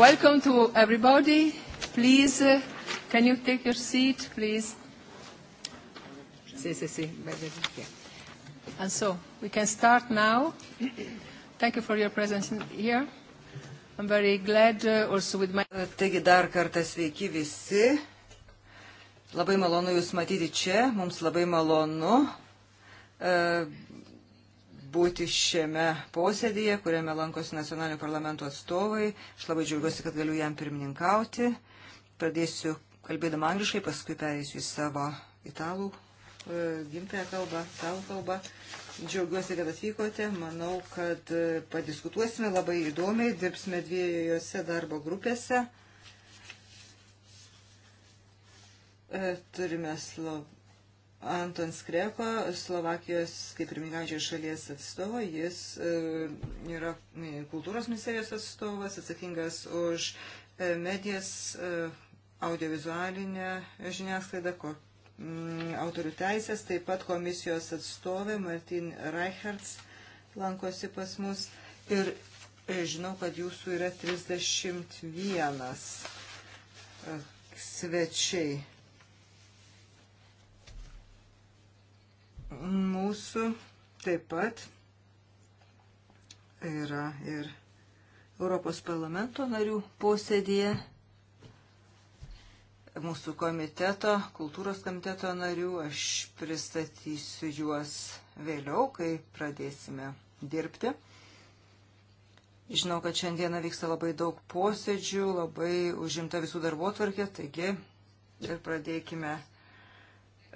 Welcome to everybody. Please, uh, can you take your seat, please? Sì, sì, sì. And so, we can start now. Thank you for your presence here. I'm very glad uh, also with my... Taigi dar kartą sveiki visi. Labai malonu Jūs matyti čia. Mums labai malonu. Uh, būti šiame posėdėje, kuriame lankosi nacionalinių parlamentų atstovai. Aš labai džiaugiuosi, kad galiu jam pirmininkauti. Pradėsiu kalbėdama angliškai, paskui perėsiu į savo italų e, gimtąją kalbą, savo kalbą. Džiaugiuosi, kad atvykote. Manau, kad e, padiskutuosime labai įdomiai, dirbsime dviejose darbo grupėse. E, turime slab Anton Skrepa, Slovakijos kaip ir minkančios šalies atstovas, jis e, yra e, kultūros ministerijos atstovas, atsakingas už e, medijas, audiovizualinę žiniasklaidą, mm, autorių teisės, taip pat komisijos atstovė Martin Reichertz lankosi pas mus ir žinau, kad jūsų yra 31 svečiai mūsų taip pat yra ir Europos parlamento narių posėdėje, mūsų komiteto, kultūros komiteto narių. Aš pristatysiu juos vėliau, kai pradėsime dirbti. Žinau, kad šiandieną vyksta labai daug posėdžių, labai užimta visų darbo tvarkė, taigi ir pradėkime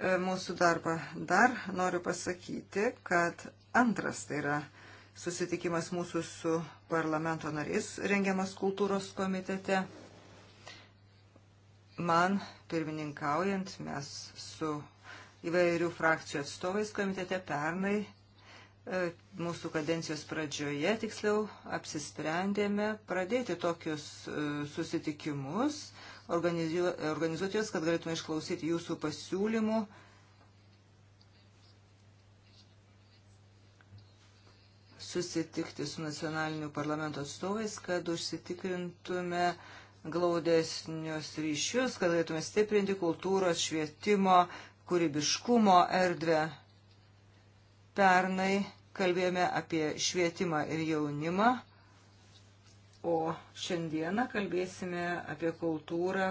E, mūsų darbą. Dar noriu pasakyti, kad antras tai yra susitikimas mūsų su parlamento nariais, rengiamas kultūros komitete. Man pirmininkaujant mes su įvairių frakcijų atstovais komitete pernai e, mūsų kadencijos pradžioje, tiksliau, apsisprendėme pradėti tokius e, susitikimus, uh, organizuotis, kad galėtume išklausyti jūsų pasiūlymų. susitikti su nacionaliniu parlamento atstovais, kad užsitikrintume glaudesnius ryšius, kad galėtume stiprinti kultūros, švietimo, kūrybiškumo erdvę. Pernai kalbėjome apie švietimą ir jaunimą. O šiandieną kalbėsime apie kultūrą,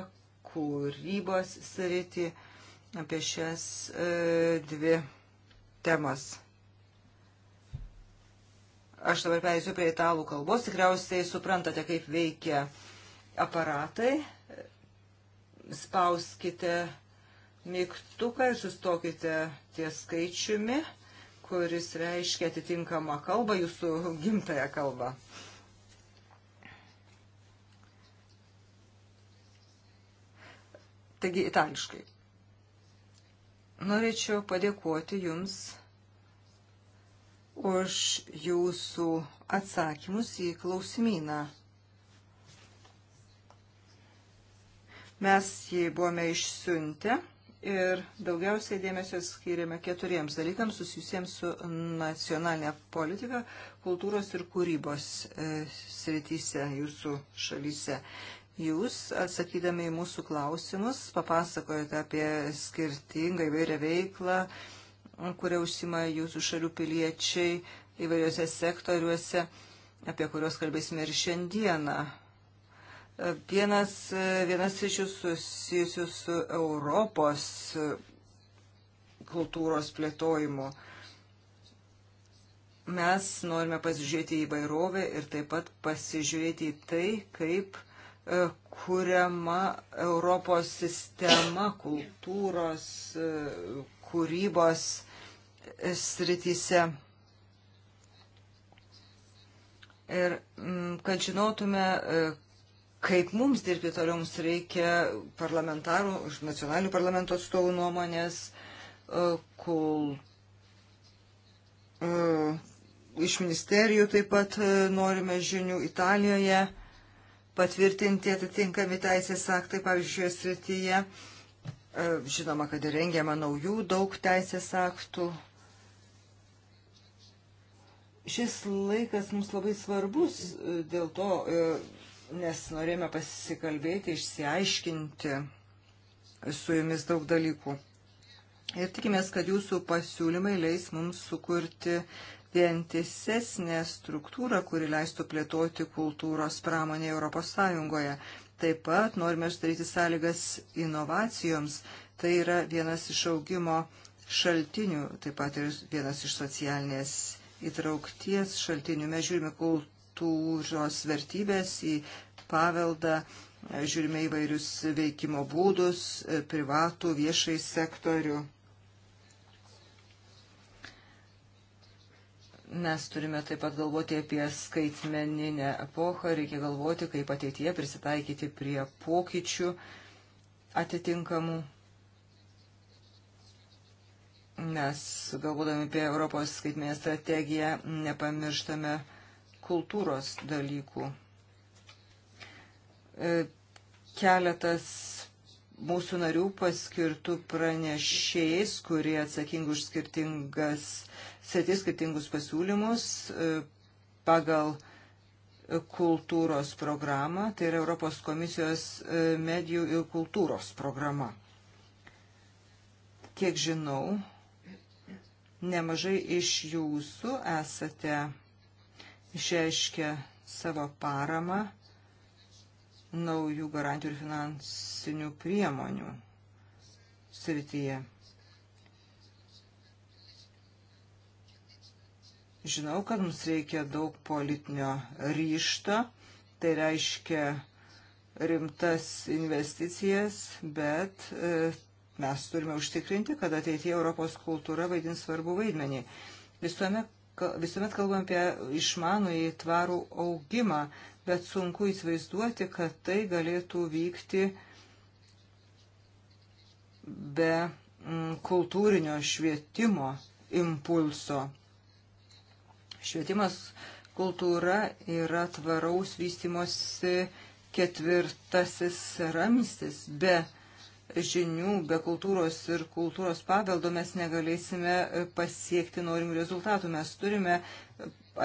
kūrybos sritį, apie šias e, dvi temas. Aš dabar perėsiu prie italų kalbos. Tikriausiai suprantate, kaip veikia aparatai. Spauskite mygtuką ir sustokite ties skaičiumi, kuris reiškia atitinkamą kalbą, jūsų gimtają kalbą. Taigi itališkai. Norėčiau padėkoti Jums už Jūsų atsakymus į klausimyną. Mes jį buvome išsiuntę ir daugiausiai dėmesio skiriame keturiems dalykams susijusiems su nacionalinė politika, kultūros ir kūrybos e, srityse jūsų šalyse. Jūs, atsakydami į mūsų klausimus, papasakojate apie skirtingą įvairią veiklą, kurią užsima jūsų šalių piliečiai įvairiuose sektoriuose, apie kuriuos kalbėsime ir šiandieną. Vienas, vienas iš jų susijusių su Europos kultūros plėtojimu. Mes norime pasižiūrėti į įvairovę ir taip pat pasižiūrėti į tai, kaip uh, E, kuriama Europos sistema kultūros, e, kūrybos e, srityse. Ir mm, kad žinotume, kaip mums dirbti toliau, mums reikia parlamentarų, nacionalinių parlamento atstovų nuomonės, kul, iš ministerijų taip pat norime žinių Italijoje patvirtinti atitinkami teisės aktai, pavyzdžiui, šioje srityje. E, žinoma, kad rengiama naujų daug teisės aktų. Šis laikas mums labai svarbus e, dėl to, e, nes norėjome pasikalbėti, išsiaiškinti su jumis daug dalykų. Ir tikimės, kad jūsų pasiūlymai leis mums sukurti vientisesnę struktūrą, kuri leistų plėtoti kultūros pramonę Europos Sąjungoje. Taip pat norime sudaryti sąlygas inovacijoms. Tai yra vienas iš augimo šaltinių, taip pat ir vienas iš socialinės įtraukties šaltinių. Mes žiūrime kultūros vertybės į paveldą, žiūrime įvairius veikimo būdus, privatų, viešai sektorių. Mes turime taip pat galvoti apie skaitmeninę epochą, reikia galvoti, kaip ateityje prisitaikyti prie pokyčių atitinkamų. Mes, galvodami apie Europos skaitmeninę strategiją, nepamirštame kultūros dalykų. E, keletas mūsų narių paskirtų pranešėjais, kurie atsakingi už skirtingas sritis, skirtingus pasiūlymus e, pagal kultūros programą, tai yra Europos komisijos e, medijų ir kultūros programa. Kiek žinau, nemažai iš jūsų esate išreiškę savo paramą naujų garantijų ir finansinių priemonių srityje. Žinau, kad mums reikia daug politinio ryšto, tai reiškia rimtas investicijas, bet e, mes turime užtikrinti, kad ateityje Europos kultūra vaidins svarbu vaidmenį. Visuomet visuomet kalbam apie išmanų į tvarų augimą, bet sunku įsivaizduoti, kad tai galėtų vykti be mm, kultūrinio švietimo impulso. Švietimas kultūra yra tvaraus vystimosi ketvirtasis ramstis. Be žinių, be kultūros ir kultūros paveldo mes negalėsime pasiekti norimų rezultatų. Mes turime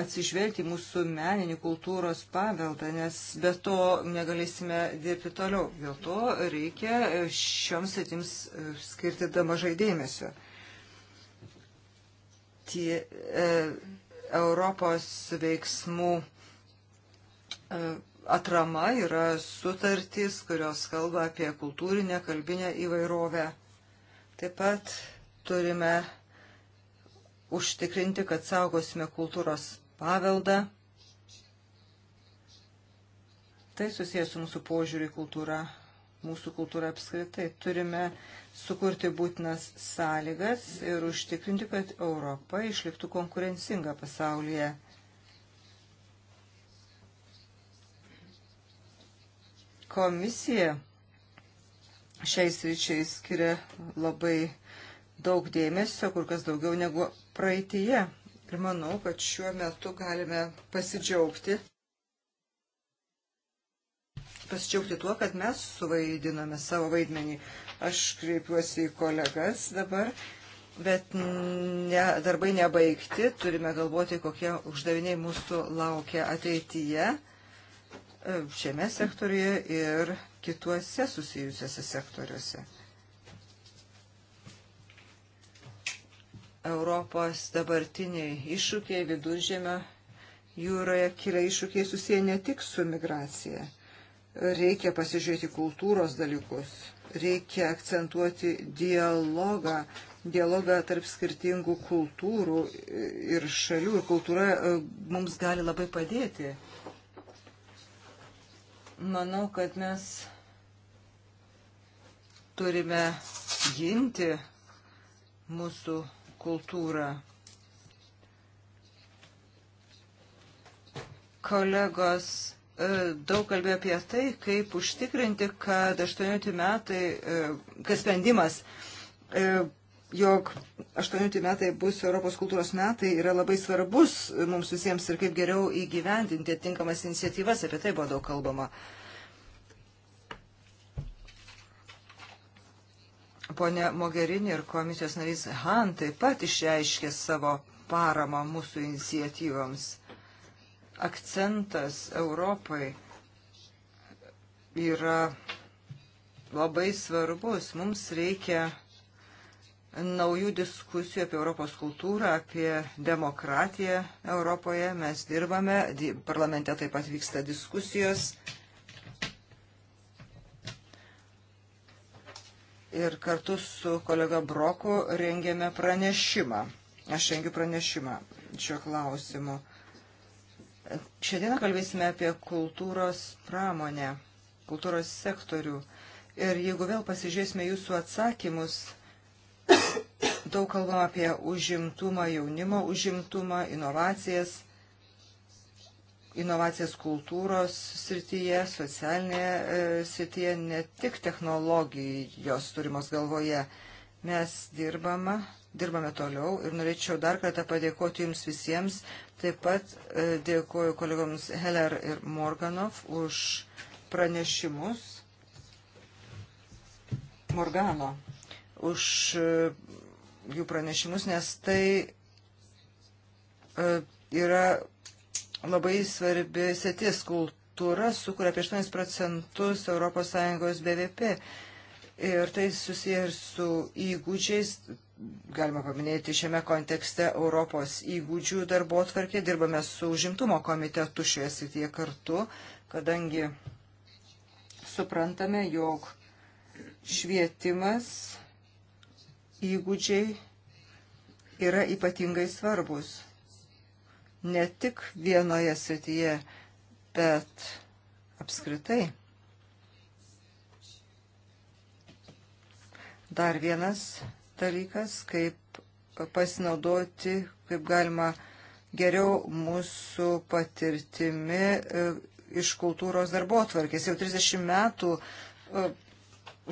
atsižvelgti mūsų meninį kultūros paveldą, nes be to negalėsime dirbti toliau. Dėl to reikia šioms sritims skirti damažai dėmesio. Tie, e, Europos veiksmų e, atrama yra sutartys, kurios kalba apie kultūrinę, kalbinę įvairovę. Taip pat turime užtikrinti, kad saugosime kultūros paveldą. Tai susijęs su mūsų požiūrį kultūra, mūsų kultūra apskritai. Turime sukurti būtinas sąlygas ir užtikrinti, kad Europa išliktų konkurencinga pasaulyje. komisija šiais ryčiai skiria labai daug dėmesio, kur kas daugiau negu praeitie. Ir manau, kad šiuo metu galime pasidžiaugti. Pasidžiaugti tuo, kad mes suvaidiname savo vaidmenį. Aš kreipiuosi į kolegas dabar, bet ne, darbai nebaigti. Turime galvoti, kokie uždaviniai mūsų laukia ateityje šiame sektoriuje ir kituose susijusiuose sektoriuose. Europos dabartiniai iššūkiai viduržėmio jūroje kilia iššūkiai susiję ne tik su migracija. Reikia pasižiūrėti kultūros dalykus, reikia akcentuoti dialogą, dialogą tarp skirtingų kultūrų ir šalių ir kultūra e, mums gali labai padėti Manau, kad mes turime ginti mūsų kultūrą. Kolegos e, daug kalbėjo apie tai, kaip užtikrinti, kad 18 metai, e, kad sprendimas e, jog 18 metai bus Europos kultūros metai yra labai svarbus mums visiems ir kaip geriau įgyvendinti tinkamas iniciatyvas, apie tai buvo daug kalbama. Pone Mogerini ir komisijos narys Han taip pat išreiškė savo paramą mūsų iniciatyvams. Akcentas Europai yra labai svarbus. Mums reikia naujų diskusijų apie Europos kultūrą, apie demokratiją Europoje. Mes dirbame, parlamente taip pat vyksta diskusijos. Ir kartu su kolega Broku rengėme pranešimą. Aš rengiu pranešimą šiuo klausimu. Šiandieną kalbėsime apie kultūros pramonę, kultūros sektorių. Ir jeigu vėl pasižiūrėsime jūsų atsakymus, Daug kalbam apie užimtumą jaunimo, užimtumą, inovacijas, inovacijas kultūros srityje, socialinėje e, srityje, ne tik technologijos turimos galvoje. Mes dirbama, dirbame toliau ir norėčiau dar kartą padėkoti Jums visiems. Taip pat e, dėkoju kolegoms Heller ir Morganov už pranešimus. Morgano už e, jų pranešimus, nes tai e, yra labai svarbi sėtis kultūra, sukuria apie 8 procentus ES BVP. Ir tai susiję ir su įgūdžiais, galima paminėti šiame kontekste Europos įgūdžių darbo atvarkė, dirbame su užimtumo komitetu šioje srityje kartu, kadangi suprantame, jog švietimas įgūdžiai yra ypatingai svarbus. Ne tik vienoje srityje, bet apskritai. Dar vienas dalykas, kaip pasinaudoti, kaip galima geriau mūsų patirtimi e, iš kultūros darbo atvarkės. Jau 30 metų e,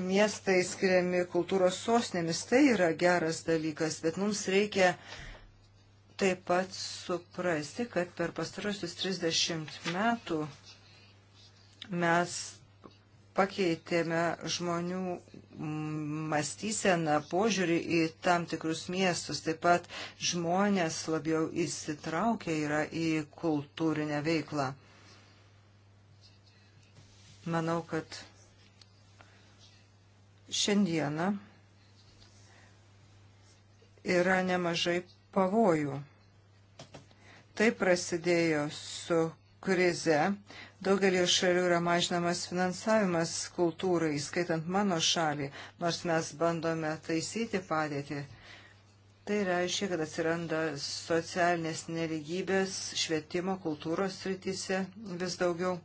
miestai skiriami kultūros sosnėmis, tai yra geras dalykas, bet mums reikia taip pat suprasti, kad per pastarosius 30 metų mes pakeitėme žmonių mąstyseną, požiūrį į tam tikrus miestus. Taip pat žmonės labiau įsitraukia yra į kultūrinę veiklą. Manau, kad šiandieną yra nemažai pavojų. Tai prasidėjo su krize. Daugelį šalių yra mažinamas finansavimas kultūrai, skaitant mano šalį, nors mes bandome taisyti padėtį. Tai reiškia, kad atsiranda socialinės neligybės švietimo kultūros srityse vis daugiau.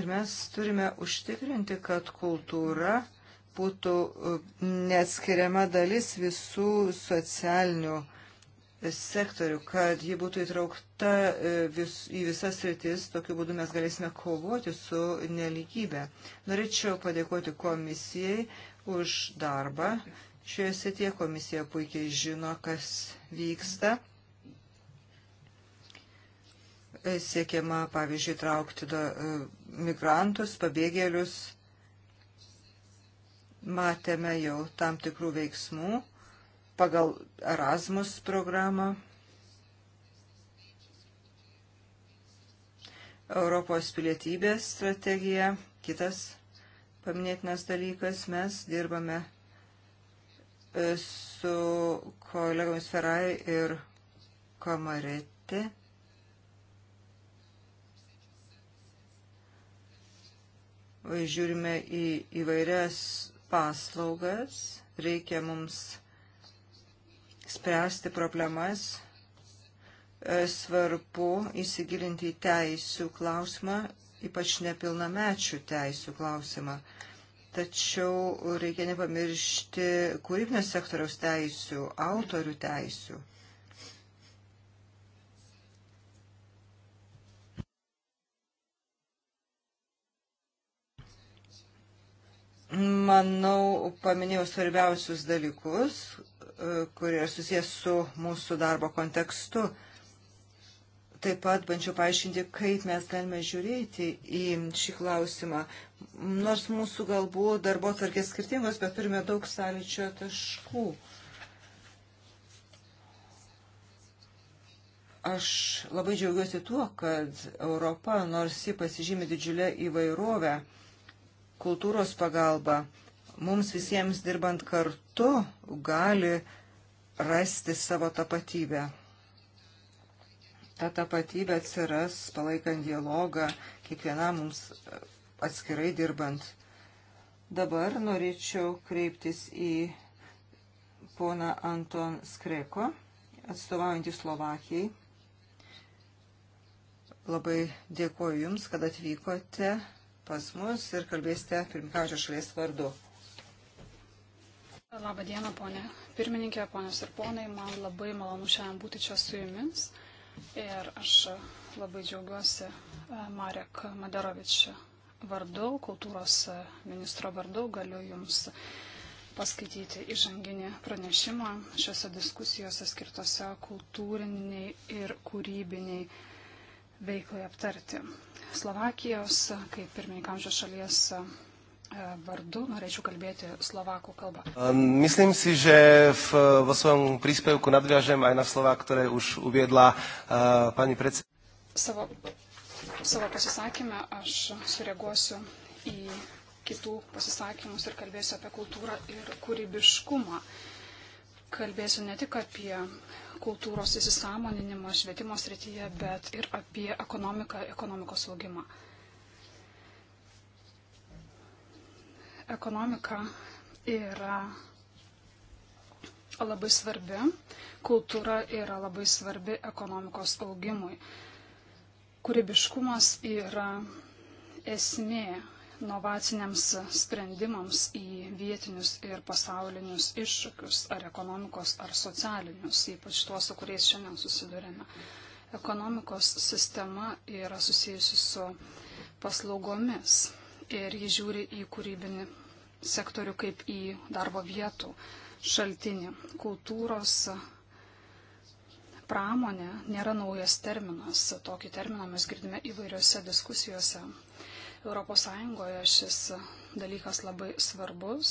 Ir mes turime užtikrinti, kad kultūra būtų e, neatskiriama dalis visų socialinių sektorių, kad ji būtų įtraukta e, vis, į visas rytis, tokiu būdu mes galėsime kovoti su neligybė. Norėčiau padėkoti komisijai už darbą. Šioje srityje komisija puikiai žino, kas vyksta siekiama, pavyzdžiui, traukti da, e, migrantus, pabėgėlius. Matėme jau tam tikrų veiksmų pagal Erasmus programą. Europos pilietybės strategija, kitas paminėtinas dalykas, mes dirbame e, su kolegomis Ferai ir Kamarete žiūrime į įvairias paslaugas, reikia mums spręsti problemas, e, svarbu įsigilinti į teisų klausimą, ypač nepilnamečių teisų klausimą. Tačiau reikia nepamiršti kūrybinės sektoriaus teisų, autorių teisų. Manau, paminėjau svarbiausius dalykus, e, kurie susijęs su mūsų darbo kontekstu. Taip pat bandžiau paaiškinti, kaip mes galime žiūrėti į šį klausimą. Nors mūsų galbūt darbo tvarkės skirtingos, bet turime daug sąlyčio taškų. Aš labai džiaugiuosi tuo, kad Europa, nors ji pasižymi didžiulę įvairovę, kultūros pagalba mums visiems dirbant kartu gali rasti savo tapatybę. Ta tapatybė atsiras palaikant dialogą kiekvienam mums atskirai dirbant. Dabar norėčiau kreiptis į poną Anton Skreko, atstovaujantį Slovakijai. Labai dėkoju Jums, kad atvykote pas mus ir kalbėsite pirmininkaučio šalies vardu. Labą dieną, ponė pirmininkė, ponios ir ponai. Man labai malonu šiandien būti čia su jumis. Ir aš labai džiaugiuosi e, Marek Maderovič vardu, kultūros e, ministro vardu. Galiu jums paskaityti įžanginį pranešimą šiuose diskusijose skirtose kultūriniai ir kūrybiniai veiklai aptarti. Slovakijos, kaip pirmininkaujančios šalies e, vardu, norėčiau kalbėti slovakų kalbą. Myslím si, že v, vo svojom príspevku nadviažem aj na slova, ktoré už uviedla uh, pani predsedníčka. Savo, savo pasisakymę aš sureaguosiu į kitų pasisakymus ir kalbėsiu apie kultūrą ir kūrybiškumą. Uh, kalbėsiu ne tik apie kultūros įsisamoninimą švietimo srityje, bet ir apie ekonomiką, ekonomikos augimą. Ekonomika yra labai svarbi, kultūra yra labai svarbi ekonomikos augimui. Kūrybiškumas yra esmė inovaciniams sprendimams į vietinius ir pasaulinius iššūkius, ar ekonomikos, ar socialinius, ypač tuos, su kuriais šiandien susidurėme. Ekonomikos sistema yra susijusi su paslaugomis ir ji žiūri į kūrybinį sektorių kaip į darbo vietų šaltinį. Kultūros pramonė nėra naujas terminas. Tokį terminą mes girdime įvairiose diskusijose. ES šis dalykas labai svarbus.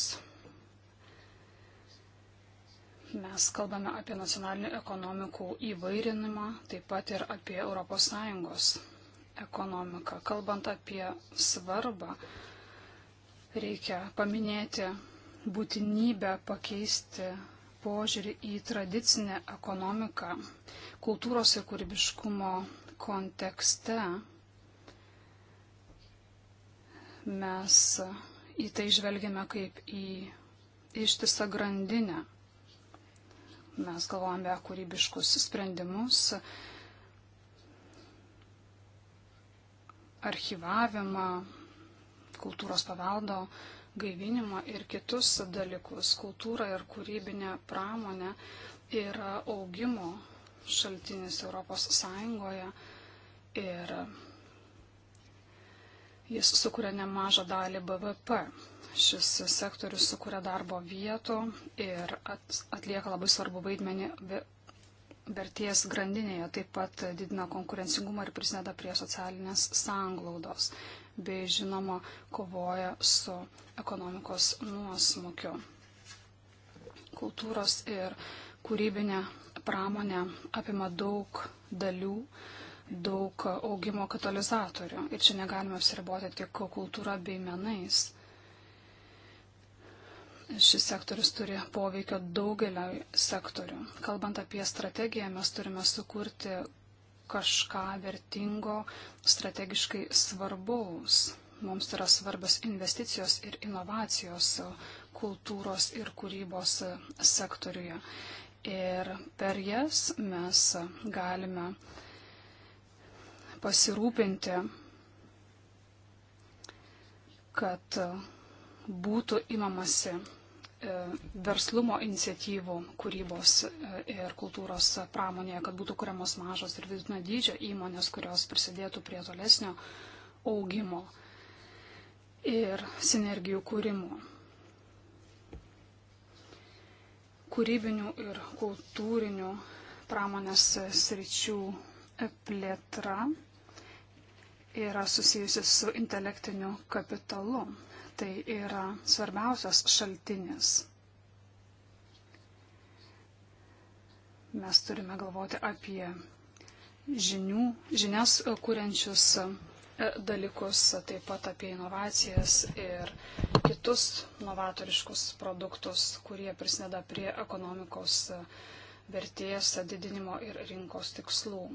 Mes kalbame apie nacionalinių ekonomikų įvairinimą, taip pat ir apie ES ekonomiką. Kalbant apie svarbą, reikia paminėti būtinybę pakeisti požiūrį į tradicinę ekonomiką kultūros ir kūrybiškumo kontekste mes į tai žvelgiame kaip į ištisą grandinę. Mes galvojame apie kūrybiškus sprendimus, archivavimą, kultūros paveldo gaivinimą ir kitus dalykus. Kultūra ir kūrybinė pramonė yra augimo šaltinis Europos Sąjungoje ir Jis sukuria nemažą dalį BVP. Šis sektorius sukuria darbo vietų ir atlieka labai svarbu vaidmenį vertės grandinėje, taip pat didina konkurencingumą ir prisideda prie socialinės sanglaudos, bei žinoma, kovoja su ekonomikos nuosmukiu. Kultūros ir kūrybinė pramonė apima daug dalių daug augimo katalizatorių. Ir čia negalime apsiriboti tik kultūra bei menais. Šis sektorius turi poveikio daugelio sektorių. Kalbant apie strategiją, mes turime sukurti kažką vertingo, strategiškai svarbaus. Mums yra svarbios investicijos ir inovacijos kultūros ir kūrybos sektoriuje. Ir per jas mes galime uh, pasirūpinti, kad būtų imamasi e, verslumo iniciatyvų kūrybos e, ir kultūros pramonėje, kad būtų kuriamos mažos ir vidutinio dydžio įmonės, kurios prisidėtų prie tolesnio augimo ir sinergijų kūrimo. Kūrybinių ir kultūrinių pramonės sričių plėtra yra susijusi su intelektiniu kapitalu. Tai yra svarbiausias šaltinis. Mes turime galvoti apie žinių, žinias kuriančius e, dalykus, taip pat apie inovacijas ir kitus novatoriškus produktus, kurie prisideda prie ekonomikos e, vertės didinimo ir rinkos tikslų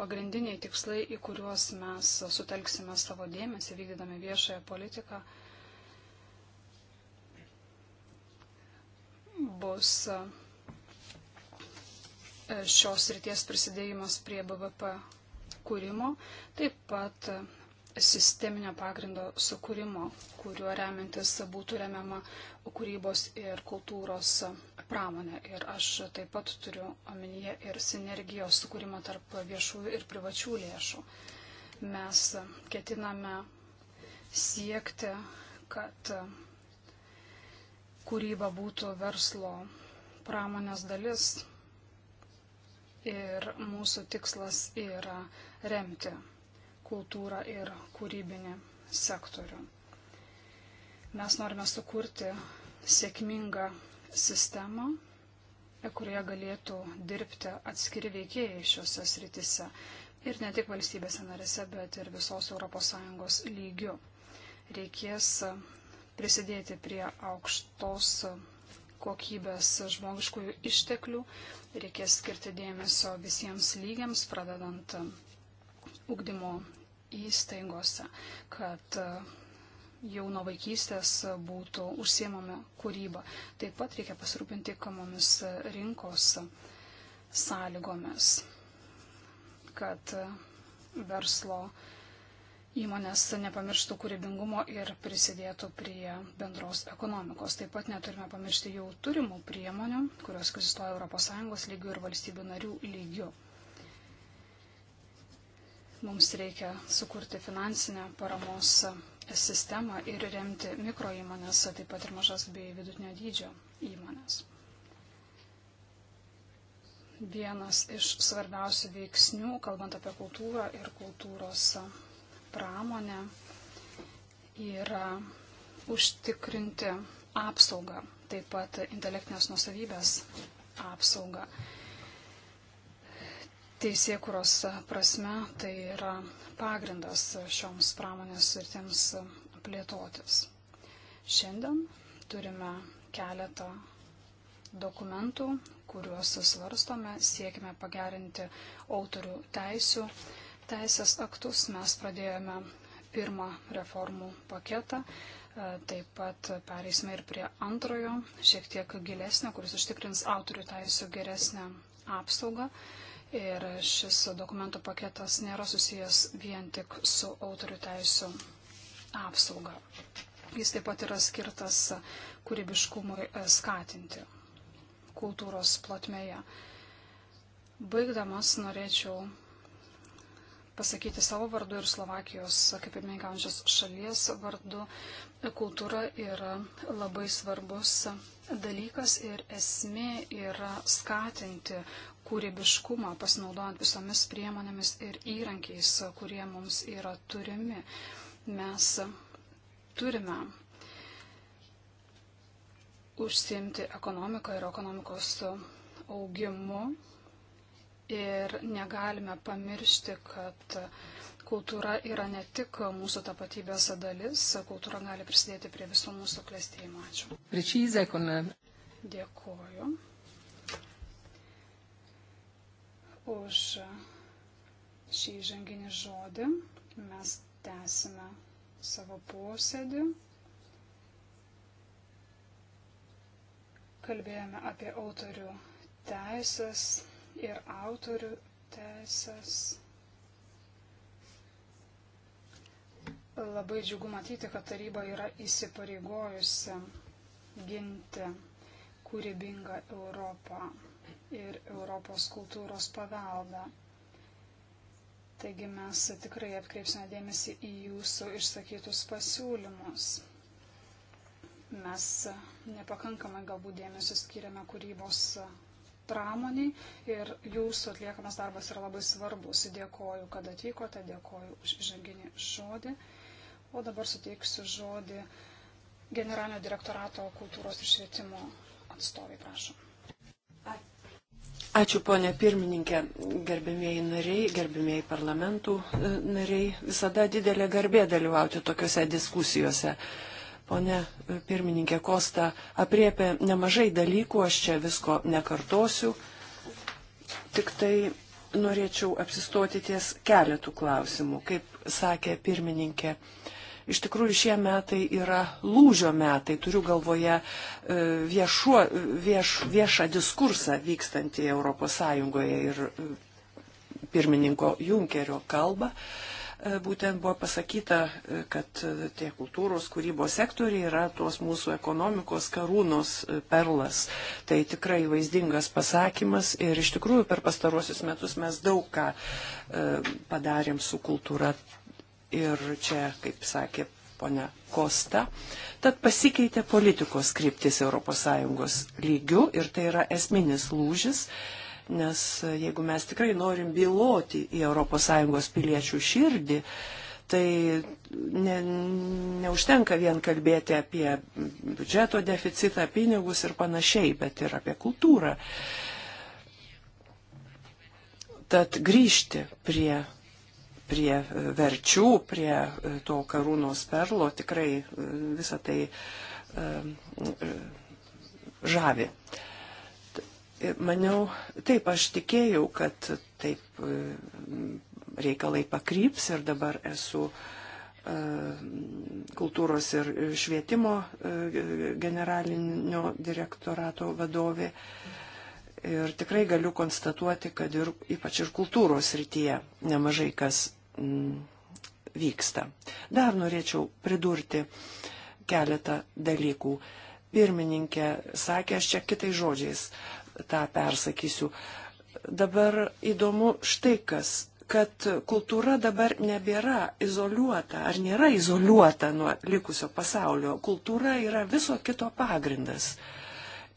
pagrindiniai tikslai, į kuriuos mes sutelksime savo dėmesį, vykdydami viešąją politiką, bus e, šios ryties prisidėjimas prie BVP kūrimo, taip pat sisteminio pagrindo sukūrimo, kuriuo remiantis būtų remiama kūrybos ir kultūros pramonė. Ir aš taip pat turiu omenyje ir sinergijos sukūrimą tarp viešųjų ir privačių lėšų. Mes ketiname siekti, kad kūryba būtų verslo pramonės dalis ir mūsų tikslas yra remti kultūrą ir kūrybinį sektorių. Mes norime sukurti sėkmingą sistemą, kurioje galėtų dirbti atskiri veikėjai šiuose sritise. Ir ne tik valstybėse narėse, bet ir visos ES lygių. Reikės prisidėti prie aukštos kokybės žmogiškųjų išteklių, reikės skirti dėmesio visiems lygiams, pradedant ugdymo įstaigose, kad e, jau nuo vaikystės būtų užsiemama kūryba. Taip pat reikia pasirūpinti kamomis rinkos sąlygomis, kad e, verslo įmonės nepamirštų kūrybingumo ir prisidėtų prie bendros ekonomikos. Taip pat neturime pamiršti jau turimų priemonių, kurios egzistuoja ES lygių ir valstybių narių lygių. Mums reikia sukurti finansinę paramos sistemą ir remti mikro įmonės, taip pat ir mažas bei vidutinio dydžio įmonės. Vienas iš svarbiausių veiksnių, kalbant apie kultūrą ir kultūros pramonę, yra užtikrinti apsaugą, taip pat intelektinės nusavybės apsaugą teisėkuros prasme tai yra pagrindas šioms pramonės sritims plėtotis. Šiandien turime keletą dokumentų, kuriuos svarstome, siekime pagerinti autorių teisių. Teisės aktus mes pradėjome pirmą reformų paketą, e, taip pat pereisime ir prie antrojo, šiek tiek gilesnio, kuris užtikrins autorių teisų geresnę apsaugą. Ir šis dokumentų paketas nėra susijęs vien tik su autorių teisų apsauga. Jis taip pat yra skirtas kūrybiškumui skatinti kultūros plotmėje. Baigdamas norėčiau pasakyti savo vardu ir Slovakijos, kaip ir mėgaujančios šalies vardu, kultūra yra labai svarbus dalykas ir esmė yra skatinti kūrybiškumą, pasinaudojant visomis priemonėmis ir įrankiais, kurie mums yra turimi. Mes turime užsiimti ekonomiką ir ekonomikos augimu ir negalime pamiršti, kad kultūra yra ne tik mūsų tapatybės dalis, kultūra gali prisidėti prie visų mūsų klėstėjimo. Ačiū. Dėkuoju. už šį žanginį žodį. Mes tęsime savo posėdį. Kalbėjome apie autorių teisės ir autorių teisės. Labai džiugu matyti, kad taryba yra įsipareigojusi ginti kūrybingą Europą ir Europos kultūros paveldą. Taigi mes tikrai atkreipsime dėmesį į jūsų išsakytus pasiūlymus. Mes nepakankamai galbūt dėmesio skiriame kūrybos pramoniai ir jūsų atliekamas darbas yra labai svarbus. Dėkoju, kad atvykote, dėkoju už žanginį žodį. O dabar suteiksiu žodį generalinio direktorato kultūros ir švietimo atstovai, prašom. Ačiū ponė pirmininkė, gerbėmėjai nariai, gerbėmėjai parlamentų e, nariai. Visada didelė garbė dalyvauti tokiuose diskusijose. Pone e, pirmininkė Kosta apriepė nemažai dalykų, aš čia visko nekartosiu. Tik tai norėčiau apsistoti ties keletų klausimų. Kaip sakė pirmininkė iš tikrųjų šie metai yra lūžio metai, turiu galvoje e, viešuo, vieš, viešą diskursą vykstantį ES ir e, pirmininko Junkerio kalbą. E, būtent buvo pasakyta, kad tie kultūros kūrybos sektoriai yra tos mūsų ekonomikos karūnos perlas. Tai tikrai vaizdingas pasakymas ir iš tikrųjų per pastarosius metus mes daug ką padarėm su kultūra ir čia, kaip sakė ponia Kosta, tad pasikeitė politikos kryptis ES lygių ir tai yra esminis lūžis, nes jeigu mes tikrai norim byloti į ES piliečių širdį, tai ne, neužtenka vien kalbėti apie biudžeto deficitą, pinigus ir panašiai, bet ir apie kultūrą. Tad grįžti prie prie e, verčių, prie e, to karūnos perlo, tikrai e, visą tai žavi. Maniau, taip aš tikėjau, kad taip reikalai pakryps ir dabar esu kultūros ir švietimo generalinio direktorato vadovė. Ir tikrai galiu konstatuoti, kad ir, ypač ir kultūros rytyje nemažai kas Mm, vyksta. Dar norėčiau pridurti keletą dalykų. Pirmininkė sakė, aš čia kitais žodžiais tą persakysiu. Dabar įdomu štai kas, kad kultūra dabar nebėra izoliuota ar nėra izoliuota nuo likusio pasaulio. Kultūra yra viso kito pagrindas.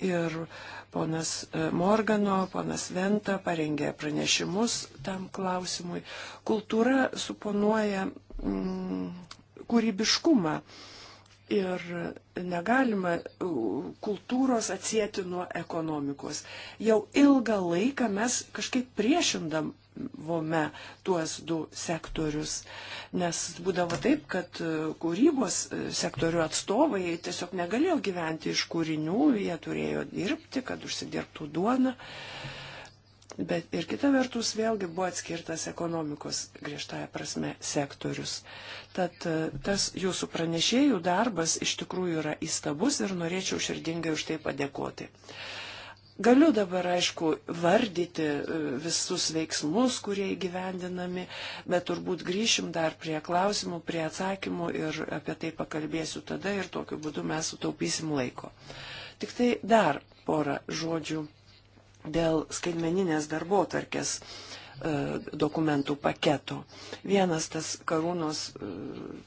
Ir uh, Ponas e, Morgano, ponas Venta parengė pranešimus tam klausimui. Kultūra suponuoja mm, kūrybiškumą ir negalima kultūros atsijėti nuo ekonomikos. Jau ilgą laiką mes kažkaip priešindam vome tuos du sektorius, nes būdavo taip, kad e, kūrybos e, sektorių atstovai tiesiog negalėjo gyventi iš kūrinių, jie turėjo dirbti, kad užsidirbtų duoną. Bet ir kita vertus vėlgi buvo atskirtas ekonomikos griežtąją prasme sektorius. Tad e, tas jūsų pranešėjų darbas iš tikrųjų yra įstabus ir norėčiau širdingai už tai padėkoti. Uh, Galiu dabar, aišku, vardyti e, visus veiksmus, kurie įgyvendinami, bet turbūt grįšim dar prie klausimų, prie atsakymų ir apie tai pakalbėsiu tada ir tokiu būdu mes sutaupysim laiko. Tik tai dar porą žodžių dėl skaitmeninės darbo tarkės e, dokumentų paketo. Vienas tas karūnos e,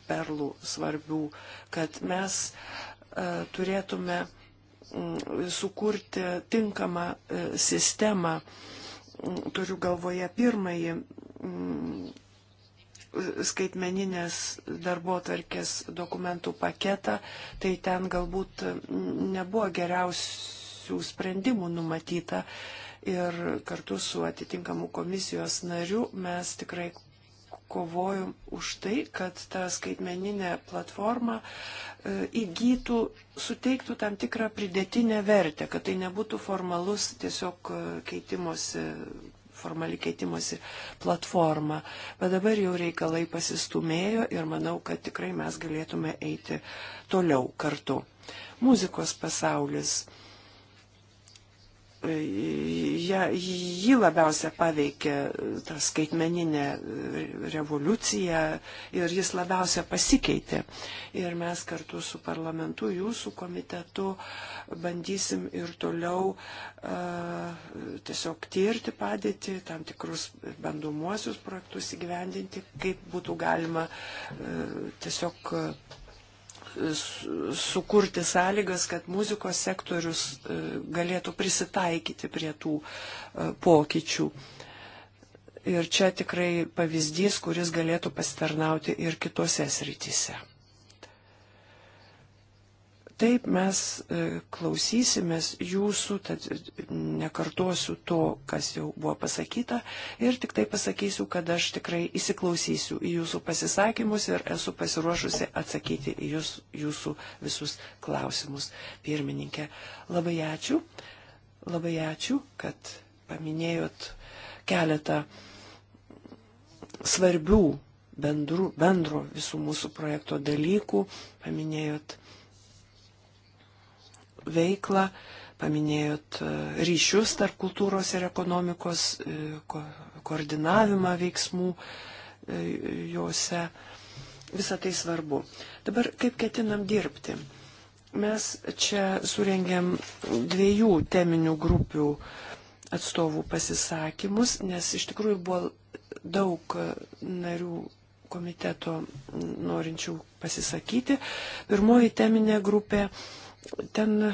perlų svarbių, kad mes turėtume Mm, sukurti tinkamą e, sistemą. Mm, turiu galvoje pirmąjį mm, skaitmeninės darbo tarkės dokumentų paketą, tai ten galbūt nebuvo geriausių sprendimų numatyta. Ir kartu su atitinkamu komisijos nariu mes tikrai kovojom už tai, kad ta skaitmeninė platforma E, įgytų, suteiktų tam tikrą pridėtinę vertę, kad tai nebūtų formalus tiesiog e, keitimosi, formali keitimosi platforma. Bet dabar jau reikalai pasistumėjo ir manau, kad tikrai mes galėtume eiti toliau kartu. Muzikos pasaulis e, ja, jį labiausia paveikė ta skaitmeninė revoliucija ir jis labiausia pasikeitė. Ir mes kartu su parlamentu, jūsų komitetu bandysim ir toliau uh, tiesiog tirti padėti, tam tikrus bandomuosius projektus įgyvendinti, kaip būtų galima uh, tiesiog sukurti sąlygas, kad muzikos sektorius e, galėtų prisitaikyti prie tų e, pokyčių. Ir čia tikrai pavyzdys, kuris galėtų pasitarnauti ir kitose srityse. Taip mes e, klausysimės jūsų, tad nekartosiu to, kas jau buvo pasakyta ir tik tai pasakysiu, kad aš tikrai įsiklausysiu į jūsų pasisakymus ir esu pasiruošusi atsakyti į jūs, jūsų visus klausimus. Pirmininkė, labai ačiū, labai ačiū, kad paminėjot keletą svarbių bendrų, bendro visų mūsų projekto dalykų, paminėjot veiklą, paminėjot e, ryšius tarp kultūros ir ekonomikos, e, ko, koordinavimą veiksmų e, juose. Visą tai svarbu. Dabar kaip ketinam dirbti? Mes čia surengėm dviejų teminių grupių atstovų pasisakymus, nes iš tikrųjų buvo daug narių komiteto norinčių pasisakyti. Pirmoji teminė grupė ten e,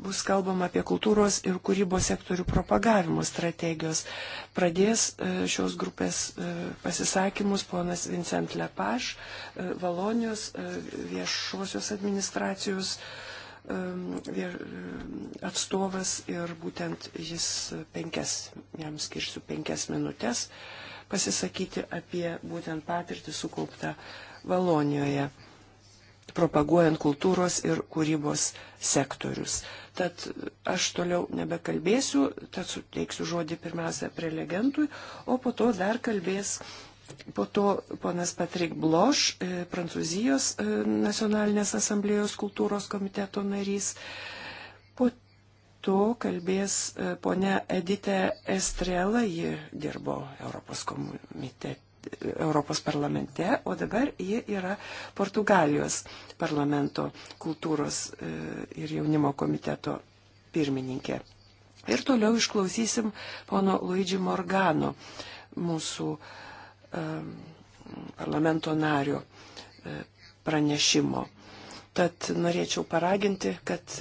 bus kalbama apie kultūros ir kūrybos sektorių propagavimo strategijos. Pradės e, šios grupės e, pasisakymus ponas Vincent Lepaš, Valonijos viešosios administracijos atstovas ir būtent jis penkias, jam skirsiu penkias minutės pasisakyti apie būtent patirtį sukauptą Valonijoje propaguojant kultūros ir kūrybos sektorius. Tad aš toliau nebekalbėsiu, tad suteiksiu žodį pirmiausia prelegentui, o po to dar kalbės po to ponas Patrik Bloš, e, Prancūzijos e, nacionalinės asamblėjos kultūros komiteto narys. Po to kalbės e, ponia Edite Estrela, ji dirbo Europos komitete Europos parlamente, o dabar ji yra Portugalijos parlamento kultūros e, ir jaunimo komiteto pirmininkė. Ir toliau išklausysim pono Luigi Morgano, mūsų um, parlamento nario e, pranešimo. Tad norėčiau paraginti, kad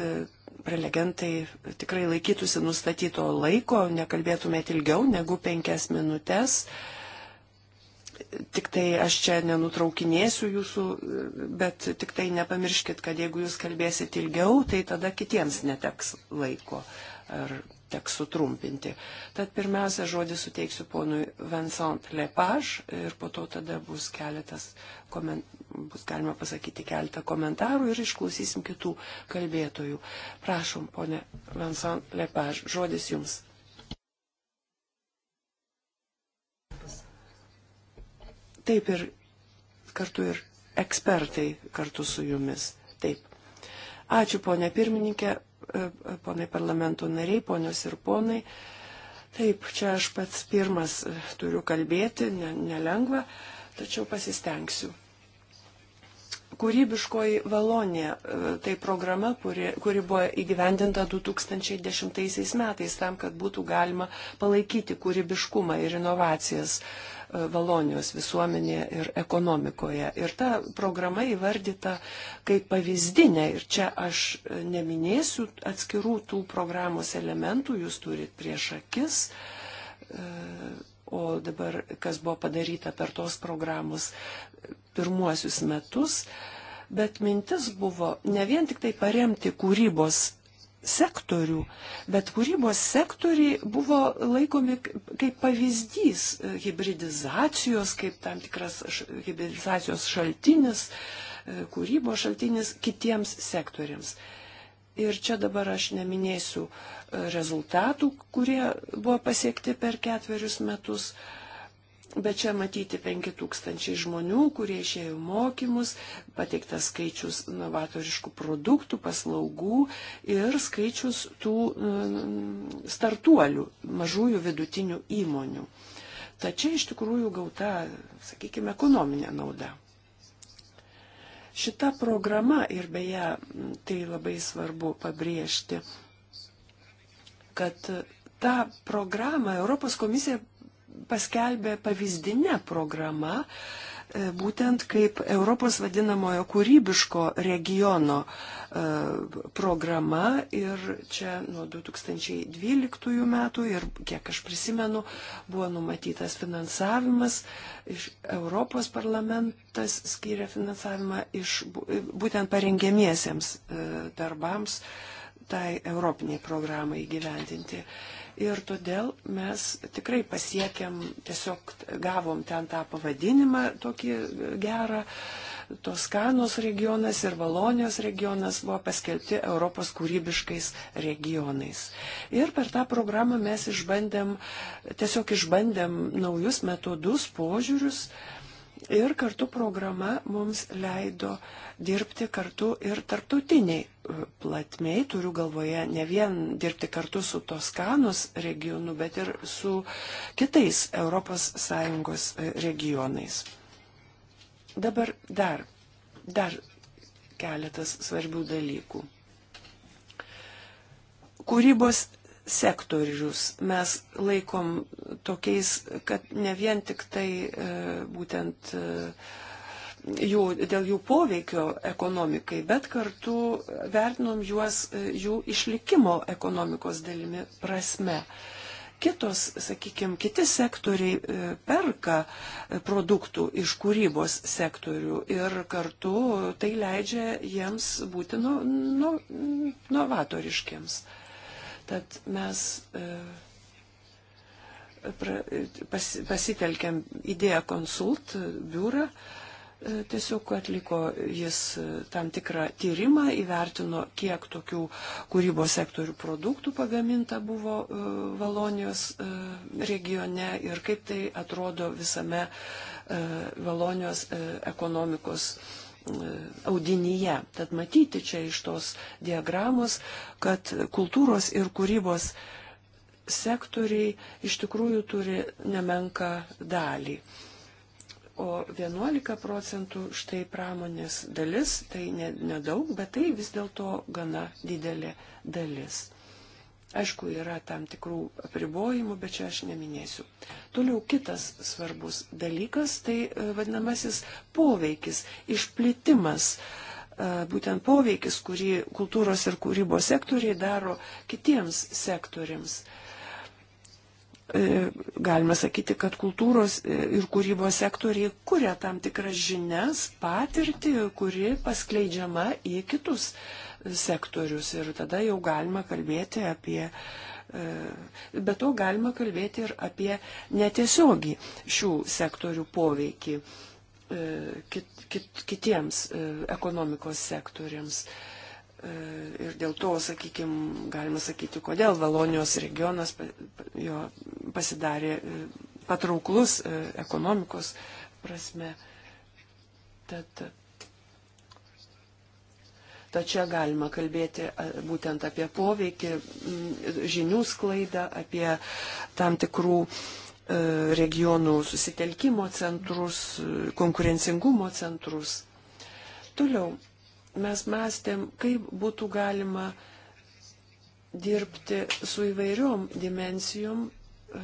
prelegentai tikrai laikytųsi nustatyto laiko, nekalbėtumėt ilgiau negu penkias minutės. Uh, tik tai aš čia nenutraukinėsiu jūsų, bet tik tai nepamirškit, kad jeigu jūs kalbėsit ilgiau, tai tada kitiems neteks laiko ar teks sutrumpinti. Tad pirmiausia, žodį suteiksiu ponui Vincent Lepage ir po to tada bus keletas, koment, bus galima pasakyti keletą komentarų ir išklausysim kitų kalbėtojų. Prašom, ponė Vincent Lepage, žodis jums. taip ir kartu ir ekspertai kartu su jumis. Taip. Ačiū ponė pirmininkė, e, e, ponai parlamento nariai, ponios ir ponai. Taip, čia aš pats pirmas e, turiu kalbėti, ne, nelengva, tačiau pasistengsiu. Kūrybiškoji Valonija, e, tai programa, kuri, kuri buvo įgyvendinta 2010 metais tam, kad būtų galima palaikyti kūrybiškumą ir inovacijas e, Valonijos visuomenėje ir ekonomikoje. Ir ta programa įvardyta kaip pavyzdinė. Ir čia aš e, neminėsiu atskirų tų programos elementų, jūs turit prieš akis. O dabar, kas buvo padaryta per tos programos pirmuosius metus, bet mintis buvo ne vien tik tai paremti kūrybos sektorių, bet kūrybos sektoriai buvo laikomi kaip pavyzdys hybridizacijos, kaip tam tikras hybridizacijos šaltinis, e, kūrybos šaltinis kitiems sektoriams. Ir čia dabar aš neminėsiu e, rezultatų, kurie buvo pasiekti per ketverius metus, Bet čia matyti 5000 žmonių, kurie išėjo mokymus, pateiktas skaičius novatoriškų produktų, paslaugų ir skaičius tų mm, startuolių, mažųjų vidutinių įmonių. Tačiau iš tikrųjų gauta, sakykime, ekonominė nauda. Šita programa ir beje, tai labai svarbu pabrėžti, kad tą programą Europos komisija paskelbė pavyzdinę programą, e, būtent kaip Europos vadinamojo kūrybiško regiono e, programa ir čia nuo 2012 metų ir kiek aš prisimenu buvo numatytas finansavimas, iš Europos parlamentas skyrė finansavimą iš e, būtent parengiamiesiems darbams tai Europiniai programai gyventinti. Ir todėl mes tikrai pasiekėm, tiesiog gavom ten tą pavadinimą tokį gerą. Toskanos regionas ir Valonijos regionas buvo paskelbti Europos kūrybiškais regionais. Ir per tą programą mes išbandėm, tiesiog išbandėm naujus metodus, požiūrius. Ir kartu programa mums leido dirbti kartu ir tarptautiniai platmei, turiu galvoje ne vien dirbti kartu su Toskanos regionu, bet ir su kitais ES e, regionais. Dabar dar, dar keletas svarbių dalykų. Kūrybos sektorius mes laikom tokiais, kad ne vien tik tai e, būtent uh, jų, dėl jų poveikio ekonomikai, bet kartu vertinom juos e, jų išlikimo ekonomikos dalimi prasme. Kitos, sakykime, kiti sektoriai e, perka e, produktų iš kūrybos sektorių ir kartu tai leidžia jiems būti no, no, novatoriškiams. Tad mes pasitelkiam idėją konsult biurą E, tiesiog atliko jis e, tam tikrą tyrimą, įvertino, kiek tokių kūrybos sektorių produktų pagaminta buvo e, Valonijos regione ir kaip tai atrodo visame Valonijos ekonomikos audinyje. Tad matyti čia iš tos diagramos, kad kultūros ir kūrybos sektoriai iš tikrųjų turi nemenką dalį o 11 procentų štai pramonės dalis, tai nedaug, ne bet tai vis dėlto gana didelė dalis. Aišku, yra tam tikrų apribojimų, bet čia aš neminėsiu. Toliau kitas svarbus dalykas, tai e, vadinamasis poveikis, išplitimas, e, būtent poveikis, kurį kultūros ir kūrybos sektoriai daro kitiems sektoriams. Uh, E, galime sakyti, kad kultūros e, ir kūrybos sektoriai kuria tam tikras žinias, patirtį, kuri paskleidžiama į kitus sektorius. Ir tada jau galima kalbėti apie, e, be to galima kalbėti ir apie netiesiogį šių sektorių poveikį kit, kit, kitiems ekonomikos sektoriams. Uh, E, ir dėl to, sakykime, galima sakyti, kodėl Valonijos regionas jo pasidarė e, patrauklus e, ekonomikos prasme. Tad, tad čia galima kalbėti būtent apie poveikį, žinių sklaidą, apie tam tikrų regionų susitelkimo centrus, konkurencingumo centrus. Toliau mes mąstėm, kaip būtų galima dirbti su įvairiom dimensijom, e,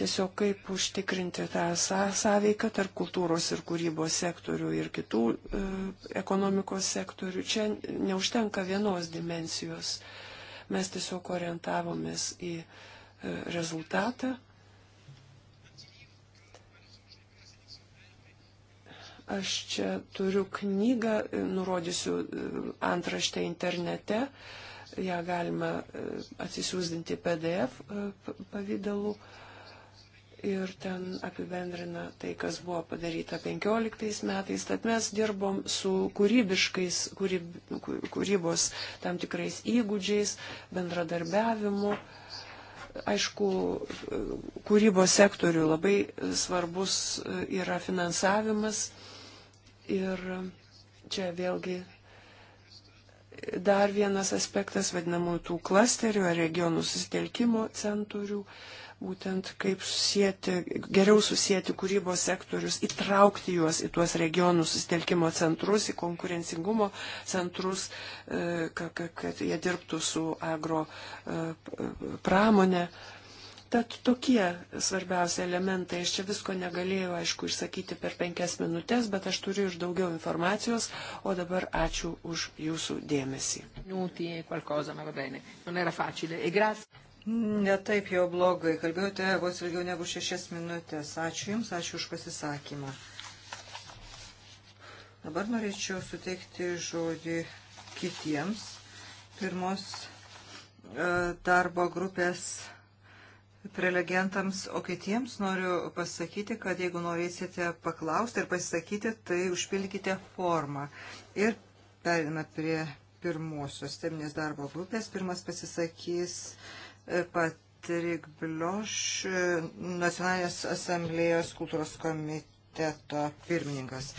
tiesiog kaip užtikrinti tą sąveiką tarp kultūros ir kūrybos sektorių ir kitų e, ekonomikos sektorių. Čia neužtenka vienos dimensijos. Mes tiesiog orientavomės į e, rezultatą Aš čia turiu knygą, e, nurodysiu e, antraštę internete, ją galima e, atsisiųsdinti PDF pavydalu ir ten apibendrina tai, kas buvo padaryta 15 metais. Tad mes dirbom su kūrybiškais, kūryb, kūrybos tam tikrais įgūdžiais, bendradarbiavimu. Aišku, kūrybos sektoriui labai svarbus yra finansavimas Ir čia vėlgi dar vienas aspektas vadinamųjų tų klasterių ar regionų susitelkimo centrų, būtent kaip susijęti, geriau susijęti kūrybos sektorius, įtraukti juos į tuos regionų susitelkimo centrus, į konkurencingumo centrus, e, kad, kad jie dirbtų su agro e, e, pramonė. E, Tad tokie svarbiausi elementai. Aš čia visko negalėjau, aišku, išsakyti per penkias minutės, bet aš turiu ir daugiau informacijos, o dabar ačiū už jūsų dėmesį. E Netaip e jau blogai. Kalbėjote vos ilgiau negu šešias minutės. Ačiū Jums, ačiū už pasisakymą. Dabar norėčiau suteikti žodį kitiems. Pirmos e, darbo grupės prelegentams, o kitiems noriu pasakyti, kad jeigu norėsite paklausti ir pasisakyti, tai užpildykite formą. Ir periname prie pirmosios teminės darbo grupės. Pirmas pasisakys e, Patrik Blioš, e, Nacionalinės asamblėjos kultūros komiteto pirmininkas.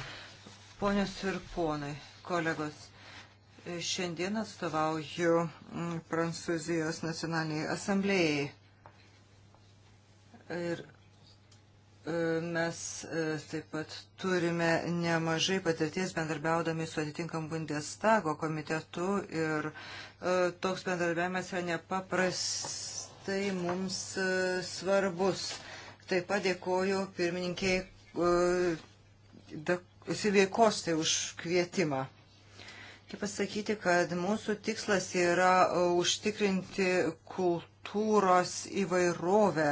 Ponios ir ponai, kolegos, e, šiandien atstovauju Prancūzijos nacionaliniai asamblėjai. Ir e, mes e, taip pat turime nemažai patirties bendarbiaudami su atitinkam Bundestago komitetu ir e, toks bendarbiavimas yra nepaprastai mums svarbus. Taip pat dėkoju pirmininkiai Silvijai Kostai už kvietimą. Kaip pasakyti, kad mūsų tikslas yra užtikrinti kultūros įvairovę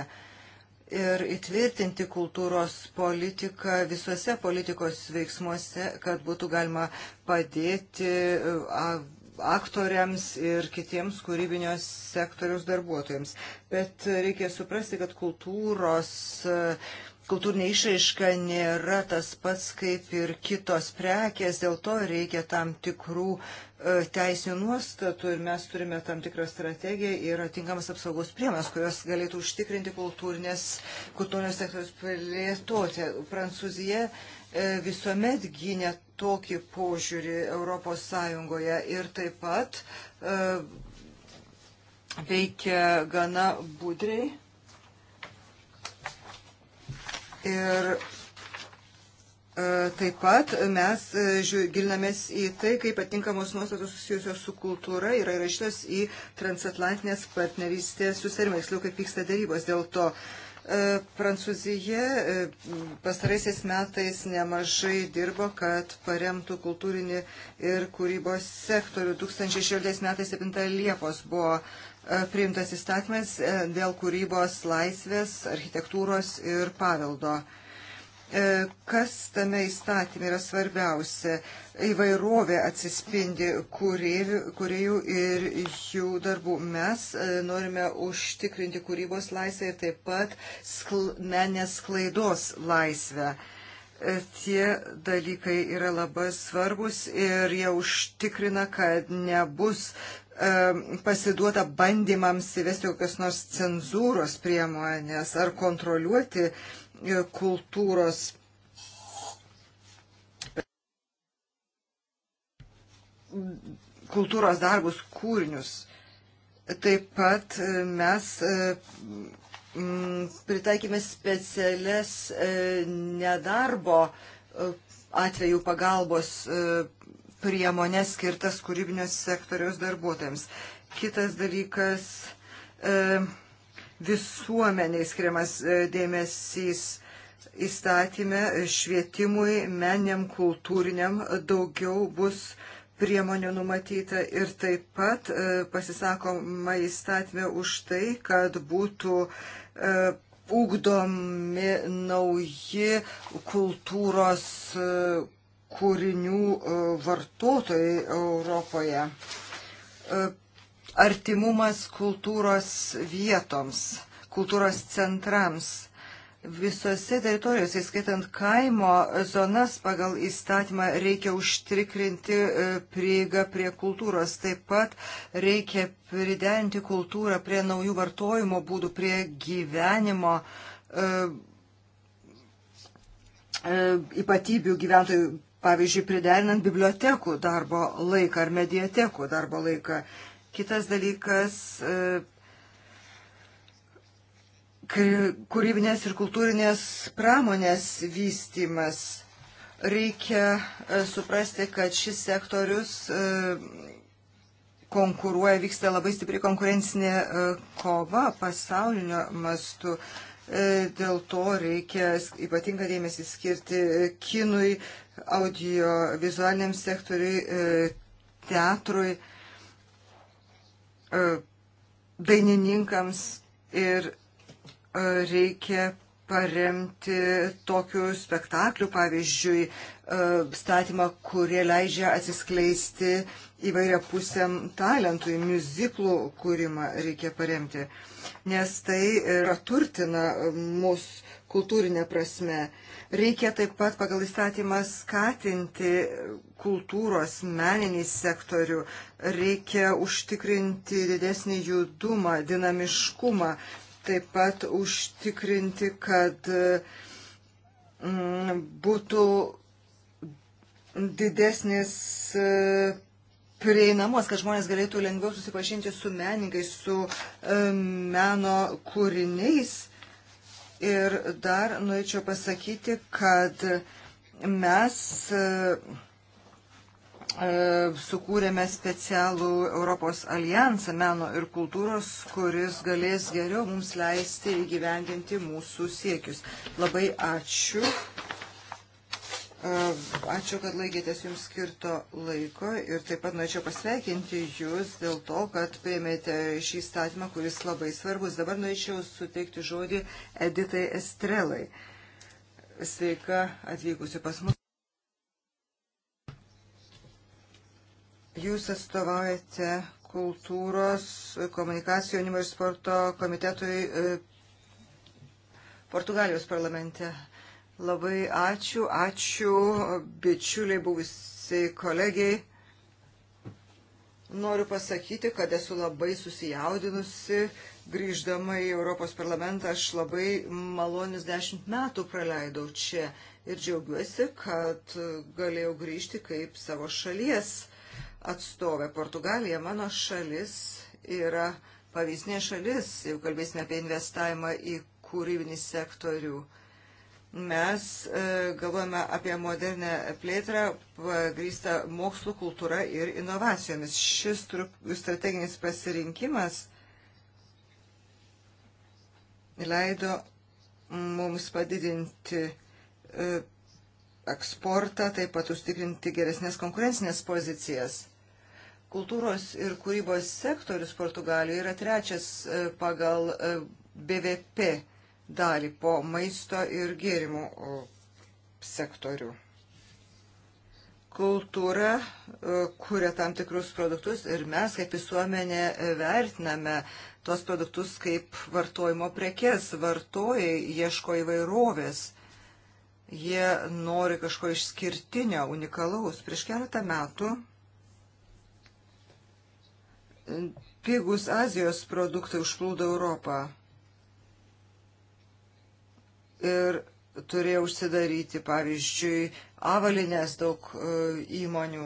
ir įtvirtinti kultūros politiką visuose politikos veiksmuose, kad būtų galima padėti e, aktoriams ir kitiems kūrybinios sektoriaus darbuotojams. Bet reikia suprasti, kad kultūros uh, kultūrinė išraiška nėra tas pats kaip ir kitos prekės, dėl to reikia tam tikrų e, teisinių nuostatų ir mes turime tam tikrą strategiją ir atinkamas apsaugos priemas, kurios galėtų užtikrinti kultūrinės, kultūrinės sektorius plėtoti. Prancūzija e, visuomet gynė tokį požiūrį Europos Sąjungoje ir taip pat e, veikia gana budriai Ir e, Taip pat mes e, gilinamės į tai, kaip atinkamos nuostatos susijusios su kultūra yra įrašytos į transatlantinės partnerystės susitarimą, tiksliau kaip vyksta darybos. Dėl to e, Prancūzija pastaraisiais metais nemažai dirbo, kad paremtų kultūrinį ir kūrybos sektorių. 2016 metais 7 Liepos buvo E, priimtas įstatymas e, dėl kūrybos laisvės, architektūros ir paveldo. E, kas tame įstatymė yra svarbiausia? Įvairovė atsispindi kuriejų ir jų darbų. Mes norime užtikrinti kūrybos laisvę ir taip pat skl menės klaidos laisvę tie dalykai yra labai svarbus ir jie užtikrina, kad nebus pasiduota bandymams įvesti kokios nors cenzūros priemonės ar kontroliuoti e, kultūros. kultūros darbus, kūrinius. Taip pat e, mes e, pritaikėme specialias nedarbo atvejų pagalbos priemonės skirtas kūrybinės sektoriaus darbuotojams. Kitas dalykas e, - visuomeniai skiriamas e, dėmesys įstatymė švietimui, meniam, kultūriniam daugiau bus priemonių numatyta ir taip pat e, pasisakoma įstatymė už tai, kad būtų e, ugdomi nauji kultūros e, kūrinių e, vartotojai Europoje. E, artimumas kultūros vietoms, kultūros centrams visose teritorijose, skaitant kaimo zonas pagal įstatymą, reikia užtikrinti e, prieigą prie kultūros. Taip pat reikia priderinti kultūrą prie naujų vartojimo būdų, prie gyvenimo e, e, ypatybių gyventojų pavyzdžiui, priderinant bibliotekų darbo laiką ar mediatekų darbo laiką. Kitas dalykas e, kūrybinės ir kultūrinės pramonės vystimas. Reikia e, suprasti, kad šis sektorius e, konkuruoja, vyksta labai stipri konkurencinė kova pasaulinio mastu. E, dėl to reikia ypatingą dėmesį skirti kinui, audio vizualiniam sektoriui, e, teatrui, e, dainininkams ir reikia paremti tokių spektaklių, pavyzdžiui, e, statymą, kurie leidžia atsiskleisti įvairia pusėm talentui, muziklų kūrimą reikia paremti, nes tai yra turtina mus kultūrinė prasme. Reikia taip pat pagal įstatymą skatinti kultūros meninį sektorių, reikia užtikrinti didesnį judumą, dinamiškumą, taip pat užtikrinti, kad mm, būtų didesnis e, prieinamos, kad žmonės galėtų lengviau susipažinti su menininkais, su e, meno kūriniais. Ir dar norėčiau pasakyti, kad mes e, E, sukūrėme specialų Europos alijansą meno ir kultūros, kuris galės geriau mums leisti įgyvendinti mūsų siekius. Labai ačiū. E, ačiū, kad laikėtės jums skirto laiko ir taip pat norėčiau pasveikinti jūs dėl to, kad priėmėte šį statymą, kuris labai svarbus. Dabar norėčiau suteikti žodį Editai Estrelai. Sveika atvykusi pas mus. Jūs atstovaujate kultūros, komunikacijų, jaunimo ir sporto komitetui e, Portugalijos parlamente. Labai ačiū, ačiū bičiuliai buvusiai kolegiai. Noriu pasakyti, kad esu labai susijaudinusi, grįždama į Europos parlamentą, aš labai malonius dešimt metų praleidau čia ir džiaugiuosi, kad galėjau grįžti kaip savo šalies atstovė. Portugalija, mano šalis, yra pavyzdinė šalis, jeigu kalbėsime apie investavimą į kūrybinį sektorių. Mes e, galvojame apie modernę plėtrą, grįstą mokslo kultūra ir inovacijomis. Šis strateginis pasirinkimas leido mums padidinti e, eksportą, taip pat užtikrinti geresnės konkurencinės pozicijas. Kultūros ir kūrybos sektorius Portugalijoje yra trečias e, pagal e, BVP dalį po maisto ir gėrimų sektorių. Kultūra e, kuria tam tikrus produktus ir mes kaip visuomenė vertiname tuos produktus kaip vartojimo prekes. Vartojai ieško įvairovės jie nori kažko išskirtinio, unikalaus. Prieš keletą metų pigus Azijos produktai užplūdo Europą. Ir turėjo užsidaryti, pavyzdžiui, avalinės daug e, įmonių,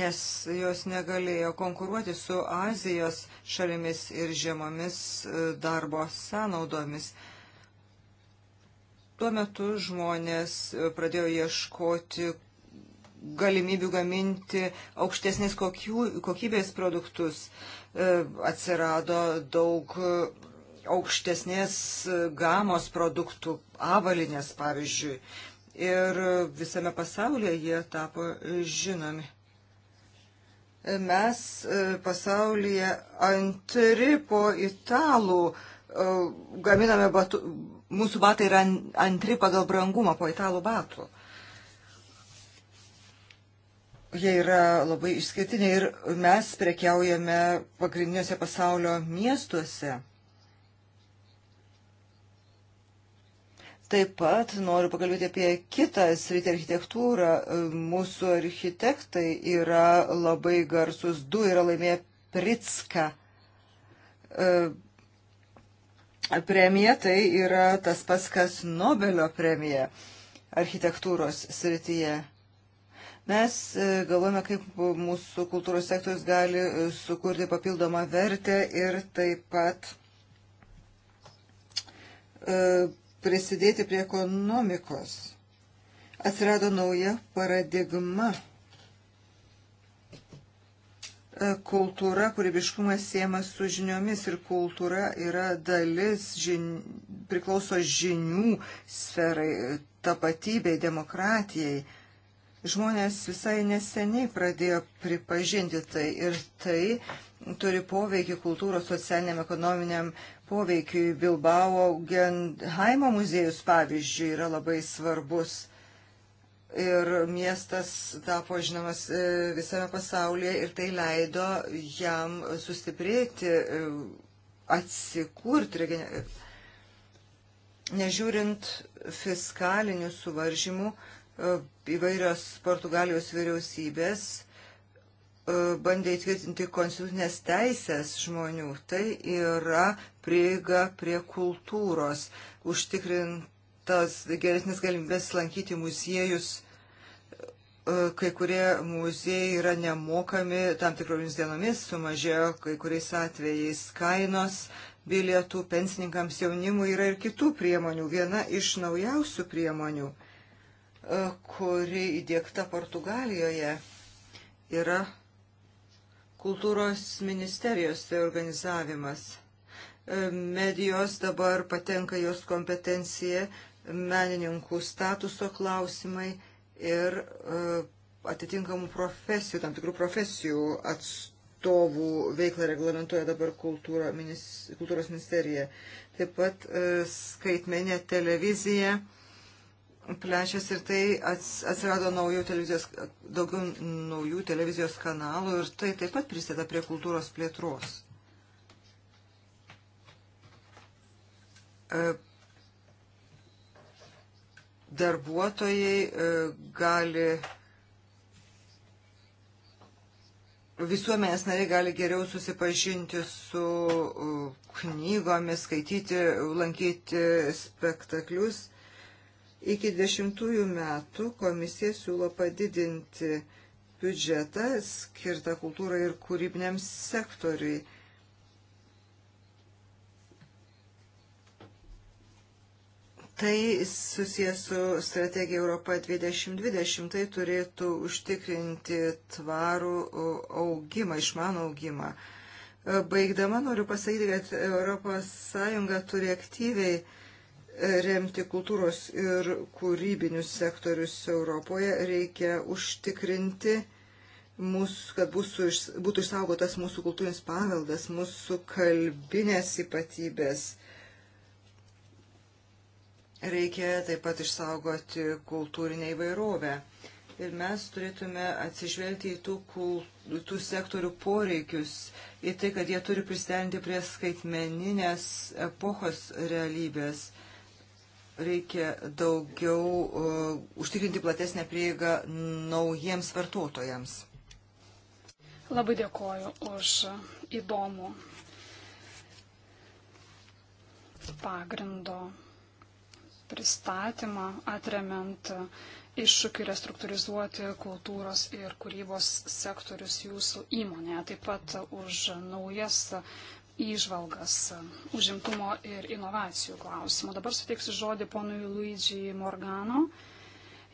nes jos negalėjo konkuruoti su Azijos šalimis ir žemomis e, darbo sąnaudomis. Tuo metu žmonės e, pradėjo ieškoti galimybių gaminti aukštesnės kokybės produktus. E, atsirado daug aukštesnės gamos produktų, avalinės pavyzdžiui. Ir visame pasaulyje jie tapo žinomi. E, mes e, pasaulyje antri po italų gaminame batų, mūsų batai yra antri pagal brangumą po italų batų jie yra labai išskirtiniai ir mes prekiaujame pagrindiniuose pasaulio miestuose. Taip pat noriu pakalbėti apie kitą sritį architektūrą. Mūsų architektai yra labai garsus, du yra laimėję Pritska premija, tai yra tas pats, kas Nobelio premija architektūros srityje. Mes e, galvojame, kaip mūsų kultūros sektorius gali e, sukurti papildomą vertę ir taip pat e, prisidėti prie ekonomikos. Atsirado nauja paradigma kultūra, kūrybiškumas siemas su žiniomis ir kultūra yra dalis, žin, priklauso žinių sferai, tapatybei, demokratijai. Žmonės visai neseniai pradėjo pripažinti tai ir tai turi poveikį kultūros socialiniam ekonominiam poveikiui. Bilbao Genhaimo muziejus, pavyzdžiui, yra labai svarbus. Ir miestas tapo žinomas e, visame pasaulyje ir tai leido jam sustiprėti, e, atsikurti, e, nežiūrint fiskalinių suvaržymų, E, įvairios Portugalijos vyriausybės e, bandė įtvirtinti konstitucinės teisės žmonių. Tai yra prieiga prie kultūros, užtikrintas geresnės galimybės lankyti muziejus. E, kai kurie muziejai yra nemokami tam tikromis dienomis, sumažėjo kai kuriais atvejais kainos bilietų pensininkams jaunimui yra ir kitų priemonių. Viena iš naujausių priemonių – E, kuri įdėkta Portugalijoje, yra kultūros ministerijos tai organizavimas. E, medijos dabar patenka jos kompetencija, menininkų statuso klausimai ir e, atitinkamų profesijų, tam tikrų profesijų atstovų veiklą reglamentuoja dabar kultūro, minis, kultūros ministerija. Taip pat skaitmenė televizija plečiasi ir tai atsirado naujų televizijos, daugiau naujų televizijos kanalų ir tai taip pat prisideda prie kultūros plėtros. E, darbuotojai e, gali, visuomenės nariai gali geriau susipažinti su e, knygomis, skaityti, lankyti spektaklius Iki dešimtųjų metų komisija siūlo padidinti biudžetą skirtą kultūrai ir kūrybiniam sektoriui. Tai susijęs su strategija Europa 2020, tai turėtų užtikrinti tvarų augimą, išmanų augimą. Baigdama noriu pasakyti, kad ES turi aktyviai remti kultūros ir kūrybinius sektorius Europoje, reikia užtikrinti, mūsų, kad būsų, būtų išsaugotas mūsų kultūrinis paveldas, mūsų kalbinės ypatybės. Reikia taip pat išsaugoti kultūrinę įvairovę. Ir mes turėtume atsižvelgti į tų, kul, tų sektorių poreikius, į tai, kad jie turi pristengti prie skaitmeninės epochos realybės reikia daugiau uh, užtikrinti platesnę prieigą naujiems vartotojams. Labai dėkoju už įdomų pagrindo pristatymą atremiant iššūkį restruktūrizuoti kultūros ir kūrybos sektorius jūsų įmonėje, taip pat už naujas įžvalgas užimtumo ir inovacijų klausimų. Dabar suteiksiu žodį ponui Luigi Morgano.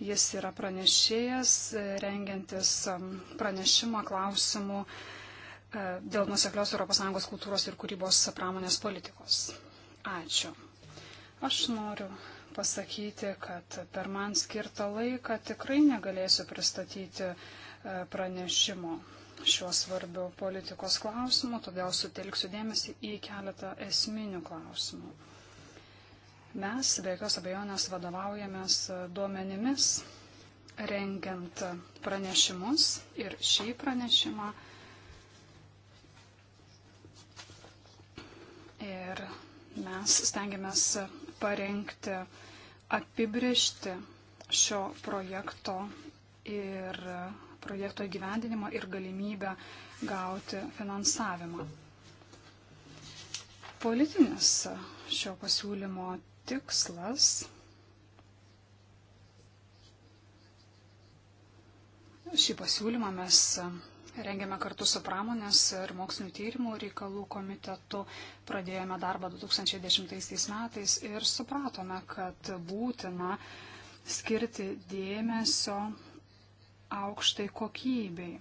Jis yra pranešėjas, rengiantis um, pranešimą klausimų uh, dėl nuseklios ES kultūros ir kūrybos pramonės politikos. Ačiū. Aš noriu pasakyti, kad per man skirtą laiką tikrai negalėsiu pristatyti uh, pranešimo šiuo svarbiu politikos klausimu, todėl sutelksiu dėmesį į keletą esminių klausimų. Mes be jokios abejonės vadovaujamės duomenimis, rengiant pranešimus ir šį pranešimą. Ir mes stengiamės parengti, apibriežti šio projekto ir projekto įgyvendinimą ir galimybę gauti finansavimą. Politinis šio pasiūlymo tikslas Šį pasiūlymą mes rengiame kartu su pramonės ir mokslinių tyrimų reikalų komitetu. Pradėjome darbą 2010 metais ir supratome, kad būtina skirti dėmesio aukštai kokybei.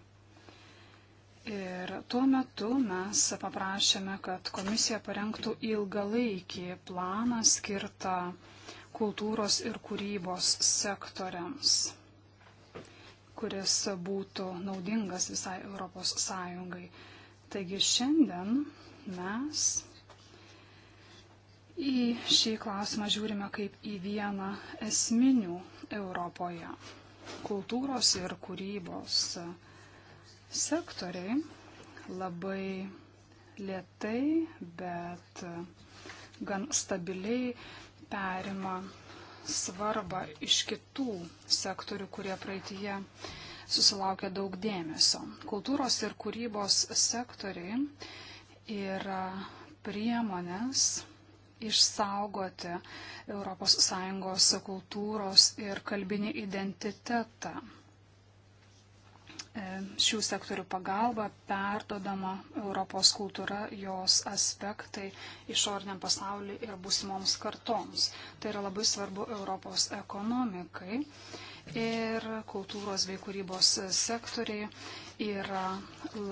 Ir tuo metu mes paprašėme, kad komisija parengtų ilgalaikį planą skirtą kultūros ir kūrybos sektoriams, kuris būtų naudingas visai Europos Sąjungai. Taigi šiandien mes į šį klausimą žiūrime kaip į vieną esminių Europoje kultūros ir kūrybos sektoriai labai lietai, bet gan stabiliai perima svarbą iš kitų sektorių, kurie praeitie susilaukia daug dėmesio. Kultūros ir kūrybos sektoriai yra priemonės išsaugoti ES kultūros ir kalbinį identitetą. E, šių sektorių pagalba perdodama Europos kultūra, jos aspektai išorniam pasauliu ir būsimoms kartoms. Tai yra labai svarbu Europos ekonomikai ir kultūros bei kūrybos sektoriai yra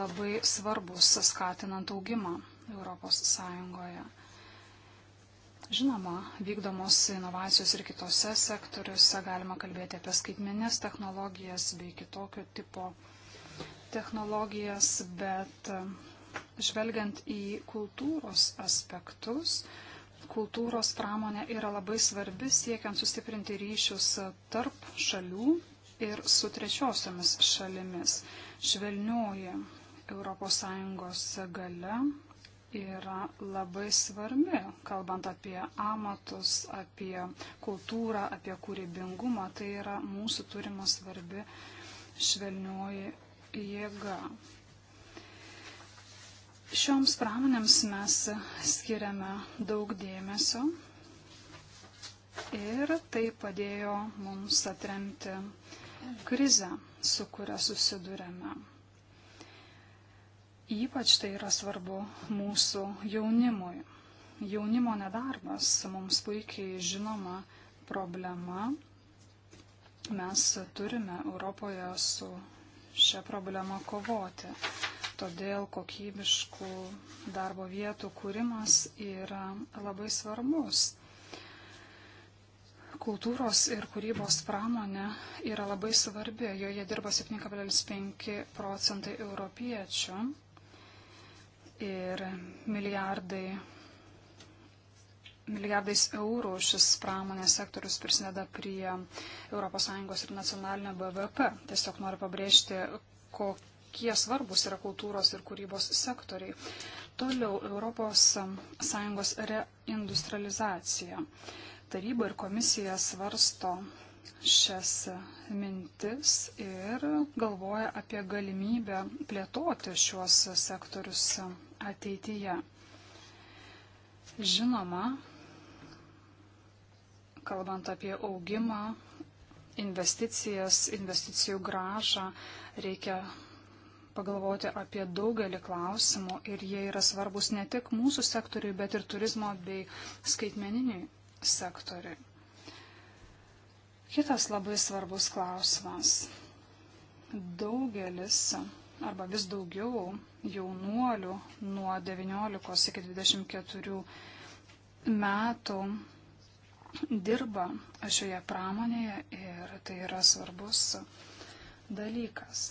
labai svarbus skatinant augimą Europos Sąjungoje. Žinoma, vykdomos inovacijos ir kitose sektoriuose galima kalbėti apie skaitmenės technologijas bei kitokio tipo technologijas, bet e, žvelgiant į kultūros aspektus, kultūros pramonė yra labai svarbi siekiant sustiprinti ryšius tarp šalių ir su trečiosiomis šalimis. Švelnioji ES gale yra labai svarbi, kalbant apie amatus, apie kultūrą, apie kūrybingumą. Tai yra mūsų turima svarbi švelnioji jėga. Šioms pramonėms mes skiriame daug dėmesio ir tai padėjo mums atremti krizę, su kuria susidurėme. Ypač tai yra svarbu mūsų jaunimui. Jaunimo nedarbas mums puikiai žinoma problema. Mes turime Europoje su šią problemą kovoti. Todėl kokybiškų darbo vietų kūrimas yra labai svarbus. Kultūros ir kūrybos pramonė yra labai svarbi, joje dirba 7,5 procentai europiečių ir milijardai, milijardais eurų šis pramonės sektorius prisideda prie ES ir nacionalinio BVP. Tiesiog noriu pabrėžti, kokie svarbus yra kultūros ir kūrybos sektoriai. Toliau ES reindustrializacija. Taryba ir komisija svarsto šias mintis ir galvoja apie galimybę plėtoti šiuos sektorius ateityje. Žinoma, kalbant apie augimą, investicijas, investicijų gražą, reikia pagalvoti apie daugelį klausimų ir jie yra svarbus ne tik mūsų sektoriui, bet ir turizmo bei skaitmeniniui sektoriui. Kitas labai svarbus klausimas. Daugelis arba vis daugiau jaunuolių nuo 19 iki 24 metų dirba šioje pramonėje ir tai yra svarbus dalykas.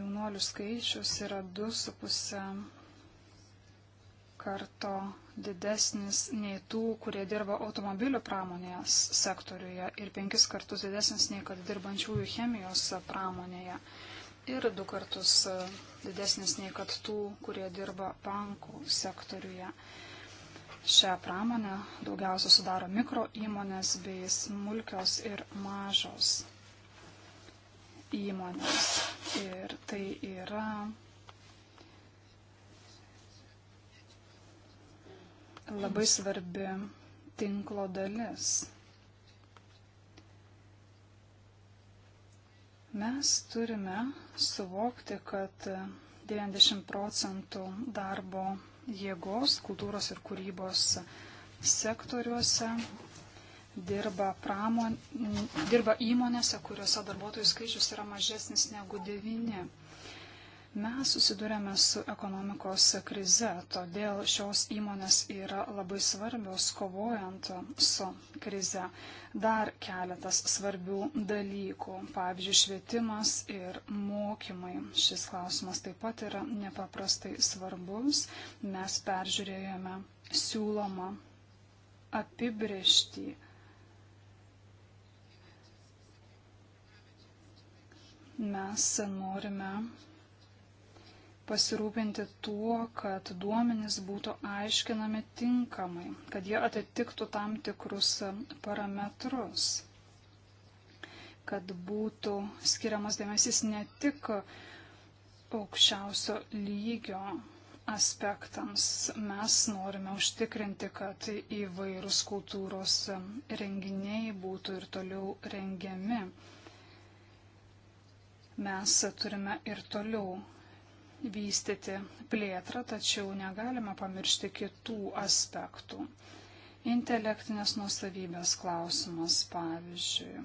Jaunuolių skaičius yra 2,5 karto didesnis nei tų, kurie dirba automobilių pramonės sektoriuje ir penkis kartus didesnis nei kad dirbančiųjų chemijos pramonėje ir du kartus e, didesnis nei kad tų, kurie dirba bankų sektoriuje. Šią pramonę daugiausia sudaro mikro įmonės bei smulkios ir mažos įmonės. Ir tai yra labai svarbi tinklo dalis. Mes turime suvokti, kad 90 procentų darbo jėgos kultūros ir kūrybos sektoriuose dirba, pramon, dirba įmonėse, kuriuose darbuotojų skaičius yra mažesnis negu 9. Mes susidurėme su ekonomikos krize, todėl šios įmonės yra labai svarbios kovojant su krize. Dar keletas svarbių dalykų, pavyzdžiui, švietimas ir mokymai. Šis klausimas taip pat yra nepaprastai svarbus. Mes peržiūrėjome siūlomą apibriežtį mes norime pasirūpinti tuo, kad duomenys būtų aiškinami tinkamai, kad jie atitiktų tam tikrus parametrus, kad būtų skiriamas dėmesys ne tik aukščiausio lygio aspektams. Mes norime užtikrinti, kad įvairūs kultūros renginiai būtų ir toliau rengiami. Mes turime ir toliau vystyti plėtrą, tačiau negalima pamiršti kitų aspektų. Intelektinės nusavybės klausimas, pavyzdžiui.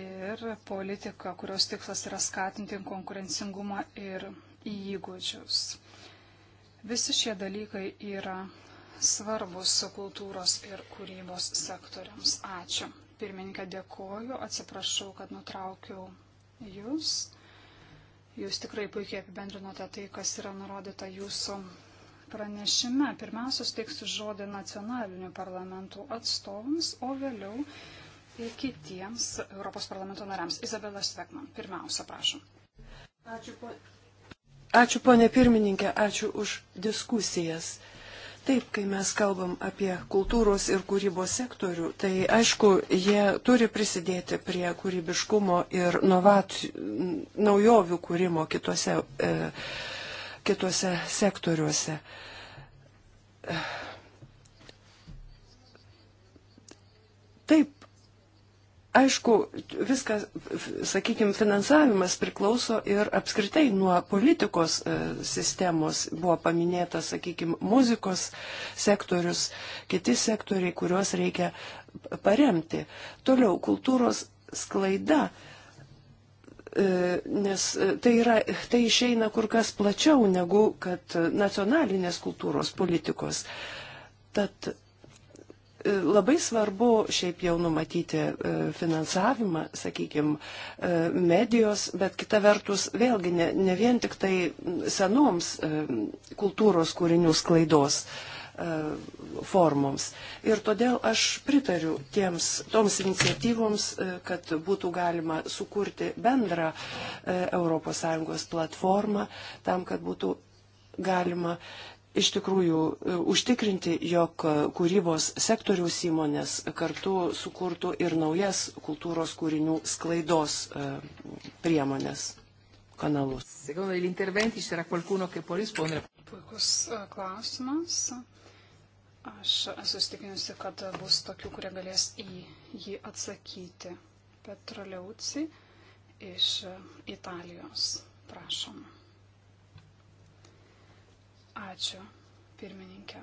Ir politika, kurios tikslas yra skatinti konkurencingumą ir įgūdžius. Visi šie dalykai yra svarbus kultūros ir kūrybos sektoriams. Ačiū. Pirmininkė, dėkoju, atsiprašau, kad nutraukiau jūs. Jūs tikrai puikiai apibendrinote tai, kas yra nurodyta jūsų pranešime. Pirmiausia, steiksiu žodį nacionalinių parlamentų atstovams, o vėliau ir kitiems Europos parlamento nariams. Izabela Svekman, pirmiausia, prašom. Ačiū, po... ačiū ponė pirmininkė, ačiū už diskusijas. Taip, kai mes kalbam apie kultūros ir kūrybos sektorių, tai aišku, jie turi prisidėti prie kūrybiškumo ir novat, naujovių kūrimo kitose, e, kitose sektoriuose. Taip, Aišku, viskas, sakykime, finansavimas priklauso ir apskritai nuo politikos e, sistemos. Buvo paminėta, sakykime, muzikos sektorius, kiti sektoriai, kuriuos reikia paremti. Toliau, kultūros sklaida, e, nes e, tai, yra, tai išeina kur kas plačiau negu kad nacionalinės kultūros politikos. Tad Labai svarbu šiaip jau numatyti e, finansavimą, sakykime, medijos, bet kita vertus, vėlgi ne, ne vien tik tai senoms e, kultūros kūrinių sklaidos e, formoms. Ir todėl aš pritariu tiems, toms iniciatyvoms, kad būtų galima sukurti bendrą ES platformą tam, kad būtų galima iš tikrųjų e, užtikrinti, jog kūrybos sektoriaus įmonės kartu sukurtų ir naujas kultūros kūrinių sklaidos e, priemonės kanalus. Puikus e, klausimas. Aš esu stikinusi, kad bus tokių, kurie galės į jį atsakyti. Petroliauci iš Italijos. Prašom. Ačiū, pirmininkė.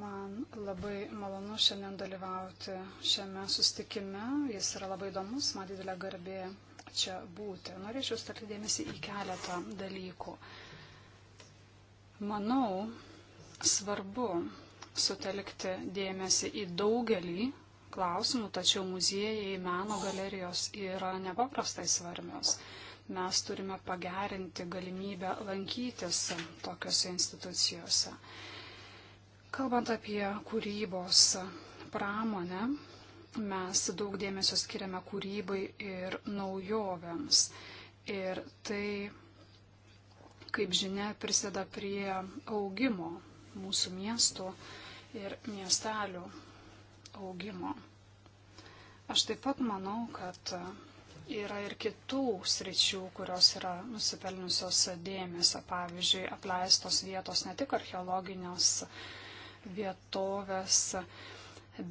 Man labai malonu šiandien dalyvauti šiame sustikime. Jis yra labai įdomus, man didelė garbė čia būti. Norėčiau starti dėmesį į keletą dalykų. Manau, svarbu sutelkti dėmesį į daugelį klausimų, tačiau muziejai, meno galerijos yra nepaprastai svarbios mes turime pagerinti galimybę lankytis tokiuose institucijose. Kalbant apie kūrybos pramonę, mes daug dėmesio skiriame kūrybai ir naujovėms. Ir tai, kaip žinia, prisideda prie augimo mūsų miestų ir miestelių augimo. Aš taip pat manau, kad yra ir kitų sričių, kurios yra nusipelniusios dėmesio, pavyzdžiui, apleistos vietos, ne tik archeologinės vietovės,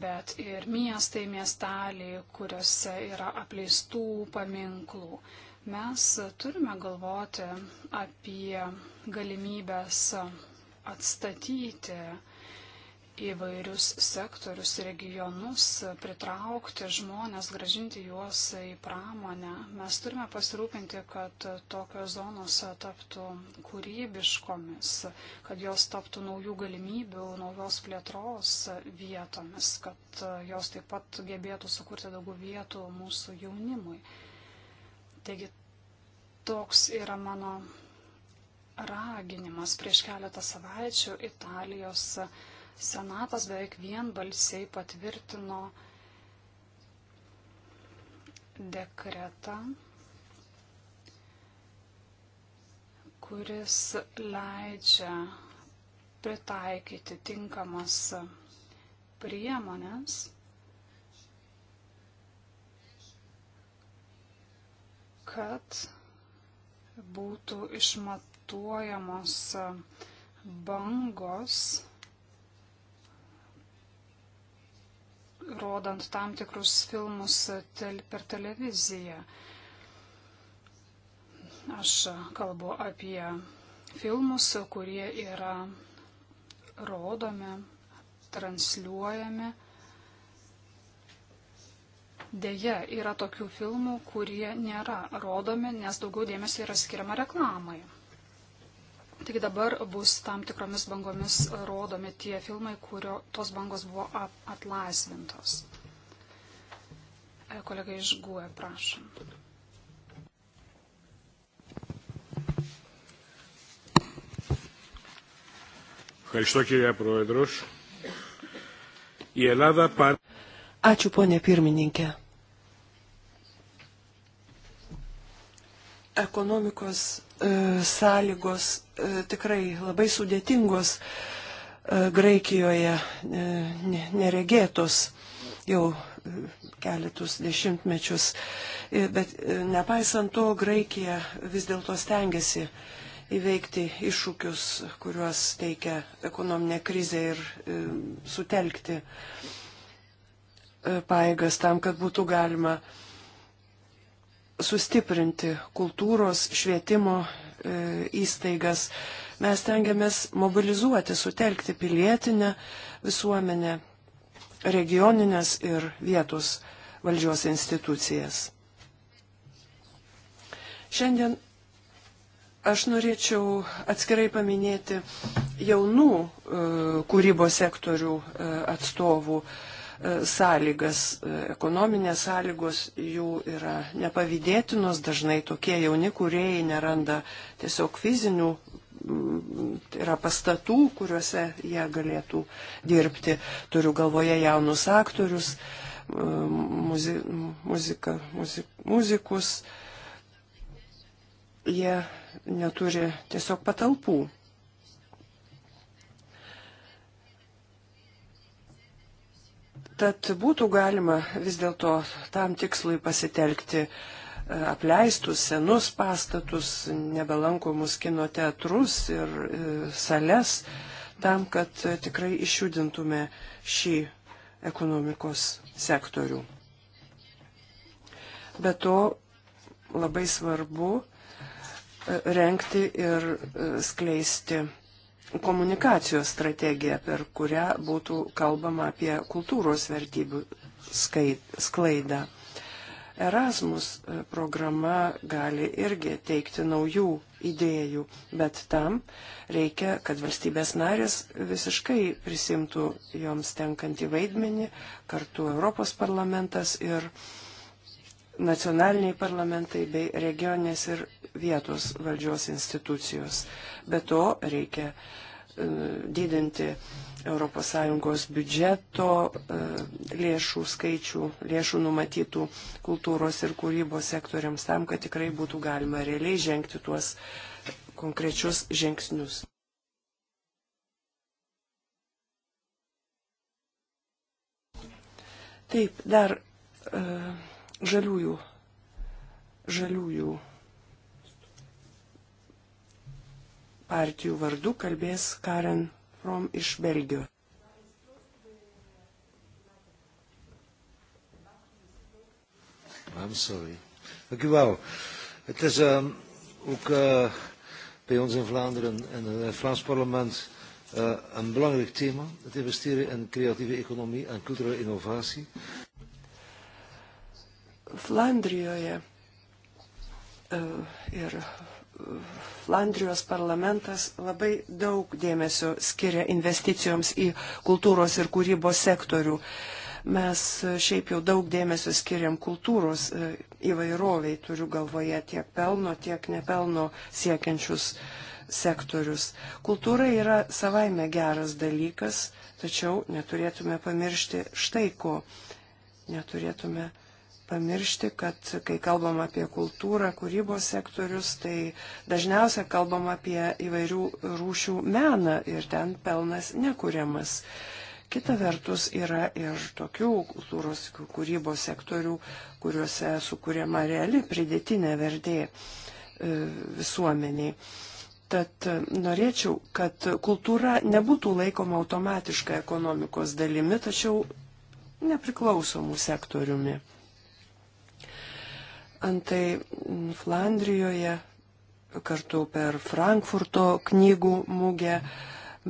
bet ir miestai, miesteliai, kuriuose yra apleistų paminklų. Mes turime galvoti apie galimybės atstatyti įvairius sektorius, regionus, pritraukti žmonės, gražinti juos į pramonę. Mes turime pasirūpinti, kad tokios zonos taptų kūrybiškomis, kad jos taptų naujų galimybių, naujos plėtros vietomis, kad jos taip pat gebėtų sukurti daugiau vietų mūsų jaunimui. Taigi toks yra mano raginimas prieš keletą savaičių Italijos Senatas beveik vienbalsiai patvirtino dekretą, kuris leidžia pritaikyti tinkamas priemonės kad būtų išmatuojamos bangos rodant tam tikrus filmus tel, per televiziją. Aš kalbu apie filmus, kurie yra rodomi, transliuojami. Deja, yra tokių filmų, kurie nėra rodomi, nes daugiau dėmesio yra skiriama reklamai. Taigi dabar bus tam tikromis bangomis rodomi tie filmai, kurio tos bangos buvo atlaisvintos. E, kolega iš GUE, prašom. Ευχαριστώ κυρία Πρόεδρος. Η Ελλάδα πάρα... Ačiū ponė pirmininkė. ekonomikos e, sąlygos e, tikrai labai sudėtingos e, Graikijoje, neregėtos jau keletus dešimtmečius. Bet nepaisant to, Graikija vis dėlto stengiasi įveikti iššūkius, kuriuos teikia ekonominė krizė ir sutelkti paėgas tam, kad būtų galima uh, sustiprinti kultūros, švietimo e, įstaigas. Mes tengiamės mobilizuoti, sutelkti pilietinę visuomenę, regioninės ir vietos valdžios institucijas. Šiandien aš norėčiau atskirai paminėti jaunų e, kūrybos sektorių e, atstovų sąlygas. E, ekonominės sąlygos jų yra nepavydėtinos, dažnai tokie jauni kuriejai neranda tiesiog fizinių tai yra pastatų, kuriuose jie galėtų dirbti. Turiu galvoje jaunus aktorius, muzi, muzika, muzik, muzikus. Jie neturi tiesiog patalpų. Tad būtų galima vis dėlto tam tikslui pasitelkti e, apleistus senus pastatus, nebelankomus kino teatrus ir e, sales, tam, kad e, tikrai išjudintume šį ekonomikos sektorių. Be to labai svarbu renkti ir skleisti komunikacijos strategija, per kurią būtų kalbama apie kultūros vertybių sklaidą. Erasmus e, programa gali irgi teikti naujų idėjų, bet tam reikia, kad valstybės narės visiškai prisimtų joms tenkantį vaidmenį, kartu Europos parlamentas ir nacionaliniai parlamentai bei regioninės ir vietos valdžios institucijos. Be to reikia uh, E, didinti ES biudžeto e, lėšų skaičių, lėšų numatytų kultūros ir kūrybos sektoriams tam, kad tikrai būtų galima realiai žengti tuos konkrečius žingsnius. Taip, dar e, žaliųjų, žaliųjų partijų vardu kalbės Karen From iš Belgijos. I'm sorry. Dank u wel. Het is um, ook uh, bij ons in Vlaanderen en in het Vlaams parlement uh, een belangrijk thema. Het investeren in creatieve economie en culturele innovatie. Vlaandrijoje uh, eh, ir er Flandrijos parlamentas labai daug dėmesio skiria investicijoms į kultūros ir kūrybos sektorių. Mes šiaip jau daug dėmesio skiriam kultūros e, įvairoviai, turiu galvoje tiek pelno, tiek nepelno siekiančius sektorius. Kultūra yra savaime geras dalykas, tačiau neturėtume pamiršti štai ko. Neturėtume pamiršti, kad kai kalbam apie kultūrą, kūrybos sektorius, tai dažniausia kalbam apie įvairių rūšių meną ir ten pelnas nekuriamas. Kita vertus yra ir tokių kultūros kūrybos sektorių, kuriuose sukūriama reali pridėtinė verdė e, visuomeniai. Tad e, norėčiau, kad kultūra nebūtų laikoma automatiška ekonomikos dalimi, tačiau nepriklausomų sektoriumi. Antai Flandrijoje kartu per Frankfurto knygų mugę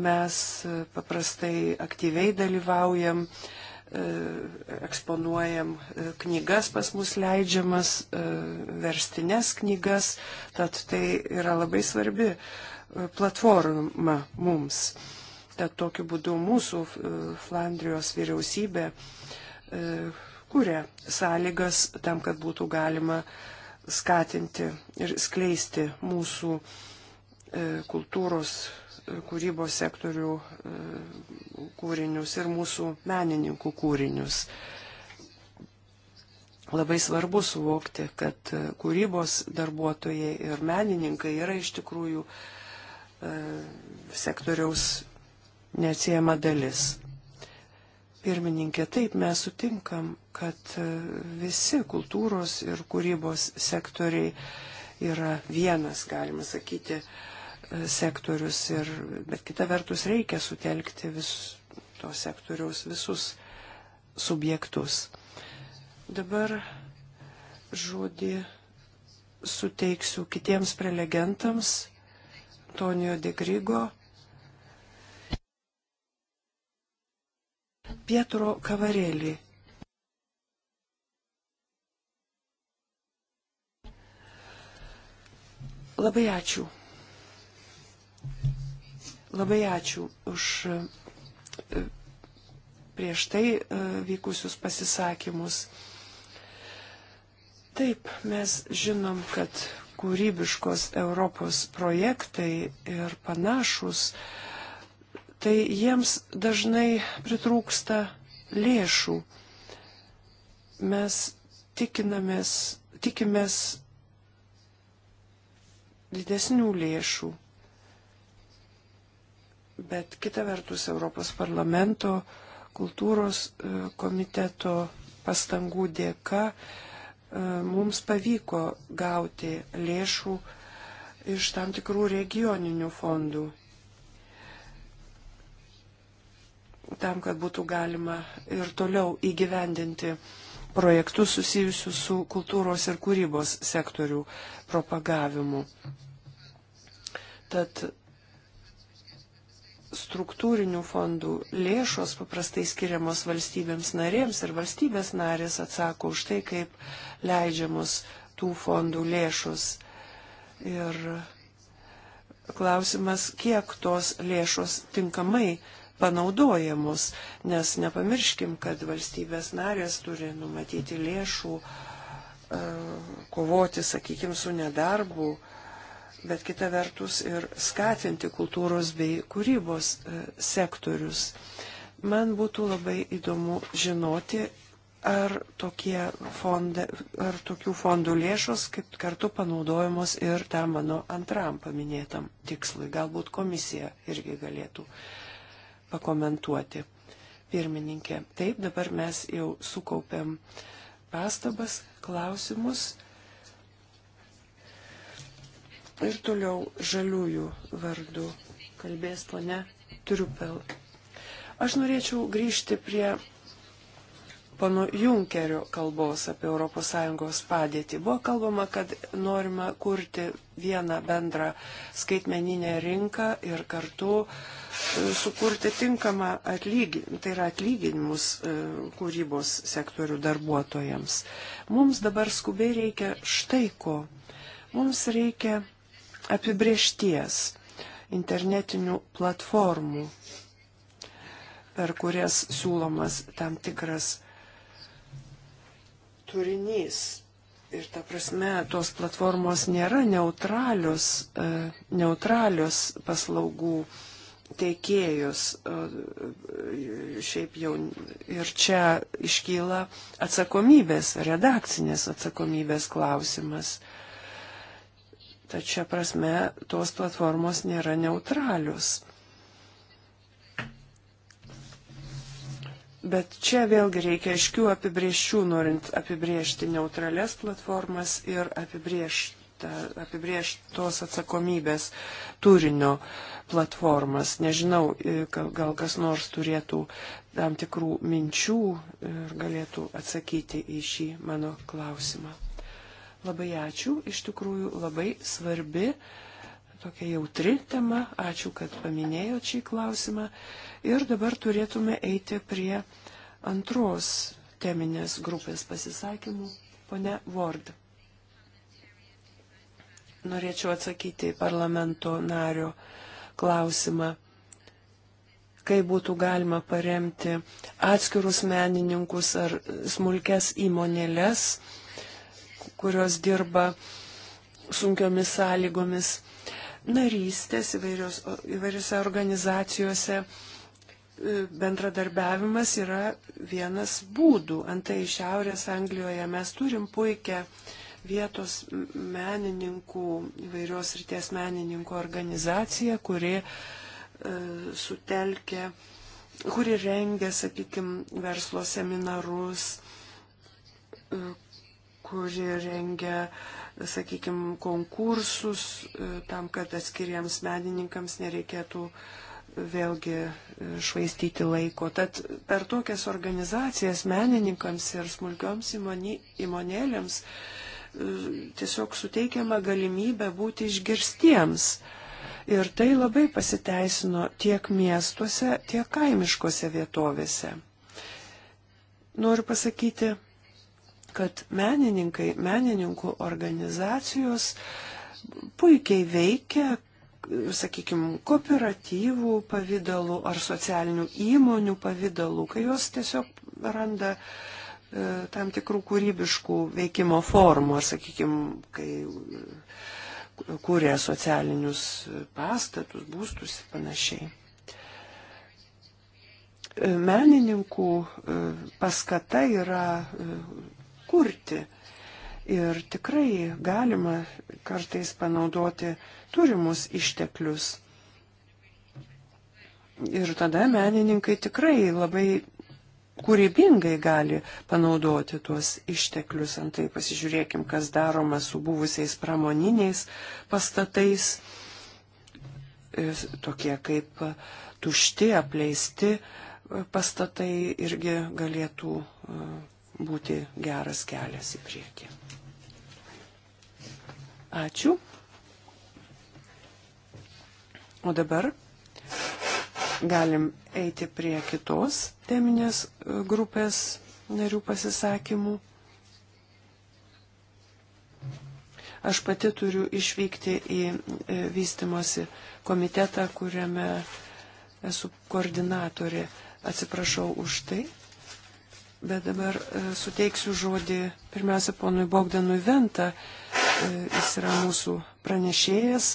mes e, paprastai aktyviai dalyvaujam, e, eksponuojam e, knygas pas mus leidžiamas, verstines knygas, tad tai yra labai svarbi platforma mums. Tad tokiu būdu mūsų Flandrijos vyriausybė kuria sąlygas tam, kad būtų galima skatinti ir skleisti mūsų e, kultūros e, kūrybos sektorių e, kūrinius ir mūsų menininkų kūrinius. Labai svarbu suvokti, kad kūrybos darbuotojai ir menininkai yra iš tikrųjų sektoriaus neatsiejama dalis. Pirmininkė, taip mes sutinkam, kad e, visi kultūros ir kūrybos sektoriai yra vienas, galima sakyti, e, sektorius, ir, bet kita vertus reikia sutelkti vis, to sektoriaus visus subjektus. Dabar žodį suteiksiu kitiems prelegentams, Tonijo Degrygo Pietro Kavarelį. Labai ačiū. Labai ačiū už e, prieš tai e, vykusius pasisakymus. Taip, mes žinom, kad kūrybiškos Europos projektai ir panašus uh, tai jiems dažnai pritrūksta lėšų. Mes tikinamės, tikimės didesnių lėšų. Bet kita vertus Europos parlamento kultūros e, komiteto pastangų dėka e, mums pavyko gauti lėšų iš tam tikrų regioninių fondų tam, kad būtų galima ir toliau įgyvendinti projektus susijusius su kultūros ir kūrybos sektorių propagavimu. Tad struktūrinių fondų lėšos paprastai skiriamos valstybėms narėms ir valstybės narės atsako už tai, kaip leidžiamos tų fondų lėšos. Ir klausimas, kiek tos lėšos tinkamai panaudojamos, nes nepamirškim, kad valstybės narės turi numatyti lėšų, e, kovoti, sakykime, su nedarbu, bet kita vertus ir skatinti kultūros bei kūrybos e, sektorius. Man būtų labai įdomu žinoti, ar, fonda, ar tokių fondų lėšos kaip kartu panaudojamos ir tam mano antram paminėtam tikslui. Galbūt komisija irgi galėtų uh, pakomentuoti. Pirmininkė, taip, dabar mes jau sukaupėm pastabas, klausimus. Ir toliau žaliųjų vardų kalbės ponia Triupel. Aš norėčiau grįžti prie pono Junkerio kalbos apie ES padėtį. Buvo kalbama, kad norima kurti vieną bendrą skaitmeninę rinką ir kartu e, sukurti tinkamą atlyginimus, tai yra atlyginimus e, kūrybos sektorių darbuotojams. Mums dabar skubiai reikia štai ko. Mums reikia apibriešties internetinių platformų, per kurias siūlomas tam tikras turinys. Ir ta prasme, tos platformos nėra neutralios, e, neutralios paslaugų teikėjus. E, šiaip jau ir čia iškyla atsakomybės, redakcinės atsakomybės klausimas. Tačiau prasme, tos platformos nėra neutralios. Bet čia vėlgi reikia aiškių apibrieščių, norint apibriežti neutralias platformas ir apibrieštos atsakomybės turinio platformas. Nežinau, e, gal kas nors turėtų tam tikrų minčių ir galėtų atsakyti į šį mano klausimą. Labai ačiū, iš tikrųjų labai svarbi tokia jautri tema. Ačiū, kad paminėjot šį klausimą. Ir dabar turėtume eiti prie antros teminės grupės pasisakymų. Pone Ward. Norėčiau atsakyti į parlamento nario klausimą, kaip būtų galima paremti atskirus menininkus ar smulkes įmonėlės, kurios dirba sunkiomis sąlygomis narystės įvairios, įvairiose organizacijose e, bendradarbiavimas yra vienas būdų. Antai Šiaurės Anglijoje mes turim puikią vietos menininkų, įvairios ryties menininkų organizacija, kuri e, sutelkia, kuri rengia, sakykime, verslo seminarus, e, kuri rengia e, sakykime, konkursus, e, tam, kad atskiriems menininkams nereikėtų vėlgi e, švaistyti laiko. Tad per tokias organizacijas menininkams ir smulkioms įmonėlėms e, tiesiog suteikiama galimybė būti išgirstiems. Ir tai labai pasiteisino tiek miestuose, tiek kaimiškose vietovėse. Noriu pasakyti, kad menininkai, menininkų organizacijos puikiai veikia, sakykime, kooperatyvų pavydalų ar socialinių įmonių pavydalų, kai jos tiesiog randa e, tam tikrų kūrybiškų veikimo formų, sakykime, kai e, kūrė socialinius pastatus, būstus ir panašiai. E, menininkų e, paskata yra kurti. Ir tikrai galima kartais panaudoti turimus išteklius. Ir tada menininkai tikrai labai kūrybingai gali panaudoti tuos išteklius. Antai pasižiūrėkim, kas daroma su buvusiais pramoniniais pastatais, tokie kaip tušti, apleisti pastatai irgi galėtų būti geras kelias į priekį. Ačiū. O dabar galim eiti prie kitos teminės e, grupės narių pasisakymų. Aš pati turiu išvykti į e, vystimosi komitetą, kuriame esu koordinatorė. Atsiprašau už tai. Bet dabar e, suteiksiu žodį pirmiausia ponui Bogdanui Venta. E, jis yra mūsų pranešėjas.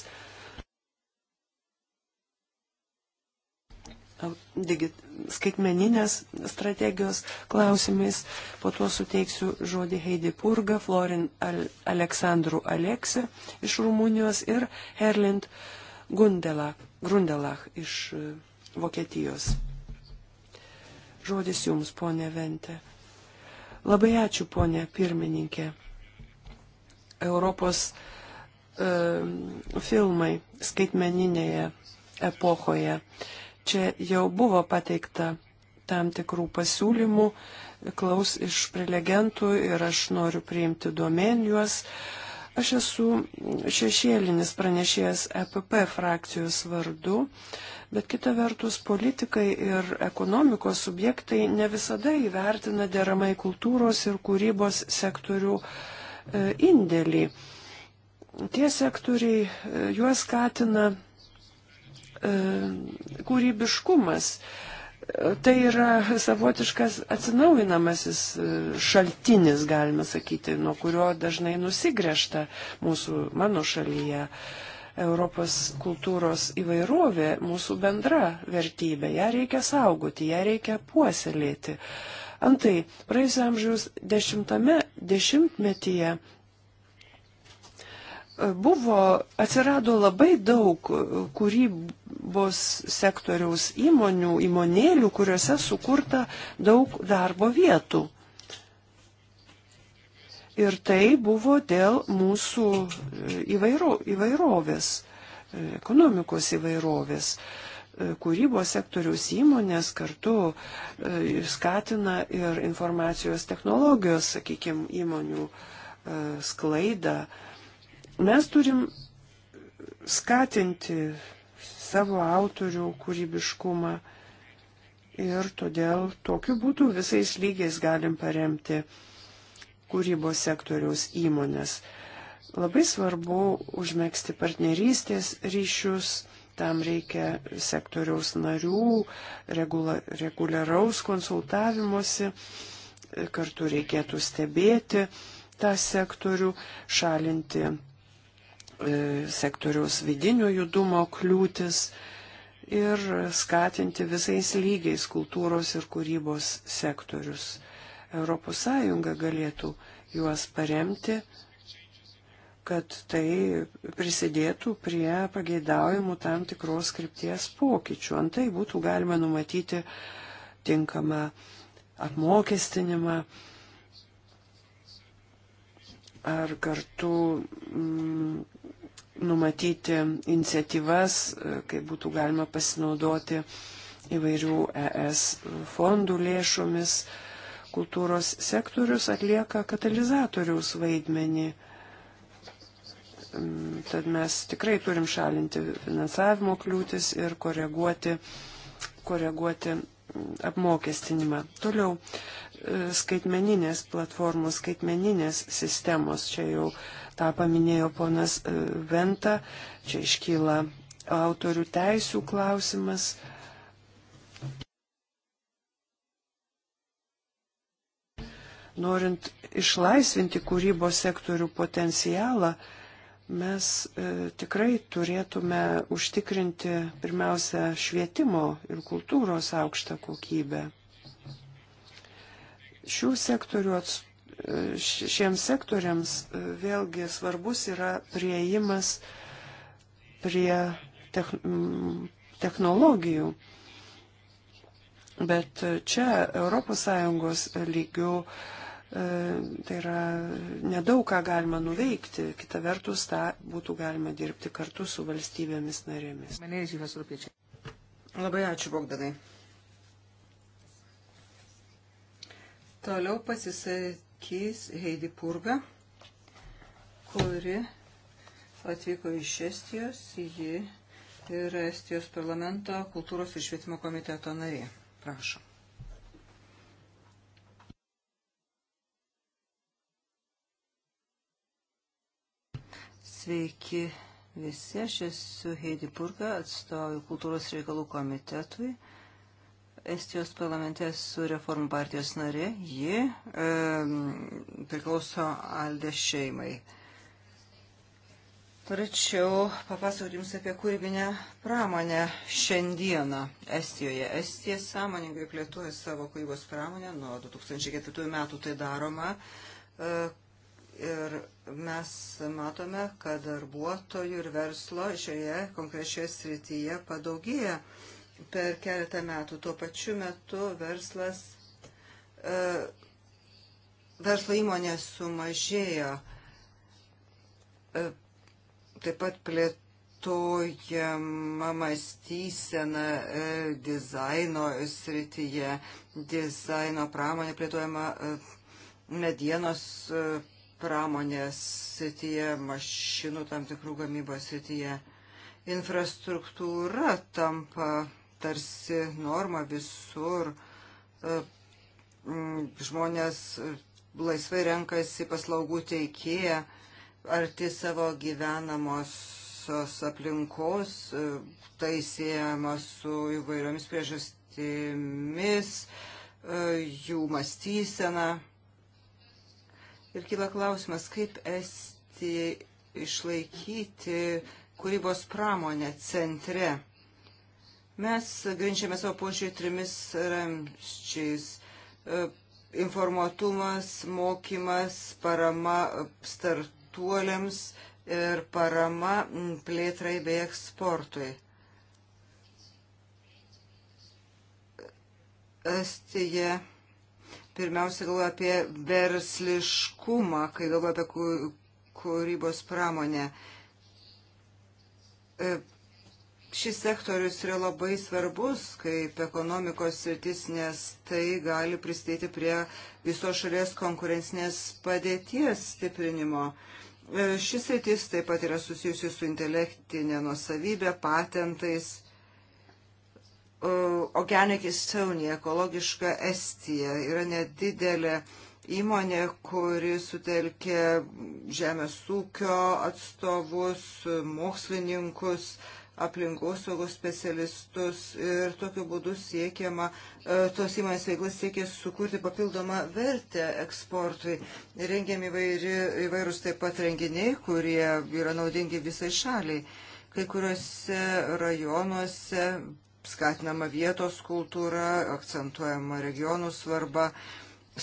Digit, skaitmeninės strategijos klausimais. Po to suteiksiu žodį Heidi Purga, Florin Al Aleksandru Alekse iš Rumunijos ir Herlind Gundelach, Grundelach iš e, Vokietijos. Žodis jums, ponė Vente. Labai ačiū, ponė pirmininkė. Europos e, filmai skaitmeninėje epochoje. Čia jau buvo pateikta tam tikrų pasiūlymų, klaus iš prelegentų ir aš noriu priimti duomen juos. E, Aš esu šešėlinis pranešėjas EPP frakcijos vardu, bet kita vertus politikai ir ekonomikos subjektai ne visada įvertina deramai kultūros ir kūrybos sektorių e, indėlį. Tie sektoriai e, juos skatina e, kūrybiškumas Tai yra savotiškas atsinaujinamasis e, šaltinis, galima sakyti, nuo kurio dažnai nusigrėžta mūsų, mano šalyje. Europos kultūros įvairovė mūsų bendra vertybė, ją reikia saugoti, ją reikia puoselėti. Antai, praėjusio amžiaus dešimtame dešimtmetyje e, buvo, atsirado labai daug e, kūrybų gamybos sektoriaus įmonių, įmonėlių, kuriuose sukurta daug darbo vietų. Ir tai buvo dėl mūsų e, įvairo, įvairovės, e, ekonomikos įvairovės. E, kūrybos sektoriaus įmonės kartu skatina ir informacijos technologijos, sakykime, įmonių sklaidą. Mes turim skatinti savo autorių kūrybiškumą. Ir todėl tokiu būdu visais lygiais galim paremti kūrybos sektoriaus įmonės. Labai svarbu užmėgsti partnerystės ryšius, tam reikia sektoriaus narių, regula, reguliaraus konsultavimuose, kartu reikėtų stebėti tą sektorių, šalinti E, sektoriaus vidinio judumo kliūtis ir skatinti visais lygiais kultūros ir kūrybos sektorius. ES galėtų juos paremti, kad tai prisidėtų prie pageidaujimų tam tikros skripties pokyčių. Antai būtų galima numatyti tinkamą apmokestinimą ar kartu mm, numatyti iniciatyvas, e, kaip būtų galima pasinaudoti įvairių ES fondų lėšomis. Kultūros sektorius atlieka katalizatoriaus vaidmenį. Mm, tad mes tikrai turim šalinti finansavimo kliūtis ir koreguoti, koreguoti apmokestinimą. Toliau e, skaitmeninės platformos, skaitmeninės sistemos, čia jau tą paminėjo ponas e, Venta, čia iškyla autorių teisų klausimas. Norint išlaisvinti kūrybos sektorių potencialą, mes e, tikrai turėtume užtikrinti pirmiausia švietimo ir kultūros aukštą kokybę. Šių sektorių atstovų. E, šiems sektoriams e, vėlgi svarbus yra prieimas prie mm, technologijų. Bet čia ES lygių uh, E, tai yra nedaug ką galima nuveikti, kita vertus tą būtų galima dirbti kartu su valstybėmis narėmis. Labai ačiū, Bogdanai. Toliau pasisakys Heidi Purga, kuri atvyko iš Estijos, ji yra Estijos parlamento kultūros ir švietimo komiteto narė. Prašom. Sveiki visi, aš esu Heidi Purga, atstovauju kultūros reikalų komitetui. Estijos parlamente esu reformų partijos narė, ji e, priklauso Alde šeimai. Norėčiau papasakoti Jums apie kūrybinę pramonę šiandieną Estijoje. Estija sąmoningai plėtoja savo kūrybos pramonę, nuo 2004 metų tai daroma. E, Ir mes matome, kad darbuotojų ir verslo šioje konkrečioje srityje padaugėja per keletą metų. Tuo pačiu metu verslas, e, verslo įmonė sumažėjo. E, taip pat plėtų plėtojama mąstysena e, dizaino srityje, dizaino pramonė plėtojama e, medienos e, pramonės srityje, mašinų tam tikrų gamybos srityje. Infrastruktūra tampa tarsi norma visur. E, žmonės laisvai renkasi paslaugų teikėją, arti savo gyvenamosios aplinkos, e, tai siejama su įvairiomis priežastimis, e, jų mąstysena. Ir kyla klausimas, kaip Estijai išlaikyti kūrybos pramonę centre. Mes grinčiame savo požiūrį trimis ramščiais e, - informuotumas, mokymas, parama startuoliams ir parama plėtrai bei eksportui. Estija. Yeah pirmiausia galvoju apie versliškumą, kai galvoju apie kūrybos pramonę. E, šis sektorius yra labai svarbus kaip ekonomikos sritis, nes tai gali prisidėti prie viso šalies konkurencinės padėties stiprinimo. E, šis sritis taip pat yra susijusi su intelektinė nuosavybė, patentais Organic Estonia, ekologiška Estija, yra nedidelė įmonė, kuri sutelkė žemės ūkio atstovus, mokslininkus, aplinkosaugos specialistus ir tokiu būdu siekiama, e, tos įmonės veiklas siekia sukurti papildomą vertę eksportui. Rengiami įvairi, įvairūs taip pat renginiai, kurie yra naudingi visai šaliai. Kai kuriuose rajonuose skatinama vietos kultūra, akcentuojama regionų svarba,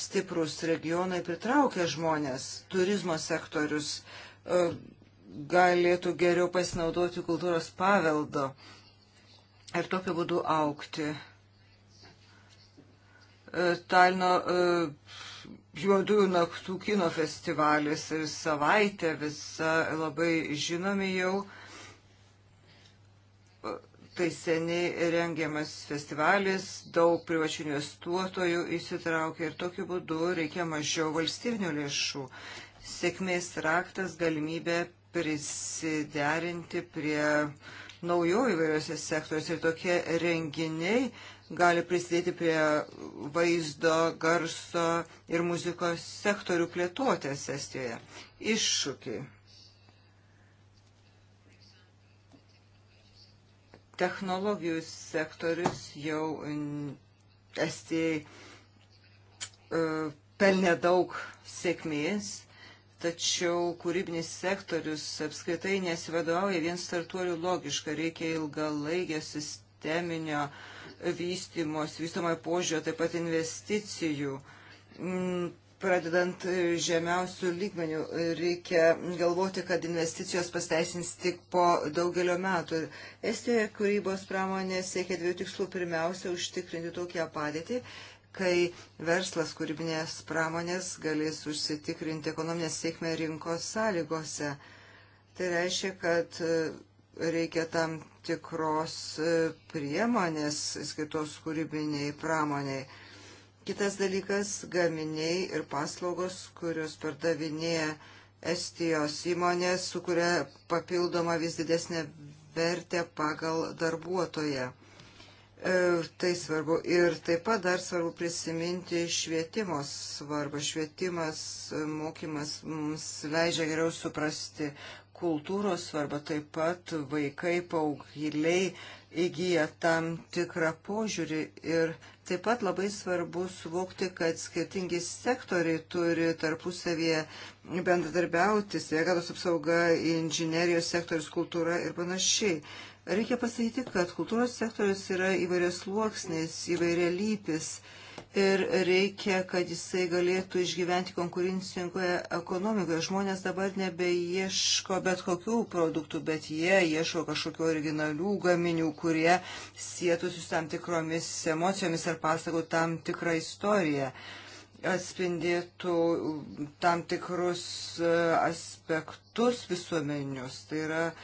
stiprus regionai pritraukia žmonės, turizmo sektorius e, galėtų geriau pasinaudoti kultūros paveldo ir tokiu būdu aukti. E, Talino e, juodųjų naktų kino festivalis ir savaitė visa labai žinomi jau tai seniai rengiamas festivalis, daug privačių investuotojų įsitraukia ir tokiu būdu reikia mažiau valstybinių lėšų. Sėkmės raktas galimybė prisiderinti prie naujų įvairiuose sektoriuose ir tokie renginiai gali prisidėti prie vaizdo, garso ir muzikos sektorių plėtuotės Estijoje. Iššūkiai. technologijų sektorius jau mm, Estijai e, pelnė daug sėkmės, tačiau kūrybinis sektorius apskritai nesivadovauja vien startuolių logiška, reikia ilgalaikio sisteminio vystimos, vystomojo požiūrio, taip pat investicijų. Mm, pradedant e, žemiausių lygmenių. Reikia galvoti, kad investicijos pasteisins tik po daugelio metų. Estija kūrybos pramonė siekia dviejų tikslų. Pirmiausia, užtikrinti tokią padėtį, kai verslas kūrybinės pramonės galės užsitikrinti ekonominę sėkmę rinkos sąlygose. Tai reiškia, kad e, reikia tam tikros e, priemonės skirtos kūrybiniai pramoniai Kitas dalykas - gaminiai ir paslaugos, kurios pardavinėja Estijos įmonės, sukuria papildomą vis didesnę vertę pagal darbuotoją. E, tai svarbu. Ir taip pat dar svarbu prisiminti švietimo svarbą. Švietimas, mokymas mums leidžia geriau suprasti kultūros svarbą. Taip pat vaikai, paaugliai įgyja tam tikrą požiūrį ir taip pat labai svarbu suvokti, kad skirtingi sektoriai turi tarpusavėje bendradarbiauti, sveikatos apsauga, inžinerijos sektorius, kultūra ir panašiai. Reikia pasakyti, kad kultūros sektorius yra įvairios luoksnės, įvairia lypis. Uh, ir reikia, kad jisai galėtų išgyventi konkurencingoje ekonomikoje. Žmonės dabar nebeieško bet kokių produktų, bet jie ieško kažkokių originalių gaminių, kurie sėtųsi su tam tikromis emocijomis ar pasakų tam tikrą istoriją atspindėtų tam tikrus e, aspektus visuomenius. Tai yra uh,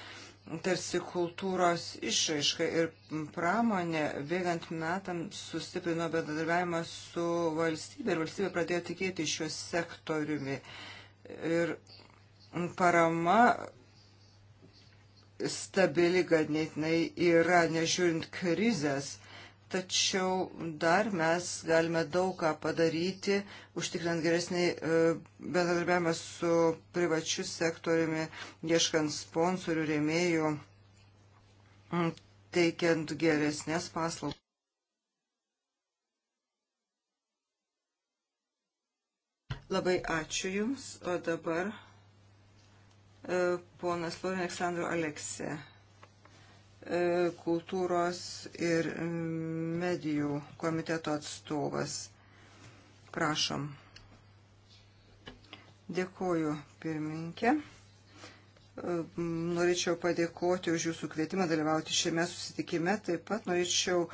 tarsi kultūros išraiška ir pramonė bėgant metam sustiprino bendradarbiavimą su valstybė ir valstybė pradėjo tikėti šiuo sektoriumi. Ir parama stabili ganėtinai yra, nežiūrint krizės tačiau dar mes galime daug ką padaryti, užtikrinant geresnį e, bendradarbiavimą su privačiu sektoriumi, ieškant sponsorių, rėmėjų, teikiant geresnės paslaugas. Labai ačiū Jums, o dabar e, ponas Lorin Aleksandro Aleksė. E, kultūros ir medijų komiteto atstovas. Prašom. Dėkuoju, pirmininkė. E, norėčiau padėkoti už jūsų kvietimą dalyvauti šiame susitikime. Taip pat norėčiau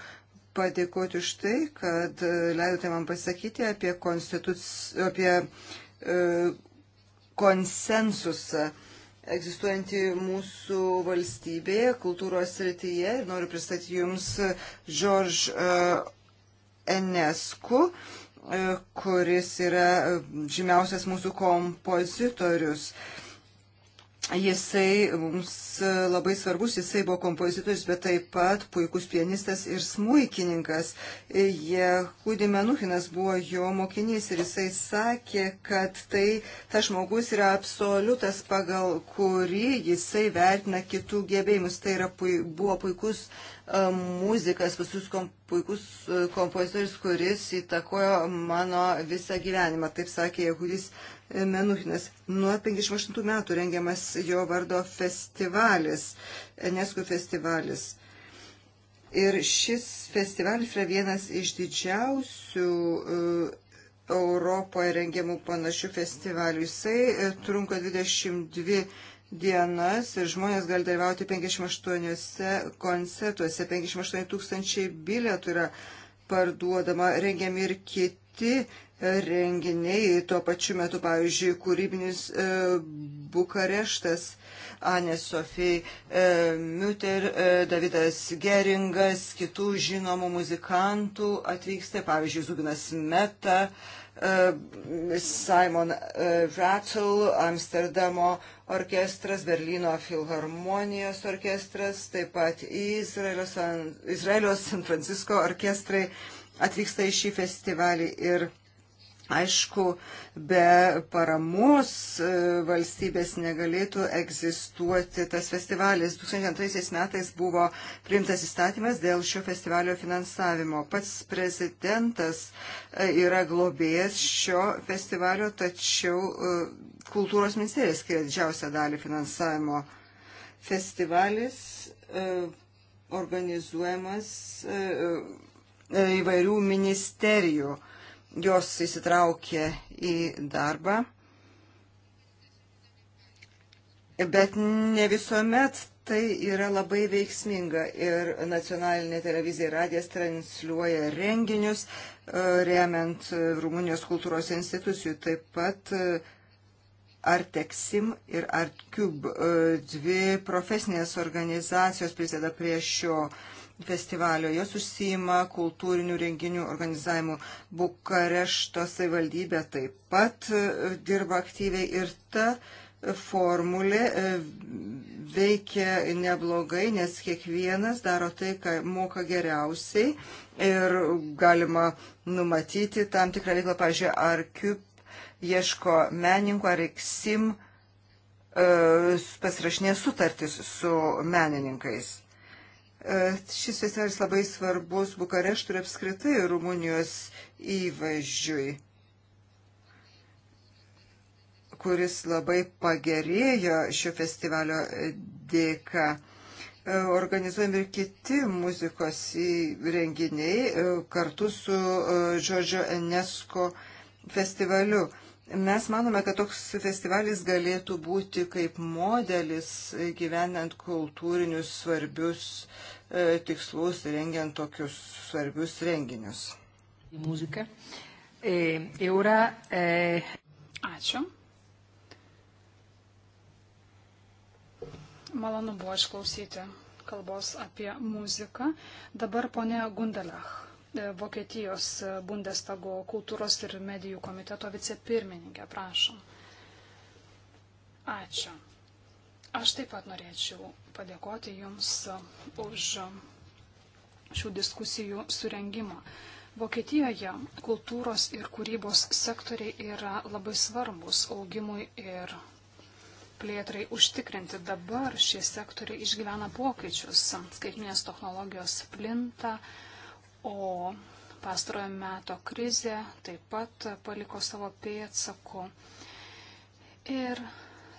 padėkoti už tai, kad e, leidote man pasakyti apie, apie e, konsensusą. E, egzistuojanti mūsų valstybėje, kultūros srityje. Ir noriu pristatyti Jums George e, Enesku, e, kuris yra e, žymiausias mūsų kompozitorius. Uh, Jisai mums labai svarbus, jisai buvo kompozitorius, bet taip pat puikus pianistas ir smūkininkas. Jehudi Menuhinas buvo jo mokinys ir jisai sakė, kad tai tas žmogus yra absoliutas, pagal kurį jisai vertina kitų gebėjimus. Tai yra, buvo puikus e, muzikas, visus kom, puikus e, kompozitorius, kuris įtakojo mano visą gyvenimą. Taip sakė Jehudis Menuhinas. Menuhinas. Nuo 58 metų rengiamas jo vardo festivalis, UNESCO festivalis. Ir šis festivalis yra vienas iš didžiausių e, Europoje rengiamų panašių festivalių. Jisai e, trunka 22 dienas ir žmonės gali dalyvauti 58 koncertuose. 58 tūkstančiai bilietų yra parduodama, rengiami ir kiti renginiai tuo pačiu metu, pavyzdžiui, kūrybinis e, Bukareštas, Anė Sofija e, Müter, e, Davidas Geringas, kitų žinomų muzikantų atvyksta, pavyzdžiui, Zubinas Meta, e, Simon e, Rattle, Amsterdamo orkestras, Berlyno filharmonijos orkestras, taip pat Izraelio San, Izraelio San Francisco orkestrai atvyksta į šį festivalį ir Aišku, be paramos e, valstybės negalėtų egzistuoti tas festivalis. 2002 metais buvo priimtas įstatymas dėl šio festivalio finansavimo. Pats prezidentas e, yra globėjas šio festivalio, tačiau e, kultūros ministerija skiria didžiausią dalį finansavimo. Festivalis organizuojamas įvairių ministerijų jos įsitraukė į darbą, bet ne visuomet tai yra labai veiksminga ir nacionalinė televizija ir radijas transliuoja renginius, e, remiant Rumunijos kultūros institucijų. Taip pat e, Arteksim ir Artcube dvi profesinės organizacijos prisideda prie šio uh, festivalio. Jos užsijima kultūrinių renginių organizavimu. Bukarešto savivaldybė taip pat e, dirba aktyviai ir ta formulė e, veikia neblogai, nes kiekvienas daro tai, ką moka geriausiai ir galima numatyti tam tikrą veiklą, pavyzdžiui, ar KIUP ieško menininko, ar XIM e, pasirašinė sutartis su menininkais. E, šis festivalis labai svarbus Bukareštų ir apskritai Rumunijos įvaizdžiui, kuris labai pagerėjo šio festivalio dėka e, organizuojami ir kiti muzikos renginiai e, kartu su Džordžio Enesko festivaliu. Mes manome, kad toks festivalis galėtų būti kaip modelis gyvenant kultūrinius svarbius E, tikslus rengiant tokius svarbius renginius. Muzika. E, eura, e... Ačiū. Malonu buvo išklausyti kalbos apie muziką. Dabar ponė Gundelach, e, Vokietijos Bundestago kultūros ir medijų komiteto vicepirmininkė, prašom. Ačiū. Aš taip pat norėčiau padėkoti Jums už šių diskusijų surengimą. Vokietijoje kultūros ir kūrybos sektoriai yra labai svarbus augimui ir plėtrai užtikrinti. Dabar šie sektoriai išgyvena pokyčius. Skaitminės technologijos plinta, o pastarojo meto krizė taip pat paliko savo pėdsakų. Ir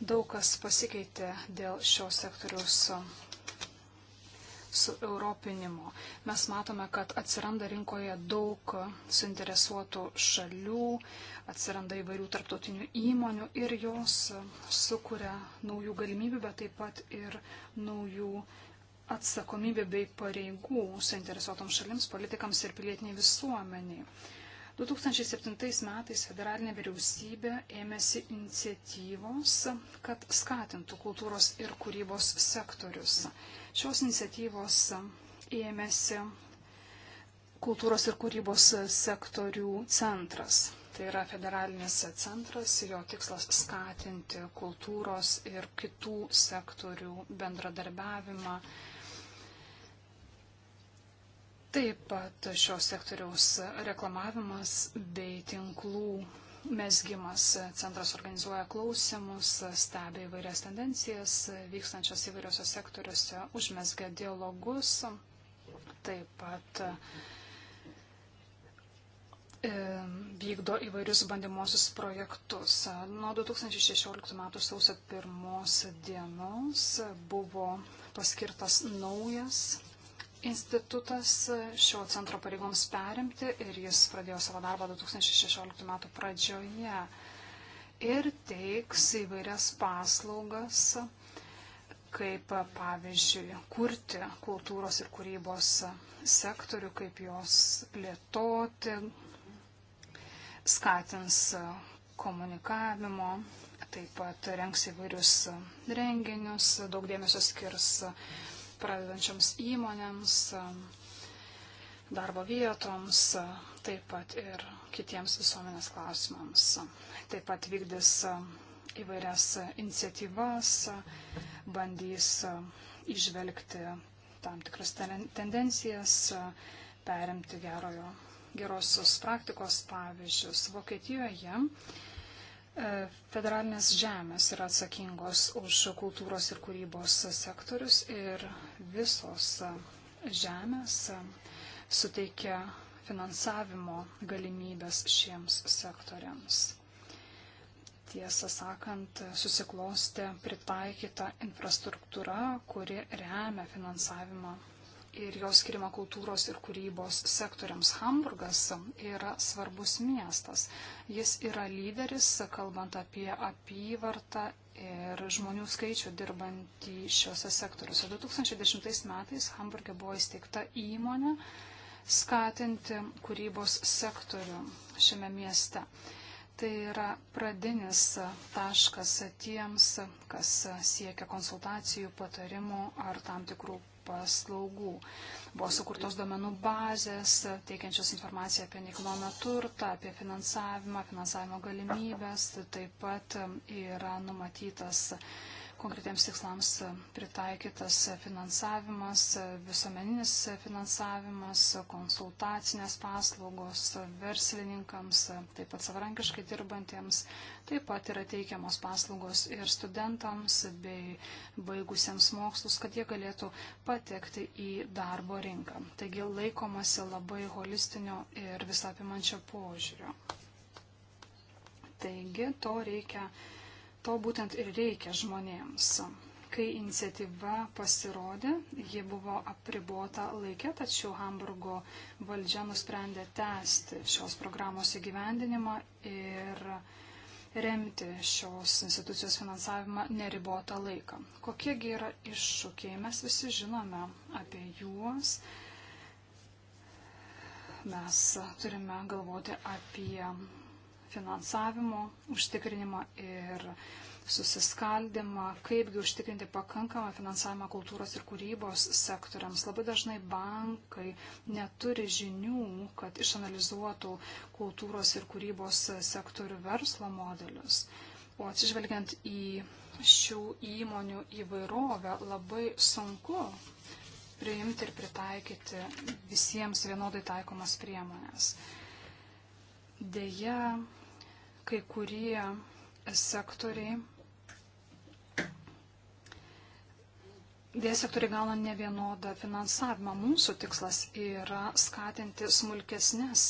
daug kas pasikeitė dėl šios sektoriaus su europinimo. Mes matome, kad atsiranda rinkoje daug suinteresuotų šalių, atsiranda įvairių tarptautinių įmonių ir jos sukuria naujų galimybių, bet taip pat ir naujų atsakomybė bei pareigų suinteresuotoms šalims, politikams ir pilietiniai visuomeniai. 2007 metais federalinė vyriausybė ėmėsi iniciatyvos, kad skatintų kultūros ir kūrybos sektorius. Šios iniciatyvos ėmėsi kultūros ir kūrybos sektorių centras. Tai yra federalinis centras, jo tikslas skatinti kultūros ir kitų sektorių bendradarbiavimą Taip pat šios sektoriaus reklamavimas bei tinklų mesgymas. Centras organizuoja klausimus, stebi įvairias tendencijas vykstančias įvairiose sektoriuose, užmesgia dialogus, taip pat e, vykdo įvairius bandymosius projektus. Nuo 2016 m. sausio 1 dienos buvo paskirtas naujas institutas šio centro pareigoms perimti ir jis pradėjo savo darbą 2016 metų pradžioje ir teiks įvairias paslaugas, kaip pavyzdžiui kurti kultūros ir kūrybos sektorių, kaip jos plėtoti, skatins komunikavimo, taip pat rengs įvairius renginius, daug dėmesio skirs pradedančiams įmonėms, darbo vietoms, taip pat ir kitiems visuomenės klausimams. Taip pat vykdys įvairias iniciatyvas, bandys išvelgti tam tikras tendencijas, perimti gerojo, gerosios praktikos pavyzdžius. Vokietijoje E, federalinės žemės yra atsakingos už kultūros ir kūrybos sektorius ir visos žemės suteikia finansavimo galimybės šiems sektoriams. Tiesą sakant, susiklosti pritaikyta infrastruktūra, kuri remia finansavimą ir jos skirimo kultūros ir kūrybos sektoriams. Hamburgas yra svarbus miestas. Jis yra lyderis, kalbant apie apyvartą ir žmonių skaičių dirbantį šiuose sektoriuose. 2010 metais Hamburgė buvo įsteigta įmonė skatinti kūrybos sektorių šiame mieste. Tai yra pradinis taškas tiems, kas siekia konsultacijų, patarimų ar tam tikrų paslaugų. Buvo sukurtos domenų bazės, teikiančios informaciją apie nekilnojamą turtą, apie finansavimą, finansavimo galimybės. Taip pat yra numatytas konkretiems tikslams pritaikytas finansavimas, visuomeninis finansavimas, konsultacinės paslaugos verslininkams, taip pat savarankiškai dirbantiems, taip pat yra teikiamos paslaugos ir studentams bei baigusiems mokslus, kad jie galėtų patekti į darbo rinką. Taigi laikomasi labai holistinio ir visapimančio požiūrio. Taigi to reikia To būtent ir reikia žmonėms. Kai iniciatyva pasirodė, ji buvo apribota laikė, tačiau Hamburgo valdžia nusprendė tęsti šios programos įgyvendinimą ir remti šios institucijos finansavimą neribotą laiką. Kokiegi yra iššūkiai, mes visi žinome apie juos. Mes turime galvoti apie finansavimo užtikrinimą ir susiskaldimą, kaipgi užtikrinti pakankamą finansavimą kultūros ir kūrybos sektoriams. Labai dažnai bankai neturi žinių, kad išanalizuotų kultūros ir kūrybos sektorių verslo modelius. O atsižvelgiant į šių įmonių įvairovę, labai sunku priimti ir pritaikyti visiems vienodai taikomas priemonės. Deja, kai kurie sektoriai, dėja sektoriai gauna ne vienodą finansavimą. Mūsų tikslas yra skatinti smulkesnės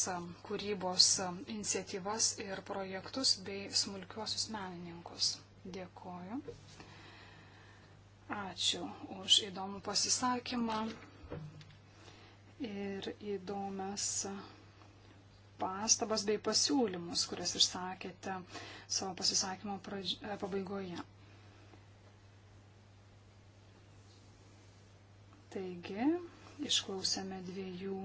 kūrybos iniciatyvas ir projektus bei smulkiuosius menininkus. Dėkoju. Ačiū už įdomų pasisakymą ir įdomias pastabas bei pasiūlymus, kurias išsakėte savo pasisakymo pradž... E, pabaigoje. Taigi, išklausėme dviejų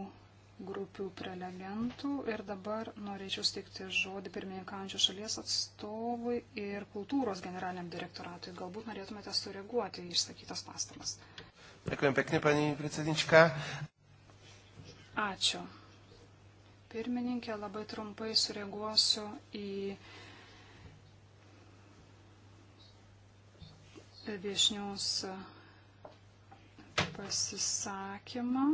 grupių prelegentų ir dabar norėčiau steigti žodį pirmininkaujančio šalies atstovui ir kultūros generaliniam direktoratui. Galbūt norėtumėte sureaguoti į išsakytas pastabas. Dėkuojam pekni, paniai prezidentčka. Ačiū, pirmininkė, labai trumpai sureaguosiu į viešniaus pasisakymą,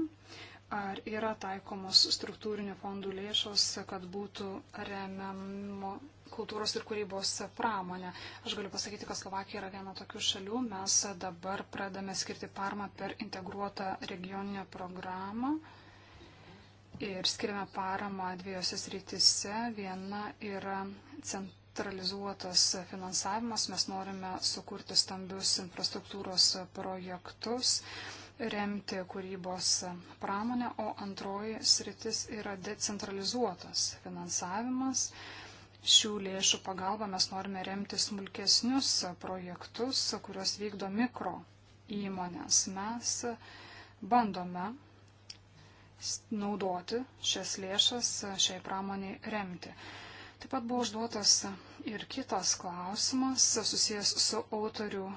ar yra taikomos struktūrinių fondų lėšos, kad būtų remiamo kultūros ir kūrybos pramonė. Aš galiu pasakyti, kad Slovakija yra viena tokių šalių. Mes dabar pradame skirti parmą per integruotą regioninę programą ir skiriame paramą dviejose srityse. Viena yra centralizuotas finansavimas. Mes norime sukurti stambius infrastruktūros projektus, remti kūrybos pramonę, o antroji sritis yra decentralizuotas finansavimas. Šių lėšų pagalba mes norime remti smulkesnius projektus, kuriuos vykdo mikro įmonės. Mes bandome naudoti šias lėšas šiai pramoniai remti. Taip pat buvo užduotas ir kitas klausimas susijęs su autorių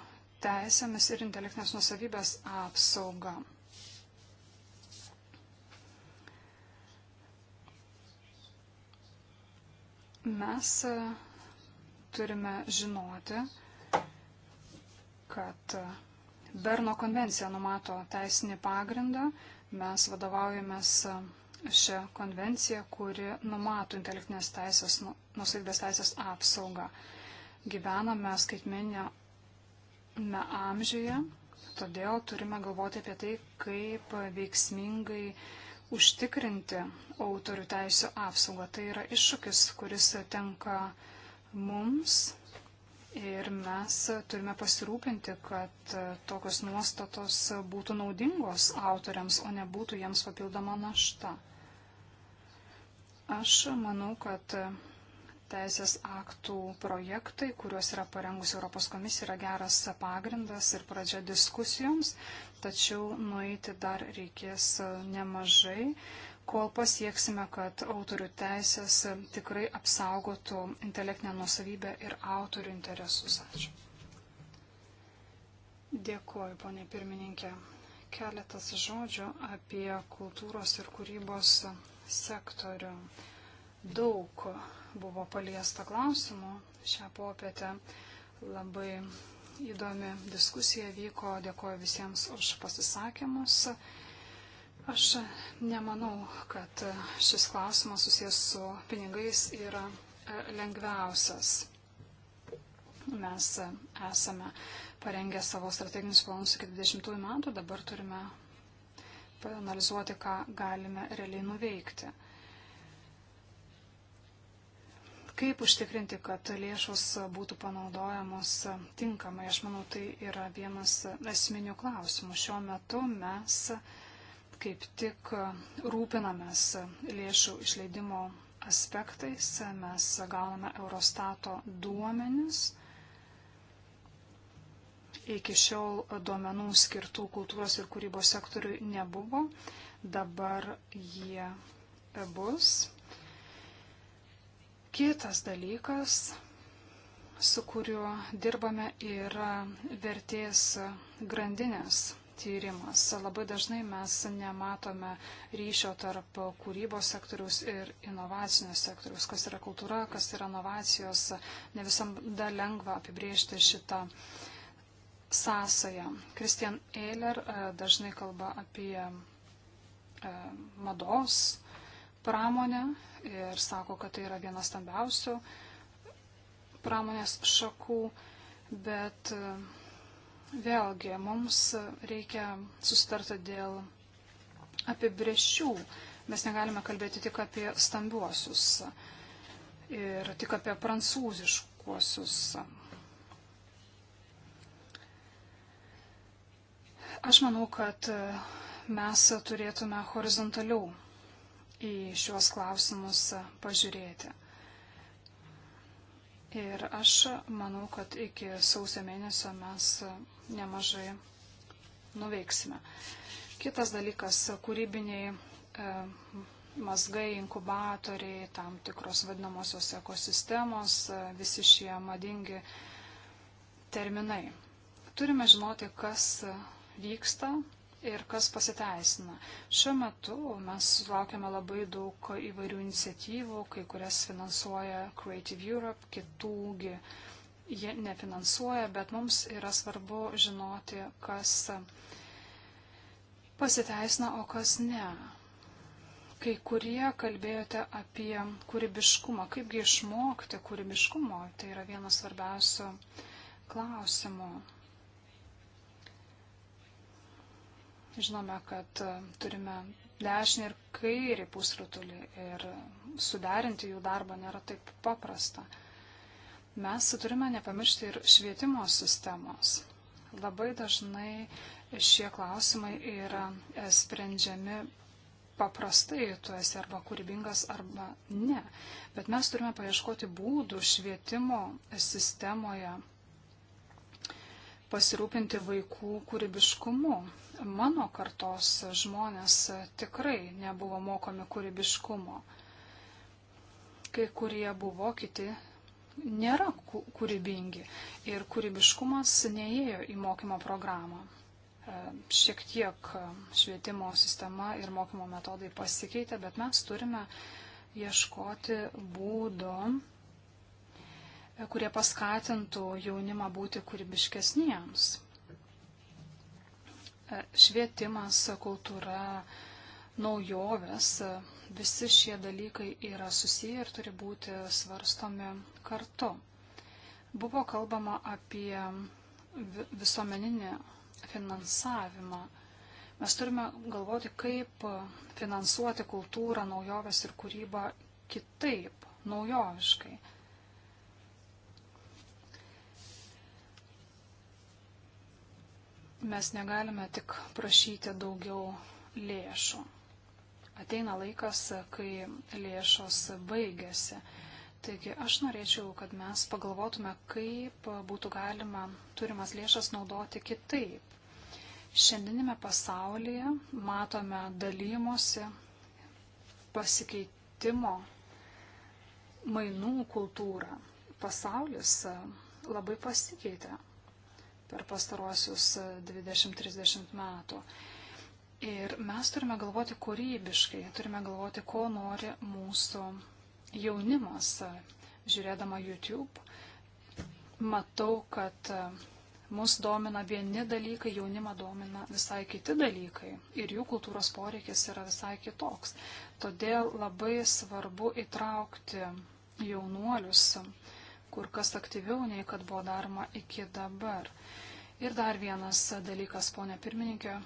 teisėmis ir intelektinės nusavybės apsauga. Mes e, turime žinoti, kad Berno konvencija numato teisinį pagrindą Mes vadovaujamės e, šią konvenciją, kuri numato intelektinės teisės, nusaidės teisės apsaugą. Gyvename skaitmeninėme amžiuje, todėl turime galvoti apie tai, kaip veiksmingai užtikrinti autorių teisų apsaugą. Tai yra iššūkis, kuris tenka mums Ir mes turime pasirūpinti, kad tokios nuostatos būtų naudingos autoriams, o nebūtų jiems papildoma našta. Aš manau, kad teisės aktų projektai, kuriuos yra parengusi Europos komisija, yra geras pagrindas ir pradžia diskusijoms, tačiau nueiti dar reikės nemažai kol pasieksime, kad autorių teisės tikrai apsaugotų intelektinę nusavybę ir autorių interesus. Ačiū. Dėkuoju, ponė pirmininkė. Keletas žodžių apie kultūros ir kūrybos sektorių. Daug buvo paliesta klausimų šią popietę. Labai įdomi diskusija vyko. Dėkuoju visiems už pasisakymus. Aš nemanau, kad šis klausimas susijęs su pinigais yra e, lengviausias. Mes e, esame parengę savo strateginius planus iki 20 metų, dabar turime analizuoti, ką galime realiai nuveikti. Kaip užtikrinti, kad lėšos būtų panaudojamos tinkamai, aš manau, tai yra vienas esminių klausimų. Šiuo metu mes uh, kaip tik rūpinamės lėšų išleidimo aspektais. Mes gauname Eurostato duomenis. Iki šiol duomenų skirtų kultūros ir kūrybos sektoriui nebuvo. Dabar jie bus. Kitas dalykas, su kuriuo dirbame, yra vertės grandinės tyrimas. Labai dažnai mes nematome ryšio tarp kūrybos sektoriaus ir inovacinio sektoriaus. Kas yra kultūra, kas yra inovacijos, ne visada lengva apibriežti šitą sąsają. Kristian Eiler e, dažnai kalba apie e, mados pramonę ir sako, kad tai yra viena stambiausių pramonės šakų, bet uh, Vėlgi, mums reikia susitarti dėl apibrėžčių. Mes negalime kalbėti tik apie stambiuosius ir tik apie prancūziškuosius. Aš manau, kad mes turėtume horizontaliau į šiuos klausimus pažiūrėti. Ir aš manau, kad iki sausio mėnesio mes nemažai nuveiksime. Kitas dalykas - kūrybiniai e, mazgai, inkubatoriai, tam tikros vadinamosios ekosistemos, e, visi šie madingi terminai. Turime žinoti, kas vyksta, ir kas pasiteisina. Šiuo metu mes laukiame labai daug įvairių iniciatyvų, kai kurias finansuoja Creative Europe, kitųgi jie nefinansuoja, bet mums yra svarbu žinoti, kas pasiteisina, o kas ne. Kai kurie kalbėjote apie kūrybiškumą, kaipgi išmokti kūrybiškumo, tai yra vienas svarbiausių klausimų Žinome, kad e, turime dešinį ir kairį pusrutulį ir suderinti jų darbą nėra taip paprasta. Mes turime nepamiršti ir švietimo sistemos. Labai dažnai šie klausimai yra e, sprendžiami paprastai tu esi arba kūrybingas arba ne. Bet mes turime paieškoti būdų švietimo sistemoje pasirūpinti vaikų kūrybiškumu mano kartos žmonės tikrai nebuvo mokomi kūrybiškumo. Kai kurie buvo, kiti nėra kūrybingi. Ir kūrybiškumas neėjo į mokymo programą. E, šiek tiek švietimo sistema ir mokymo metodai pasikeitė, bet mes turime ieškoti būdų, e, kurie paskatintų jaunimą būti kūrybiškesniems švietimas, kultūra, naujovės, visi šie dalykai yra susiję ir turi būti svarstomi kartu. Buvo kalbama apie visuomeninį finansavimą. Mes turime galvoti, kaip finansuoti kultūrą, naujoves ir kūrybą kitaip, naujoviškai. mes negalime tik prašyti daugiau lėšų. Ateina laikas, kai lėšos baigėsi. Taigi aš norėčiau, kad mes pagalvotume, kaip būtų galima turimas lėšas naudoti kitaip. Šiandieninėme pasaulyje matome dalymosi, pasikeitimo, mainų kultūrą. Pasaulis labai pasikeitė per pastaruosius 20-30 e, metų. Ir mes turime galvoti kūrybiškai, turime galvoti, ko nori mūsų jaunimas. Žiūrėdama YouTube, matau, kad e, mus domina vieni dalykai, jaunimą domina visai kiti dalykai ir jų kultūros poreikis yra visai kitoks. Todėl labai svarbu įtraukti jaunuolius kur kas aktyviau nei kad buvo daroma iki dabar. Ir dar vienas dalykas, ponė pirmininkė.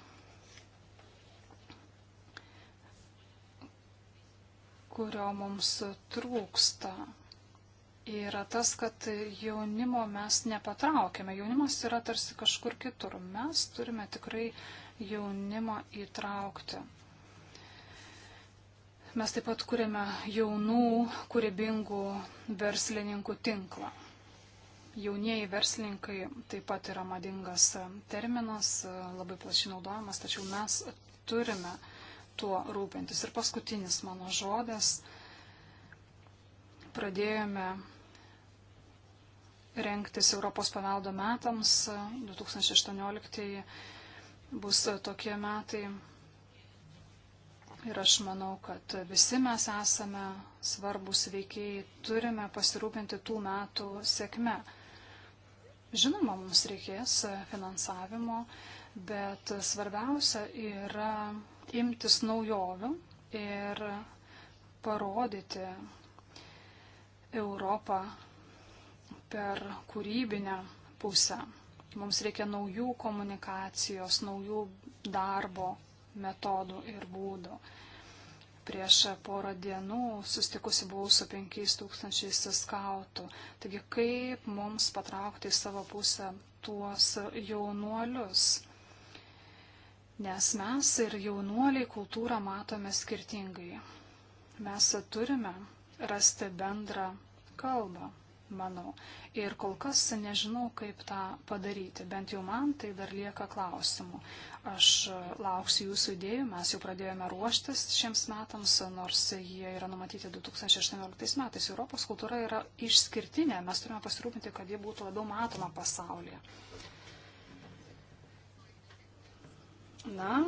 kurio mums trūksta, yra tas, kad jaunimo mes nepatraukėme. Jaunimas yra tarsi kažkur kitur. Mes turime tikrai jaunimą įtraukti. Mes taip pat kūrėme jaunų, kūrybingų verslininkų tinklą. Jaunieji verslininkai taip pat yra madingas terminas, labai plačiai naudojamas, tačiau mes turime tuo rūpintis. Ir paskutinis mano žodis. Pradėjome rengtis Europos paveldo metams. 2018 bus tokie metai Ir aš manau, kad visi mes esame svarbus veikiai, turime pasirūpinti tų metų sėkme. Žinoma, mums reikės finansavimo, bet svarbiausia yra imtis naujovių ir parodyti Europą per kūrybinę pusę. Mums reikia naujų komunikacijos, naujų darbo metodų ir būdų. Prieš porą dienų sustikusi buvau su 5000 skautų. Taigi kaip mums patraukti į savo pusę tuos jaunuolius? Nes mes ir jaunuoliai kultūrą matome skirtingai. Mes turime rasti bendrą kalbą manau. Ir kol kas nežinau, kaip tą padaryti. Bent jau man tai dar lieka klausimų. Aš lauksiu jūsų idėjų. Mes jau pradėjome ruoštis šiems metams, nors jie yra numatyti 2018 metais. Europos kultūra yra išskirtinė. Mes turime pasirūpinti, kad ji būtų labiau matoma pasaulyje. Na,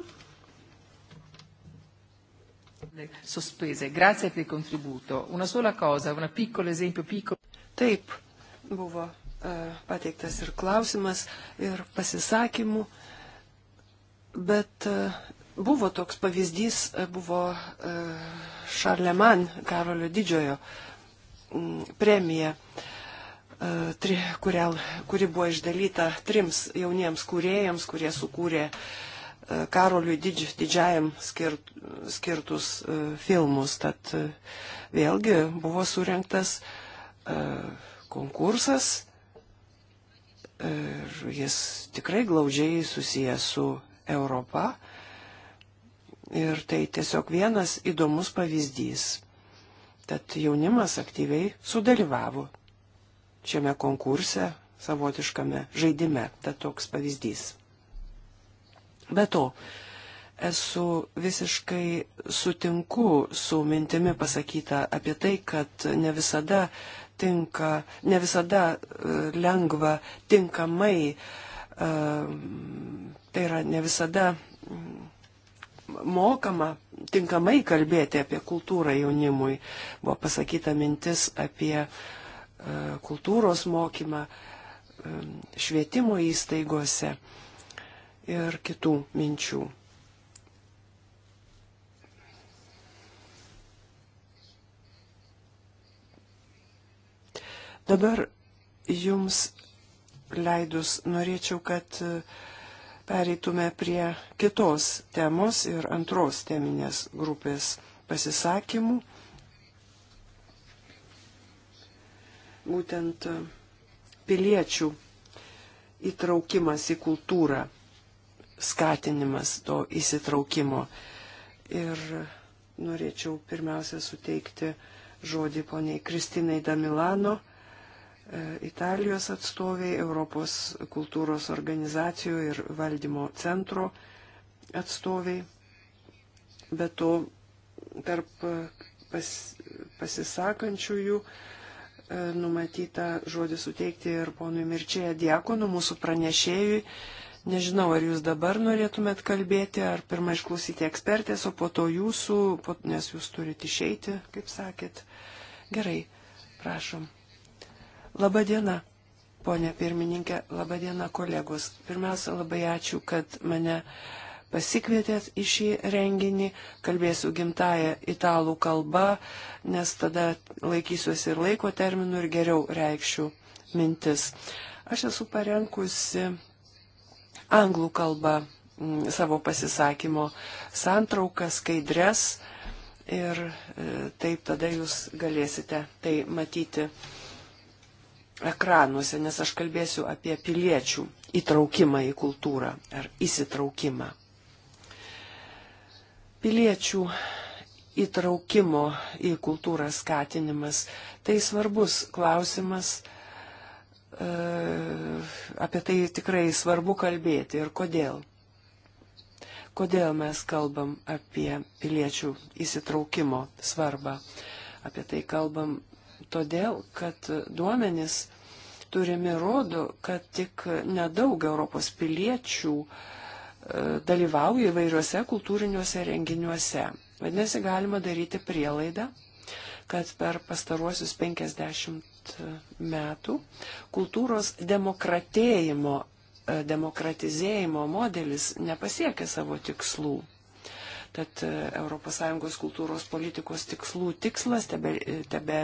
sospese. Grazie per il contributo. Una sola cosa, un piccolo esempio piccolo. Taip, buvo e, pateiktas ir klausimas, ir pasisakymų, bet e, buvo toks pavyzdys, e, buvo Šarleman Karolio didžiojo premija, kuri, kuri buvo išdalyta trims jauniems kūrėjams, kurie sukūrė Karoliui didž, didžiajam skirt, skirtus filmus. Tad vėlgi buvo surinktas uh, E, konkursas ir jis tikrai glaudžiai susijęs su Europa. Ir tai tiesiog vienas įdomus pavyzdys. Tad jaunimas aktyviai sudalyvavo šiame konkurse, savotiškame žaidime. Tad toks pavyzdys. Be to, esu visiškai sutinku su mintimi pasakyta apie tai, kad ne visada tinka, ne visada e, lengva tinkamai, e, tai yra ne visada mokama tinkamai kalbėti apie kultūrą jaunimui. Buvo pasakyta mintis apie e, kultūros mokymą švietimo įstaigose ir kitų minčių. Dabar jums leidus norėčiau, kad e, pereitume prie kitos temos ir antros teminės grupės pasisakymų. Būtent e, piliečių įtraukimas į kultūrą, skatinimas to įsitraukimo. Ir norėčiau pirmiausia suteikti žodį poniai Kristinai Damilano. Milano E, Italijos atstoviai, Europos kultūros organizacijų ir valdymo centro atstoviai. Be to, tarp e, pas, pasisakančiųjų e, numatyta žodį suteikti ir ponui Mirčėje Diakonu, mūsų pranešėjui. Nežinau, ar jūs dabar norėtumėt kalbėti, ar pirmą išklausyti ekspertės, o po to jūsų, po, nes jūs turite išeiti, kaip sakėt. Gerai, prašom. Labadiena, ponė pirmininkė, labadiena kolegos. Pirmiausia, labai ačiū, kad mane pasikvietėt į šį renginį, kalbėsiu gimtają italų kalbą, nes tada laikysiuosi ir laiko terminų ir geriau reikščiau mintis. Aš esu parenkusi anglų kalbą mm, savo pasisakymo santraukas, skaidres ir e, taip tada jūs galėsite tai matyti ekranuose, nes aš kalbėsiu apie piliečių įtraukimą į kultūrą ar įsitraukimą. Piliečių įtraukimo į kultūrą skatinimas - tai svarbus klausimas, e, apie tai tikrai svarbu kalbėti ir kodėl. Kodėl mes kalbam apie piliečių įsitraukimo svarbą. Apie tai kalbam todėl, kad duomenys turimi rodo, kad tik nedaug Europos piliečių e, dalyvauja įvairiuose kultūriniuose renginiuose. Vadinasi, galima daryti prielaidą, kad per pastaruosius 50 e, metų kultūros demokratėjimo, e, demokratizėjimo modelis nepasiekė savo tikslų. Tad ES kultūros politikos tikslų tikslas tebe, e, tebe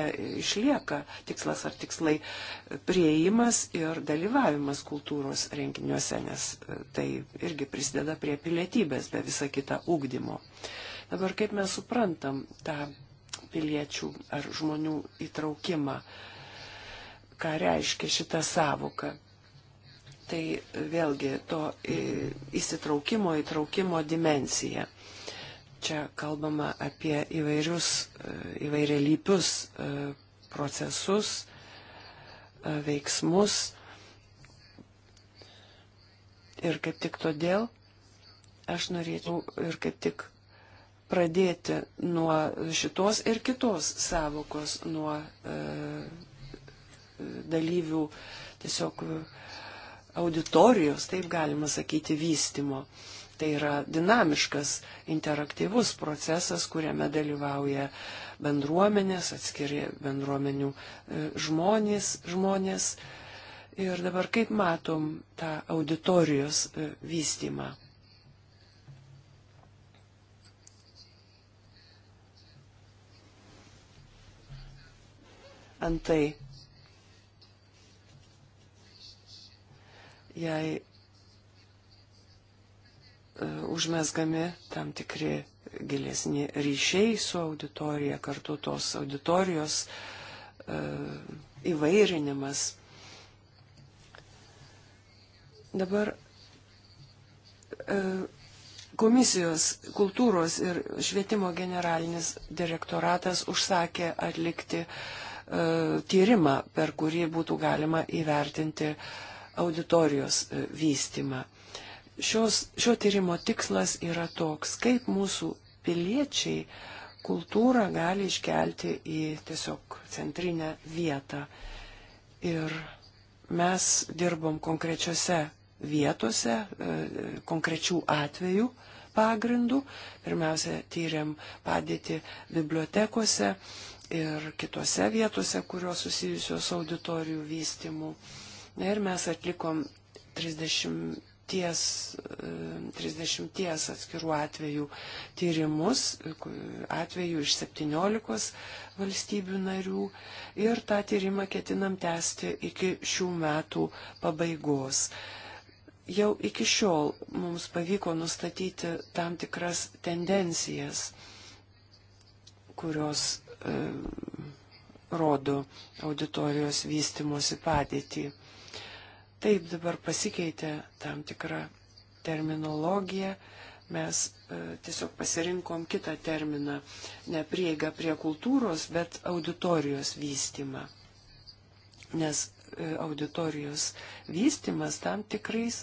išlieka tikslas ar tikslai e, prieimas ir dalyvavimas kultūros renginiuose, nes e, tai irgi prisideda prie pilietybės be visą kitą ūkdymo. Dabar kaip mes suprantam tą piliečių ar žmonių įtraukimą, ką reiškia šita savoka tai vėlgi to įsitraukimo, įtraukimo dimencija. Čia kalbama apie įvairius, e, įvairialypius e, procesus, e, veiksmus. Ir kaip tik todėl aš norėčiau ir kaip tik pradėti nuo šitos ir kitos savokos, nuo e, dalyvių tiesiog auditorijos, taip galima sakyti, vystimo. E, Tai yra dinamiškas, interaktyvus procesas, kuriame dalyvauja bendruomenės, atskiri bendruomenių e, žmonės. žmonės. Ir dabar kaip matom tą auditorijos e, vystymą? Antai, jei E, užmesgami tam tikri gilesni ryšiai su auditorija, kartu tos auditorijos e, įvairinimas. Dabar e, komisijos kultūros ir švietimo generalinis direktoratas užsakė atlikti tyrimą, per kurį būtų galima įvertinti auditorijos vystimą šios, šio tyrimo tikslas yra toks, kaip mūsų piliečiai kultūrą gali iškelti į tiesiog centrinę vietą. Ir mes dirbom konkrečiose vietose, e, konkrečių atvejų pagrindų. Pirmiausia, tyriam padėti bibliotekose ir kitose vietose, kurios susijusios auditorijų vystimu. Na ir mes atlikom 30 ties, 30 e, atskirų atvejų tyrimus, e, atvejų iš 17 valstybių narių ir tą tyrimą ketinam tęsti iki šių metų pabaigos. Jau iki šiol mums pavyko nustatyti tam tikras tendencijas, kurios e, rodo auditorijos vystimosi padėtį. Taip dabar pasikeitė tam tikra terminologija, mes e, tiesiog pasirinkom kitą terminą, ne prieigą prie kultūros, bet auditorijos vystimą. Nes e, auditorijos vystimas tam tikrais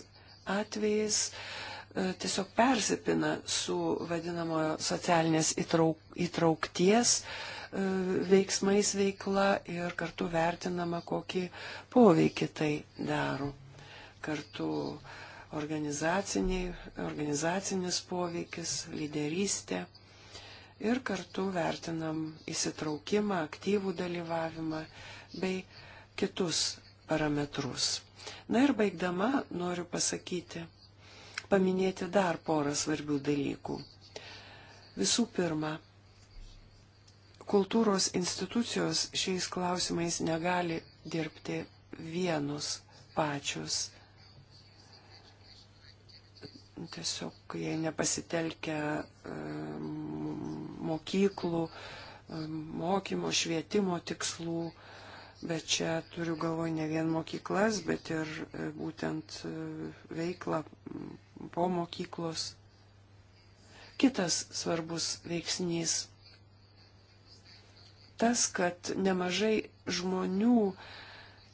atvejais e, tiesiog persipina su vadinamojo socialinės įtrauk, įtraukties uh, E, veiksmais veikla ir kartu vertinama, kokį poveikį tai daro. Kartu organizacinis poveikis, lyderystė ir kartu vertinam įsitraukimą, aktyvų dalyvavimą bei kitus parametrus. Na ir baigdama noriu pasakyti, paminėti dar porą svarbių dalykų. Visų pirma, kultūros institucijos šiais klausimais negali dirbti vienus pačius. Tiesiog jie nepasitelkia e, mokyklų, e, mokymo, švietimo tikslų, bet čia turiu galvoj ne vien mokyklas, bet ir e, būtent veiklą po mokyklos. Kitas svarbus veiksnys tas, kad nemažai žmonių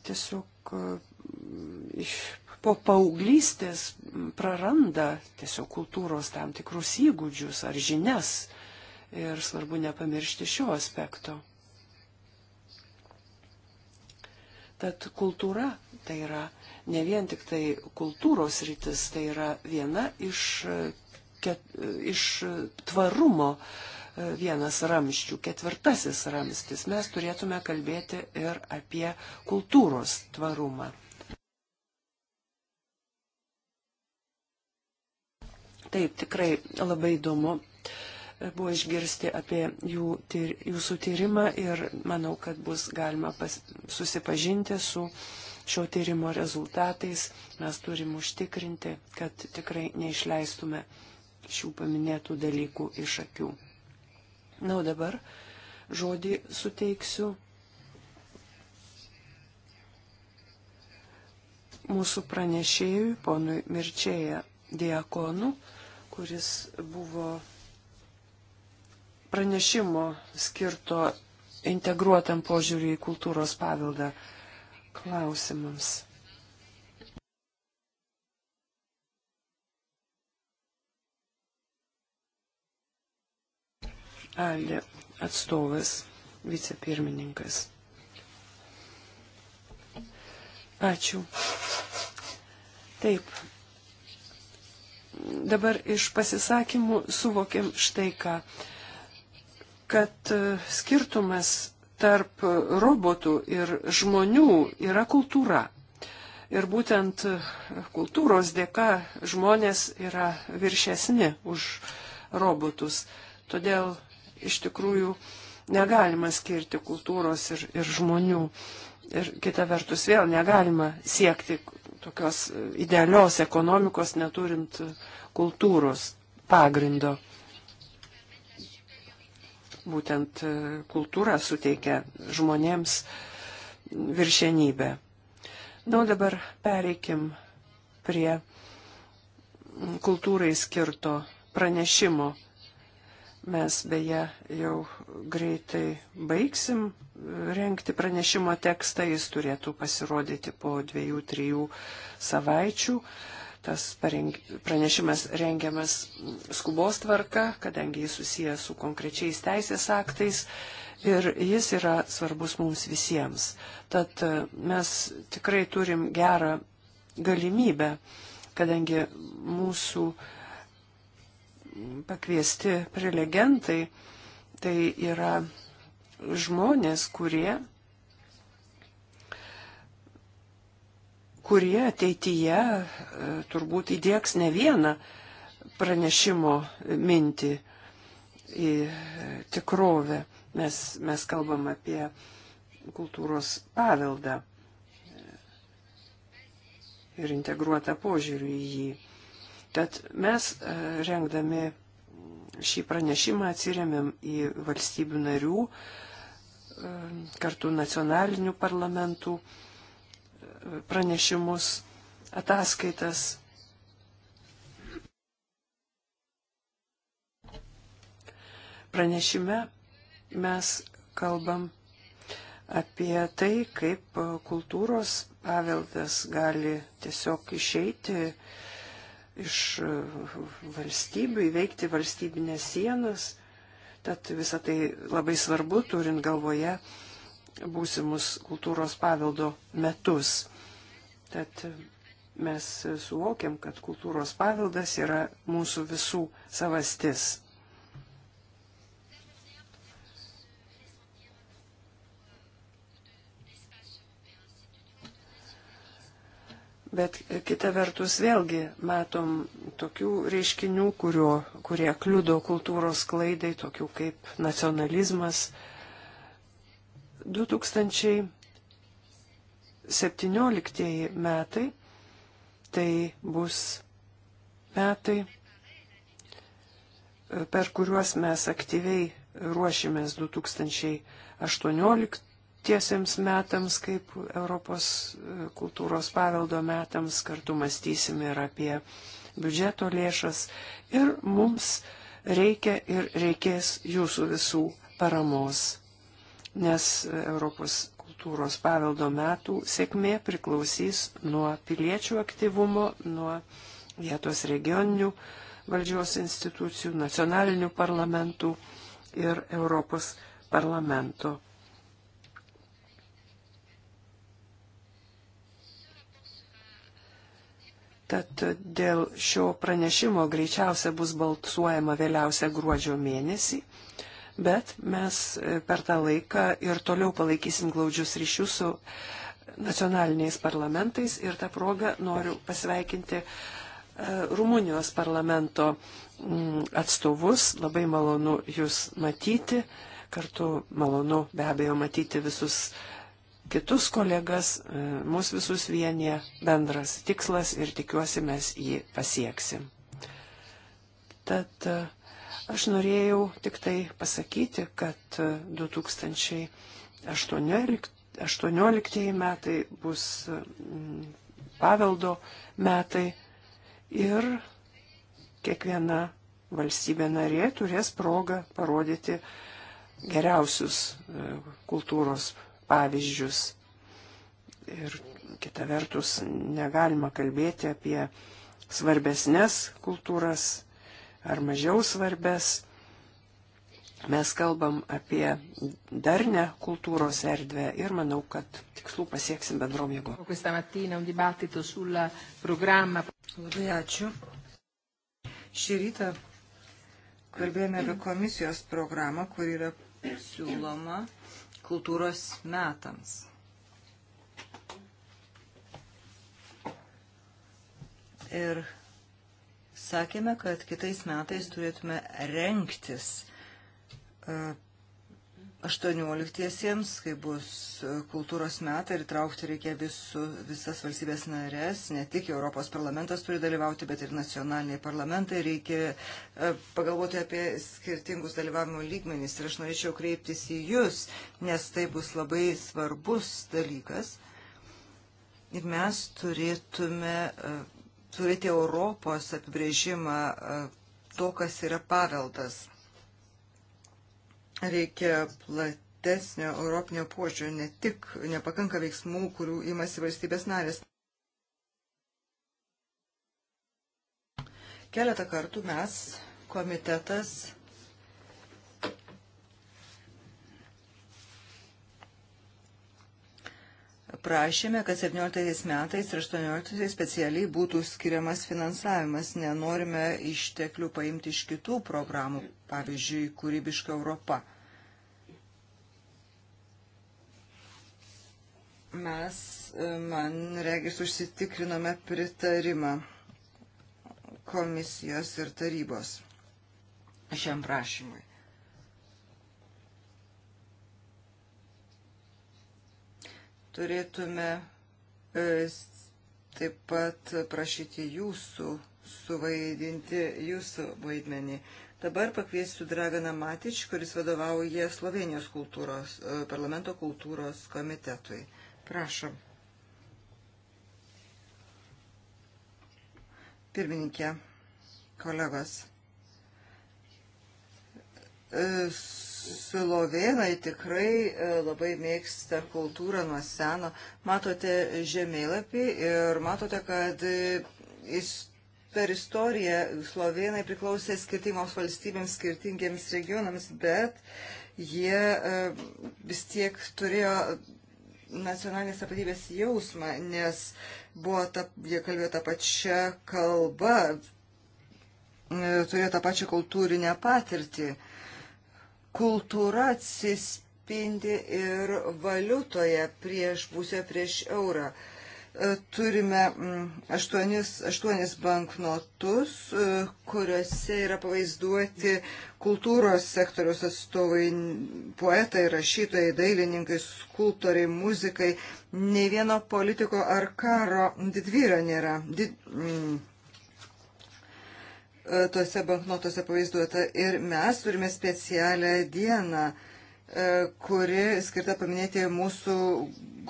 tiesiog e, iš, po paauglystės praranda tiesiog kultūros tam tikrus įgūdžius ar žinias. Ir svarbu nepamiršti šio aspekto. Tad kultūra tai yra ne vien tik tai kultūros rytis, tai yra viena iš, e, ket, e, iš tvarumo uh, vienas ramščių, ketvirtasis ramstis, mes turėtume kalbėti ir apie kultūros tvarumą. Taip, tikrai labai įdomu buvo išgirsti apie jų, tyr, jūsų tyrimą ir manau, kad bus galima pas, susipažinti su šio tyrimo rezultatais. Mes turim užtikrinti, kad tikrai neišleistume šių paminėtų dalykų iš akių. Na, o dabar žodį suteiksiu mūsų pranešėjui, ponui Mirčėja Diakonu, kuris buvo pranešimo skirto integruotam požiūriui į kultūros paveldą klausimams. Alė atstovas, vicepirmininkas. Ačiū. Taip. Dabar iš pasisakymų suvokiam štai ką, kad e, skirtumas tarp robotų ir žmonių yra kultūra. Ir būtent e, kultūros dėka žmonės yra viršesni už robotus. Todėl iš tikrųjų negalima skirti kultūros ir, ir žmonių. Ir kita vertus vėl negalima siekti tokios idealios ekonomikos neturint kultūros pagrindo. Būtent kultūra suteikia žmonėms viršenybę. Na, o dabar pereikim prie kultūrai skirto pranešimo Mes beje jau greitai baigsim renkti pranešimo tekstą, jis turėtų pasirodyti po dviejų, trijų savaičių. Tas pareng... pranešimas rengiamas skubos tvarka, kadangi jis susijęs su konkrečiais teisės aktais ir jis yra svarbus mums visiems. Tad e, mes tikrai turim gerą galimybę, kadangi mūsų uh, pakviesti prelegentai, tai yra žmonės, kurie, kurie ateityje e, turbūt įdėks ne vieną pranešimo mintį į e, tikrovę. Mes, mes kalbam apie kultūros paveldą e, ir integruotą požiūrį į jį. Tad mes e, rengdami šį pranešimą atsiriamėm į valstybių narių, e, kartu nacionalinių parlamentų e, pranešimus, ataskaitas. Pranešime mes kalbam apie tai, kaip kultūros paveldas gali tiesiog išeiti uh, iš e, valstybių, įveikti valstybinės sienas. Tad visą tai labai svarbu, turint galvoje būsimus kultūros paveldo metus. Tad mes suvokiam, kad kultūros paveldas yra mūsų visų savastis. Bet kita vertus vėlgi matom tokių reiškinių, kurio, kurie kliudo kultūros klaidai, tokių kaip nacionalizmas. 2017 metai tai bus metai, per kuriuos mes aktyviai ruošimės 2018 tiesiams metams, kaip Europos e, kultūros paveldo metams, kartu mąstysim ir apie biudžeto lėšas. Ir mums reikia ir reikės jūsų visų paramos, nes e, Europos kultūros paveldo metų sėkmė priklausys nuo piliečių aktyvumo, nuo vietos regioninių valdžios institucijų, nacionalinių parlamentų ir Europos parlamento Tad dėl šio pranešimo greičiausia bus balsuojama vėliausia gruodžio mėnesį, bet mes e, per tą laiką ir toliau palaikysim glaudžius ryšius su nacionaliniais parlamentais ir tą progą noriu pasveikinti e, Rumunijos parlamento mm, atstovus. Labai malonu jūs matyti, kartu malonu be abejo matyti visus uh, kitus kolegas, e, mus visus vienyje bendras tikslas ir tikiuosi mes jį pasieksim. Tad e, aš norėjau tik tai pasakyti, kad 2018, e, 2018 metai bus mm, paveldo metai ir kiekviena valstybė narė turės progą parodyti geriausius kultūros pavyzdžius. Ir kita vertus, negalima kalbėti apie svarbesnės kultūras ar mažiau svarbes. Mes kalbam apie darnę kultūros erdvę ir manau, kad tikslų pasieksim bendrom jėgom. Labai ačiū. Šį rytą kalbėjome apie komisijos programą, kur yra siūloma kultūros metams. Ir sakėme, kad kitais metais turėtume renktis e, 18-iesiems, kai bus kultūros metai ir traukti reikia visu, visas valstybės narės, ne tik Europos parlamentas turi dalyvauti, bet ir nacionaliniai parlamentai, reikia e, pagalvoti apie skirtingus dalyvavimo lygmenys ir aš norėčiau kreiptis į Jūs, nes tai bus labai svarbus dalykas ir mes turėtume e, turėti Europos apibrėžimą e, to, kas yra paveldas reikia platesnio europinio požiūrio, ne tik nepakanka veiksmų, kurių imasi valstybės narės. Keletą kartų mes, komitetas, prašėme, kad 17 metais ir 18 specialiai būtų skiriamas finansavimas. Nenorime išteklių paimti iš kitų programų, pavyzdžiui, kūrybiška Europa. Mes, e, man regis, užsitikrinome pritarimą komisijos ir tarybos šiam prašymui. Turėtume e, taip pat prašyti jūsų suvaidinti jūsų vaidmenį. Dabar pakviesiu Draganą Matič, kuris vadovauja Slovenijos kultūros, e, parlamento kultūros komitetui. Prašom. Pirmininkė, kolegos. E, Slovenai tikrai e, labai mėgsta kultūrą nuo seno. Matote žemėlapį ir matote, kad e, per istoriją Slovenai priklausė skirtingoms valstybėms, skirtingiems regionams, bet jie e, vis tiek turėjo nacionalinės tapatybės jausmą, nes buvo ta, jie kalbėjo tą pačią kalbą, turėjo tą pačią kultūrinę patirtį kultūra atsispindi ir valiutoje prieš pusę prieš eurą. E, turime mm, aštuonis, aštuonis banknotus, e, kuriuose yra pavaizduoti kultūros sektoriaus atstovai, poetai, rašytojai, dailininkai, skulptoriai, muzikai. Ne vieno politiko ar karo didvyrio nėra. Did, mm, E, tose banknotose pavaizduota. Ir mes turime specialią dieną, e, kuri skirta paminėti mūsų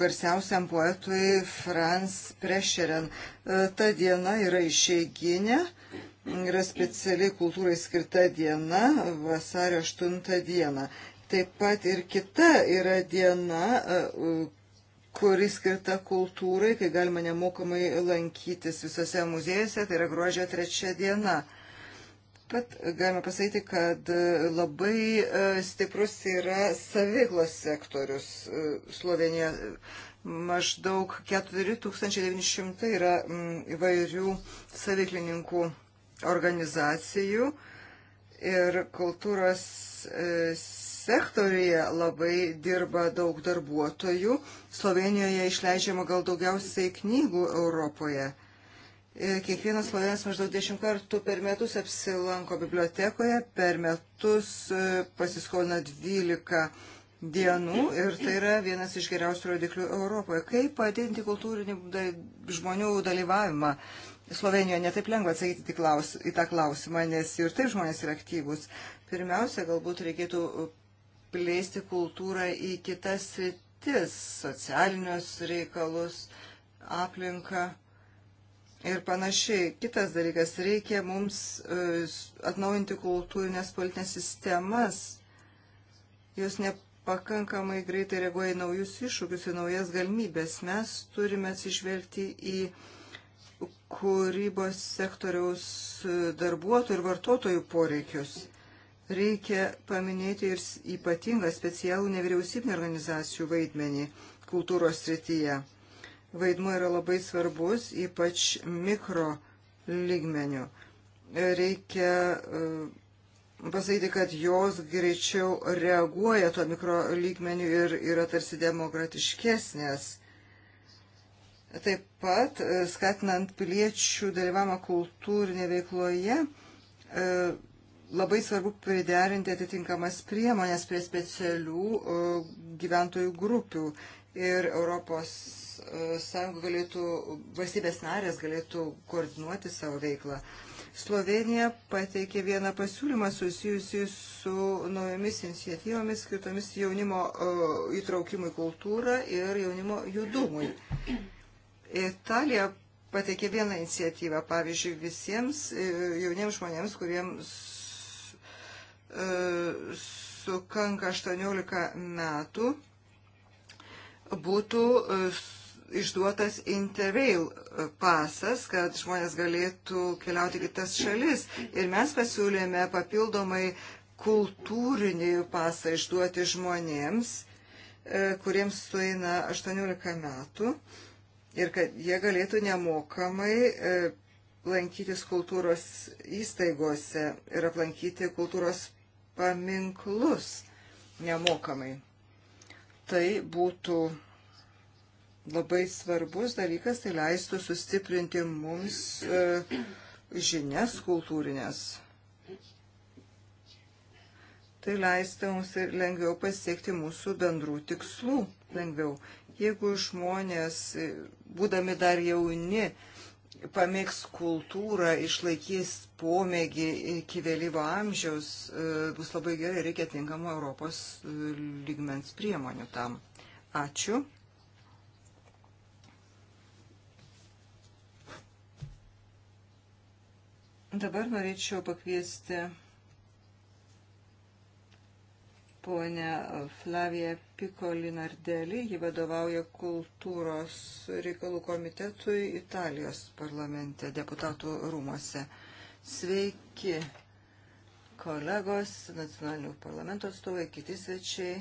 garsiausiam poetui Franz Prešeren. E, ta diena yra išeiginė. Yra speciali kultūrai skirta diena, vasario 8 diena. Taip pat ir kita yra diena, kuri skirta kultūrai, kai galima nemokamai lankytis visose muziejose, tai yra gruodžio trečia diena pat galime pasakyti, kad e, labai e, stiprus yra saviglos sektorius e, Slovenijoje. Maždaug 4900 yra įvairių saviklininkų organizacijų ir kultūros sektorija labai dirba daug darbuotojų. Slovenijoje išleidžiama gal daugiausiai knygų Europoje. E, kiekvienas slovenas maždaug dešimt kartų per metus apsilanko bibliotekoje, per metus e, pasiskolina 12 dienų ir tai yra vienas iš geriausių rodiklių Europoje. Kaip padidinti kultūrinį žmonių dalyvavimą? Slovenijoje netaip lengva atsakyti klaus, į tą klausimą, nes ir taip žmonės yra aktyvūs. Pirmiausia, galbūt reikėtų plėsti kultūrą į kitas sritis, socialinius reikalus, aplinką ir panašiai. Kitas dalykas, reikia mums e, atnaujinti kultūrinės politinės sistemas. Jos nepakankamai greitai reaguoja į naujus iššūkius, į naujas galimybės. Mes turime atsižvelgti į kūrybos sektoriaus e, darbuotojų ir vartotojų poreikius. Reikia paminėti ir ypatingą specialų nevyriausybinį organizacijų vaidmenį kultūros srityje vaidmuo yra labai svarbus, ypač mikro lygmenių. Reikia e, pasakyti, kad jos greičiau reaguoja tuo mikro lygmeniu ir yra tarsi demokratiškesnės. Taip pat e, skatinant piliečių dalyvavimą kultūrinė veikloje, e, labai svarbu priderinti atitinkamas priemonės prie specialių gyventojų grupių. Ir Europos E, sąjungų galėtų, valstybės narės galėtų koordinuoti savo veiklą. Slovenija pateikė vieną pasiūlymą susijusį su naujomis iniciatyvomis skirtomis jaunimo e, įtraukimui kultūrą ir jaunimo judumui. Italija pateikė vieną iniciatyvą, pavyzdžiui, visiems e, jauniems žmonėms, kuriems sukanka 18 metų, būtų išduotas Interrail pasas, kad žmonės galėtų keliauti kitas šalis. Ir mes pasiūlėme papildomai kultūrinį pasą išduoti žmonėms, e, kuriems sueina 18 metų ir kad jie galėtų nemokamai e, lankytis kultūros įstaigose ir aplankyti kultūros paminklus nemokamai. Tai būtų labai svarbus dalykas, tai leistų sustiprinti mums e, žinias kultūrinės. Tai leistų mums ir lengviau pasiekti mūsų bendrų tikslų. Lengviau. Jeigu žmonės, e, būdami dar jauni, pamėgs kultūrą, išlaikys pomėgį iki vėlyvo amžiaus, e, bus labai gerai, reikia tinkamų Europos lygmens priemonių tam. Ačiū. Dabar norėčiau pakviesti ponę Flaviją Pikolinardelį. Ji vadovauja kultūros reikalų komitetui Italijos parlamente, deputatų rūmose. Sveiki, kolegos, nacionalinių parlamento atstovai, kiti svečiai.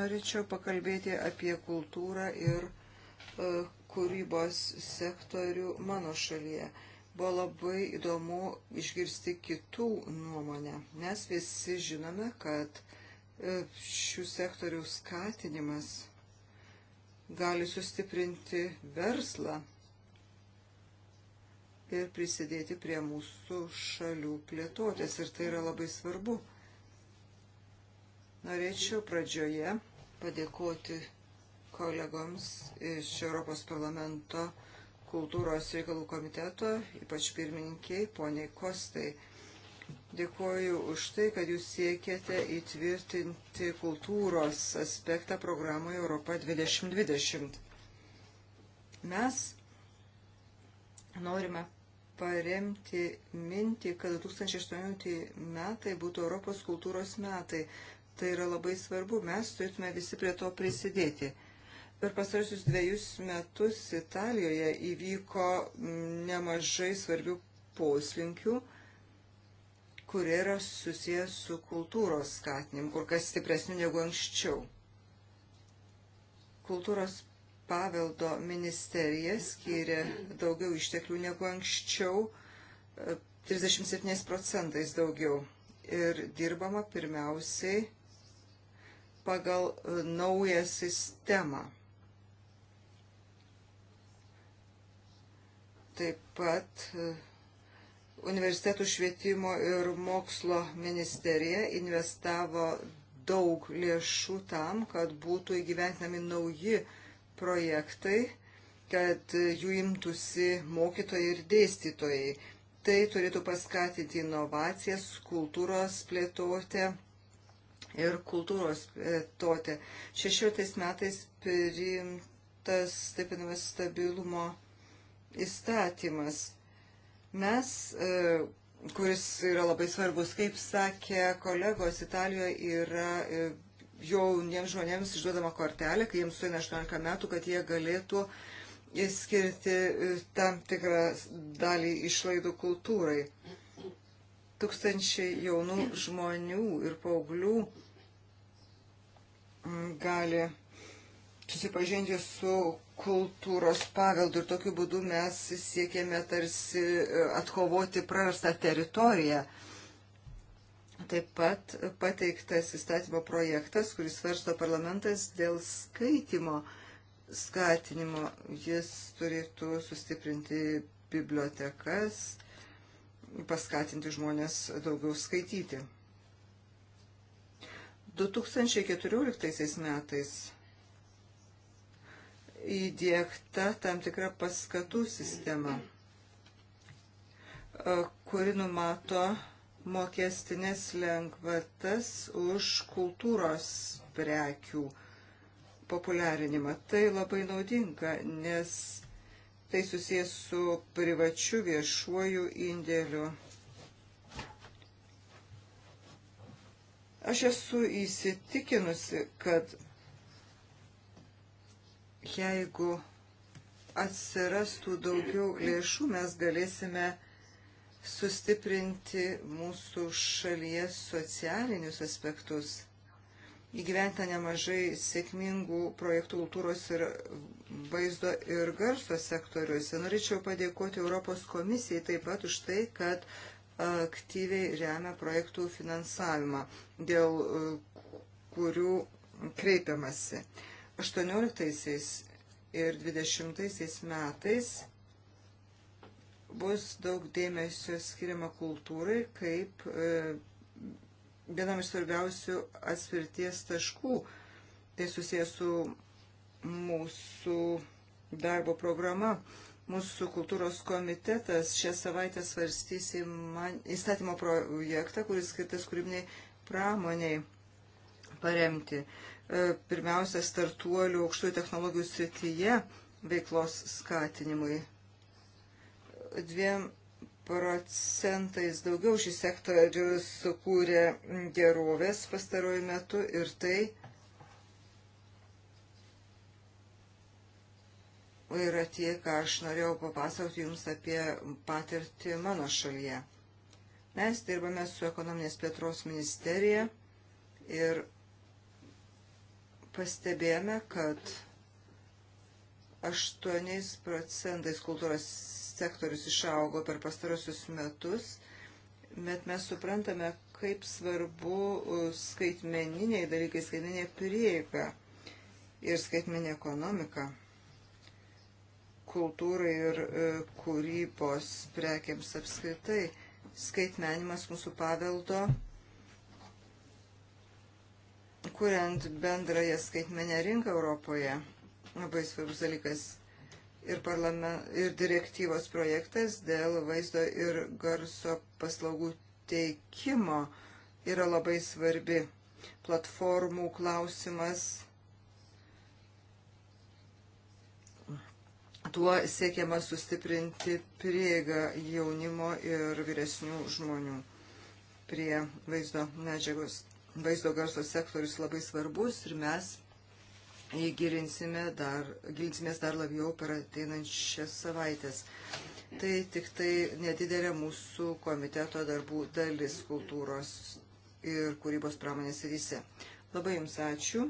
Norėčiau pakalbėti apie kultūrą ir uh, kūrybos sektorių mano šalyje. Uh, Buvo labai įdomu išgirsti kitų nuomonę. Mes visi žinome, kad e, šių sektorių skatinimas gali sustiprinti verslą ir prisidėti prie mūsų šalių plėtotės. Ir tai yra labai svarbu. Norėčiau pradžioje padėkoti kolegoms iš Europos parlamento kultūros reikalų komiteto, ypač pirmininkiai, poniai Kostai. Dėkuoju už tai, kad jūs siekiate įtvirtinti kultūros aspektą programoje Europa 2020. Mes norime paremti mintį, kad 2018 metai būtų Europos kultūros metai. Tai yra labai svarbu, mes turėtume visi prie to prisidėti. Per pasarysius dviejus metus Italijoje įvyko nemažai svarbių poslinkių, kurie yra susijęs su kultūros skatinimu, kur kas stipresniu negu anksčiau. Kultūros paveldo ministerija skyrė daugiau išteklių negu anksčiau, 37 e, procentais daugiau. Ir dirbama pirmiausiai pagal e, naują sistemą taip pat e, universitetų švietimo ir mokslo ministerija investavo daug lėšų tam, kad būtų įgyventinami nauji projektai, kad jų imtųsi mokytojai ir dėstytojai. Tai turėtų paskatinti inovacijas, kultūros plėtotę ir kultūros plėtotę. 16 metais priimtas taip vadinamas stabilumo įstatymas. Mes, e, kuris yra labai svarbus, kaip sakė kolegos, Italijoje yra e, jauniems žmonėms išduodama kortelė, kai jiems suina 18 metų, kad jie galėtų skirti e, tam tikrą dalį išlaidų kultūrai. Tūkstančiai jaunų žmonių ir paauglių gali susipažinti su kultūros paveldų ir tokiu būdu mes siekėme tarsi e, atkovoti prarastą teritoriją. Taip pat pateiktas įstatymo projektas, kuris svarsto parlamentas dėl skaitimo skatinimo. Jis turėtų sustiprinti bibliotekas, paskatinti žmonės daugiau skaityti. 2014 metais įdėkta tam tikra paskatų sistema, e, kuri numato mokestinės lengvatas už kultūros prekių populiarinimą. Tai labai naudinga, nes tai susijęs su privačiu viešuoju indėliu. Aš esu įsitikinusi, kad Jeigu atsirastų daugiau lėšų, mes galėsime sustiprinti mūsų šalies socialinius aspektus. Įgyventa nemažai sėkmingų projektų kultūros ir vaizdo ir garso sektoriuose. Norėčiau padėkoti Europos komisijai taip pat už tai, kad aktyviai remia projektų finansavimą, dėl e, kurių kreipiamasi. 18 ir 20 metais bus daug dėmesio skiriama kultūrai kaip e, vienam iš svarbiausių atspirties taškų. Tai susijęs su mūsų darbo programa. Mūsų kultūros komitetas šią savaitę svarstys įstatymo projektą, kuris skirtas kūrybiniai pramoniai paremti. E, pirmiausia startuolių aukštųjų technologijų srityje veiklos skatinimui. Dviem procentais daugiau šis sektorius sukūrė gerovės pastaruoju metu ir tai yra tie, ką aš norėjau papasakoti Jums apie patirtį mano šalyje. Mes dirbame su ekonominės plėtros ministerija ir pastebėjome, kad 8 procentais kultūros sektorius išaugo per pastarosius metus, bet mes suprantame, kaip svarbu uh, skaitmeniniai dalykai, skaitmeninė prieiga ir skaitmeninė ekonomika kultūrai ir uh, kūrybos prekiams apskritai. Skaitmenimas mūsų paveldo kuriant bendrąją skaitmenę rinką Europoje, labai svarbus dalykas ir, ir direktyvos projektas dėl vaizdo ir garso paslaugų teikimo yra labai svarbi. Platformų klausimas. Tuo siekiama sustiprinti prieigą jaunimo ir vyresnių žmonių prie vaizdo medžiagos vaizdo garso sektorius labai svarbus ir mes gilinsime dar, gilinsimės dar labiau per ateinančias savaitės. Tai tik tai nedidelė mūsų komiteto darbų dalis kultūros ir kūrybos pramonės ryse. Labai Jums ačiū.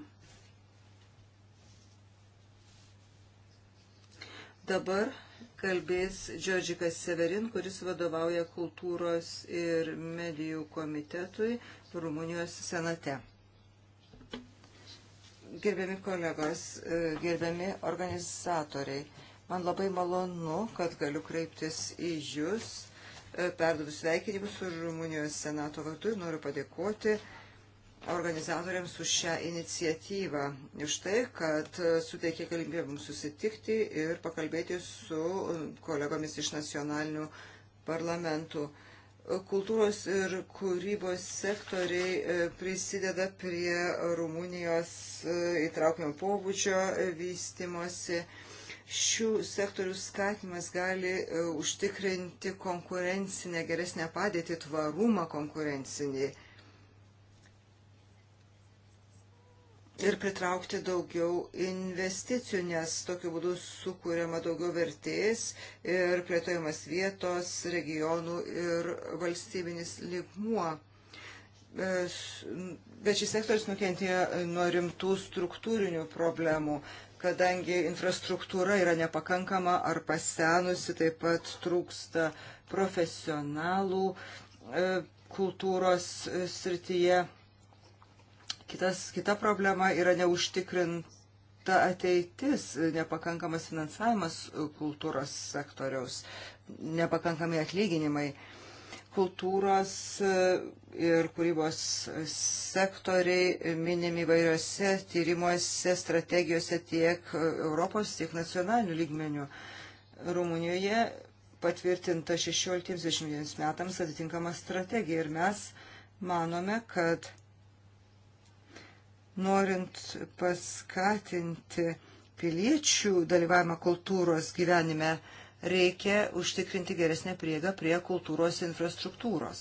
Dabar kalbės Džodžikas Severin, kuris vadovauja kultūros ir medijų komitetui Rumunijos senate. Gerbiami kolegos, e, gerbiami organizatoriai, man labai malonu, kad galiu kreiptis į Jūs, e, perdodu sveikinimus už Rumunijos senato vardu ir noriu padėkoti organizatoriams už šią iniciatyvą, už tai, kad e, suteikė galimybę mums susitikti ir pakalbėti su kolegomis iš nacionalinių parlamentų kultūros ir kūrybos sektoriai e, prisideda prie Rumunijos e, įtraukiamo pobūdžio e, vystimosi. Šių sektorių skatimas gali užtikrinti konkurencinę geresnę padėtį, tvarumą konkurencinį. ir pritraukti daugiau investicijų, nes tokiu būdu sukūriama daugiau vertės ir plėtojamas vietos, regionų ir valstybinis lygmuo. E, bet šis sektorius nukentėjo nuo rimtų struktūrinių problemų, kadangi infrastruktūra yra nepakankama ar pasenusi, taip pat trūksta profesionalų e, kultūros e, srityje Kitas, kita problema yra neužtikrinta ateitis, nepakankamas finansavimas kultūros sektoriaus, nepakankami atlyginimai. Kultūros e, ir kūrybos sektoriai minimi vairiose tyrimuose, strategijose tiek e, Europos, tiek nacionalinių lygmenių. Rumunijoje patvirtinta 16-20 metams atitinkama strategija ir mes manome, kad norint paskatinti piliečių dalyvavimą kultūros gyvenime, reikia užtikrinti geresnę priegą prie kultūros infrastruktūros.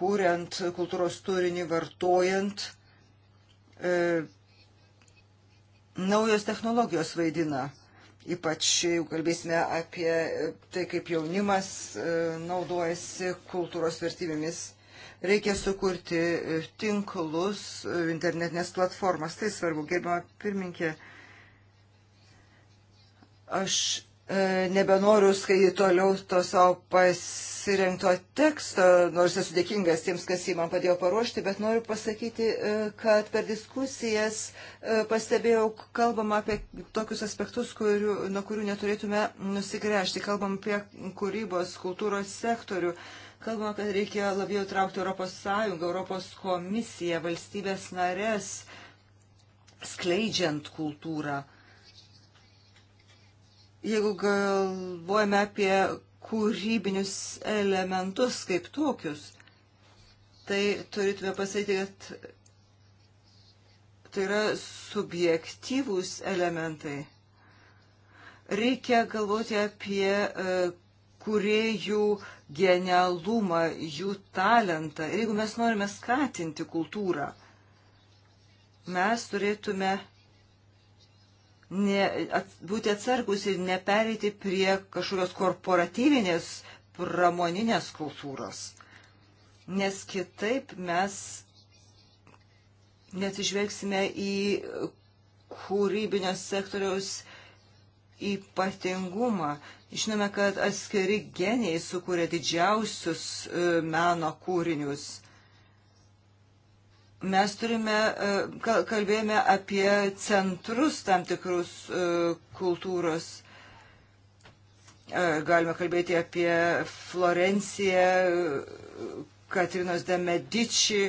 Kūriant kultūros turinį, vartojant, e, naujos technologijos vaidina. Ypač jau kalbėsime apie tai, kaip jaunimas e, naudojasi kultūros vertybėmis Reikia sukurti e, tinklus, e, internetinės platformas. Tai svarbu, gerbama pirminkė. Aš e, nebenoriu skaityti toliau to savo pasirinkto teksto, nors esu dėkingas tiems, kas jį man padėjo paruošti, bet noriu pasakyti, kad per diskusijas pastebėjau, kalbam apie tokius aspektus, kurių, nuo kurių neturėtume nusigręžti. Kalbam apie kūrybos kultūros sektorių. Kalbama, kad reikia labiau traukti Europos Sąjungą, Europos komisiją, valstybės narės, skleidžiant kultūrą. Jeigu galvojame apie kūrybinius elementus kaip tokius, tai turėtume pasakyti, kad tai yra subjektyvūs elementai. Reikia galvoti apie e, kuriejų genialumą, jų talentą. Ir jeigu mes norime skatinti kultūrą, mes turėtume ne, at, būti atsargus ir nepereiti prie kažkokios korporatyvinės pramoninės kultūros. Nes kitaip mes neatsižvelgsime į kūrybinio sektoriaus ypatingumą. Žinome, kad atskiri genijai sukūrė didžiausius e, meno kūrinius. Mes turime, e, kalbėjome apie centrus tam tikrus e, kultūros. Galime kalbėti apie Florenciją, Katrinos de Medici,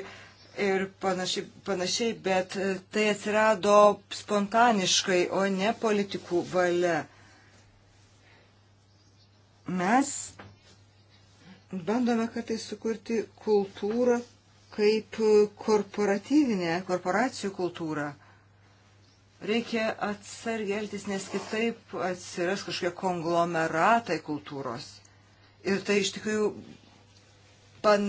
ir panašiai, panašiai, bet e, tai atsirado spontaniškai, o ne politikų valia. Mes bandome kartais sukurti kultūrą kaip e, korporatyvinę, korporacijų kultūrą. Reikia atsargiai elgtis, nes kitaip atsiras kažkokie konglomeratai kultūros. Ir tai iš tikrųjų pan,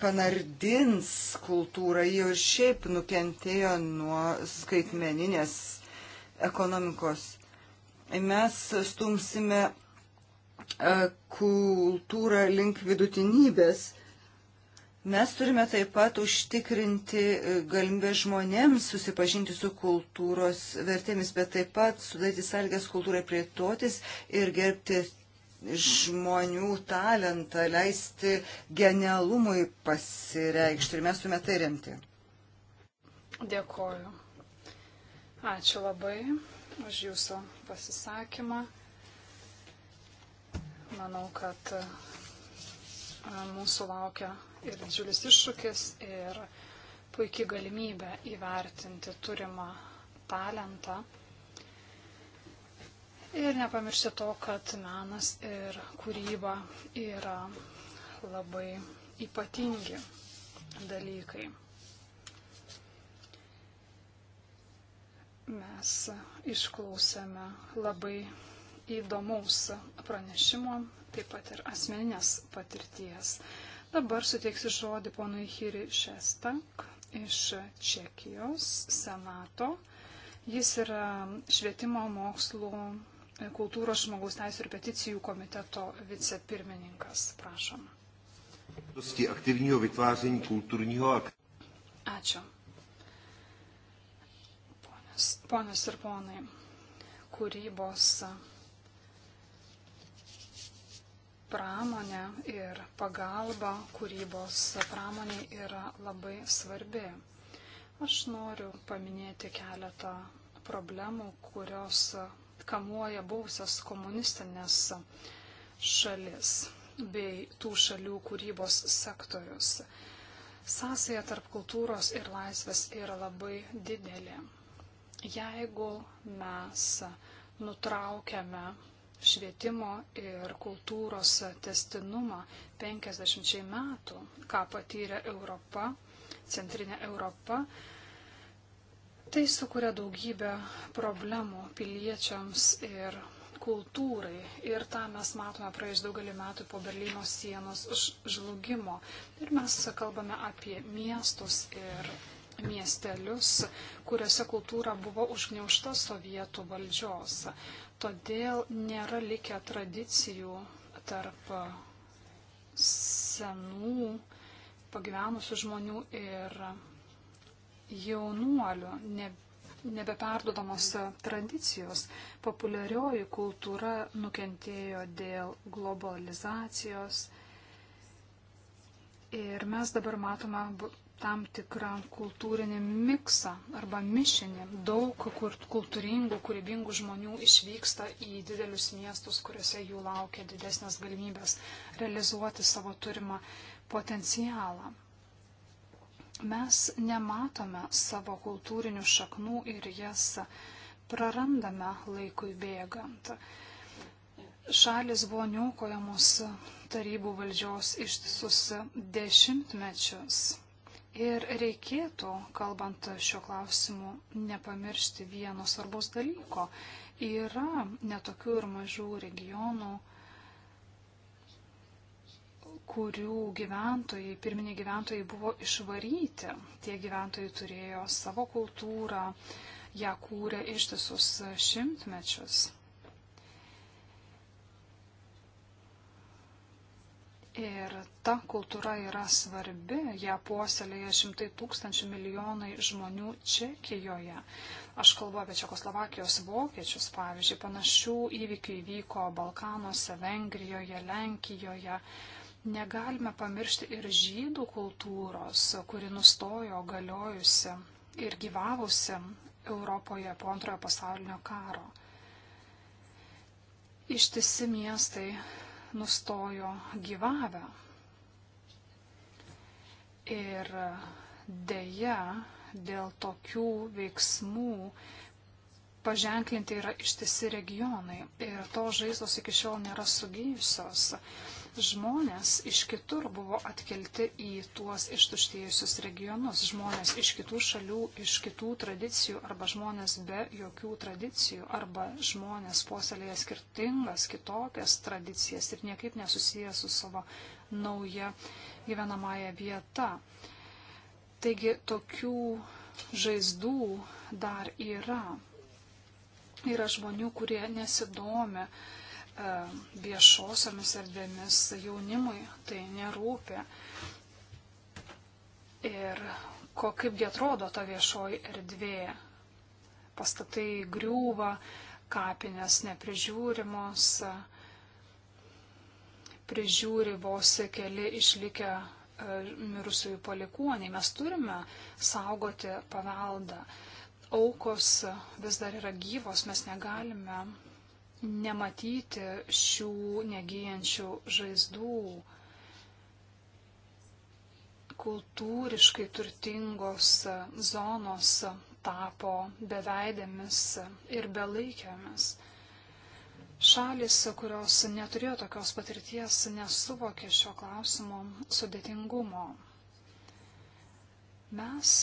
panardins kultūrą, ji ir šiaip nukentėjo nuo skaitmeninės ekonomikos. Mes stumsime e, kultūrą link vidutinybės. Mes turime taip pat užtikrinti e, galimybę žmonėms susipažinti su kultūros vertėmis, bet taip pat sudaryti sąlygas kultūrai plėtotis ir gerbti žmonių talentą, leisti genialumui pasireikšti ir mes turime tai remti. Dėkoju. Ačiū labai už Jūsų pasisakymą. Manau, kad e, mūsų laukia ir didžiulis iššūkis, ir puikiai galimybė įvertinti turimą talentą Ir nepamiršti to, kad menas ir kūryba yra labai ypatingi dalykai. Mes išklausėme labai įdomaus pranešimo, taip pat ir asmeninės patirties. Dabar suteiksiu žodį ponui Hiri Šestank iš Čekijos senato. Jis yra švietimo mokslo kultūros žmogaus teisų ir peticijų komiteto vicepirmininkas. Prašom. Ačiū. Ponios, ponios ir ponai, kūrybos pramonė ir pagalba kūrybos pramonė yra labai svarbi. Aš noriu paminėti keletą problemų, kurios kamuoja buvusias komunistinės šalis bei tų šalių kūrybos sektorius. Sąsaja tarp kultūros ir laisvės yra labai didelė. Jeigu mes nutraukiame švietimo ir kultūros testinumą 50 metų, ką patyrė Europa, Centrinė Europa, Tai sukuria daugybę problemų piliečiams ir kultūrai. Ir tą mes matome praėjus daugelį metų po Berlyno sienos žlugimo. Ir mes kalbame apie miestus ir miestelius, kuriuose kultūra buvo užgniaužta sovietų valdžios. Todėl nėra likę tradicijų tarp senų pagyvenusių žmonių ir jaunuolių, ne, nebeperdodamos tradicijos. Populiarioji kultūra nukentėjo dėl globalizacijos. Ir mes dabar matome tam tikrą kultūrinį miksą arba mišinį. Daug kultūringų, kūrybingų žmonių išvyksta į didelius miestus, kuriuose jų laukia didesnės galimybės realizuoti savo turimą potencialą. Mes nematome savo kultūrinių šaknų ir jas prarandame laikui bėgant. Šalis buvo niokojamos tarybų valdžios ištisus dešimtmečius. Ir reikėtų, kalbant šiuo klausimu, nepamiršti vieno svarbus dalyko. Yra netokių ir mažų regionų, kurių gyventojai, pirminiai gyventojai buvo išvaryti. Tie gyventojai turėjo savo kultūrą, ją kūrė ištisus šimtmečius. Ir ta kultūra yra svarbi, ją puoselėja šimtai tūkstančių milijonai žmonių Čekijoje. Aš kalbu apie Čekoslovakijos vokiečius, pavyzdžiui, panašių įvykių įvyko Balkanuose, Vengrijoje, Lenkijoje, Negalime pamiršti ir žydų kultūros, kuri nustojo galiojusi ir gyvavusi Europoje po antrojo pasaulinio karo. Ištisi miestai nustojo gyvavę. Ir dėja, dėl tokių veiksmų paženklinti yra ištisi regionai. Ir to žaizdos iki šiol nėra sugijusios. Žmonės iš kitur buvo atkelti į tuos ištuštėjusius regionus. Žmonės iš kitų šalių, iš kitų tradicijų arba žmonės be jokių tradicijų arba žmonės puoselėje skirtingas, kitokias tradicijas ir niekaip nesusijęs su savo nauja gyvenamąją vietą. Taigi tokių žaizdų dar yra. Yra žmonių, kurie nesidomi uh, E, viešosiomis erdvėmis jaunimui tai nerūpi. Ir ko, kaipgi atrodo ta viešoji erdvė. Pastatai griūva, kapinės neprižiūrimos, prižiūri vos keli išlikę e, mirusiųjų palikuoniai. Mes turime saugoti paveldą. Aukos vis dar yra gyvos, mes negalime nematyti šių negyjančių žaizdų kultūriškai turtingos zonos tapo beveidėmis ir belaikėmis. Šalis, kurios neturėjo tokios patirties, nesuvokė šio klausimo sudėtingumo. Mes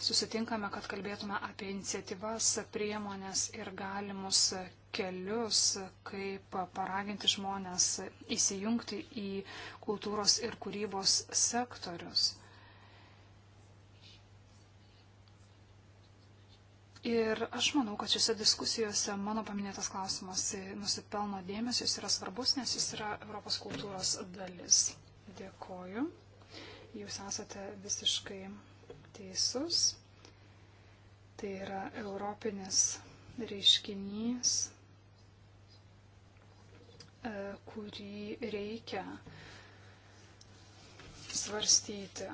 susitinkame, kad kalbėtume apie iniciatyvas, priemonės ir galimus kelius, kaip paraginti žmonės įsijungti į kultūros ir kūrybos sektorius. Ir aš manau, kad šiuose diskusijose mano paminėtas klausimas nusipelno dėmesio, jis yra svarbus, nes jis yra Europos kultūros dalis. Dėkoju. Jūs esate visiškai teisus. Tai yra europinis reiškinys, e, kurį reikia svarstyti.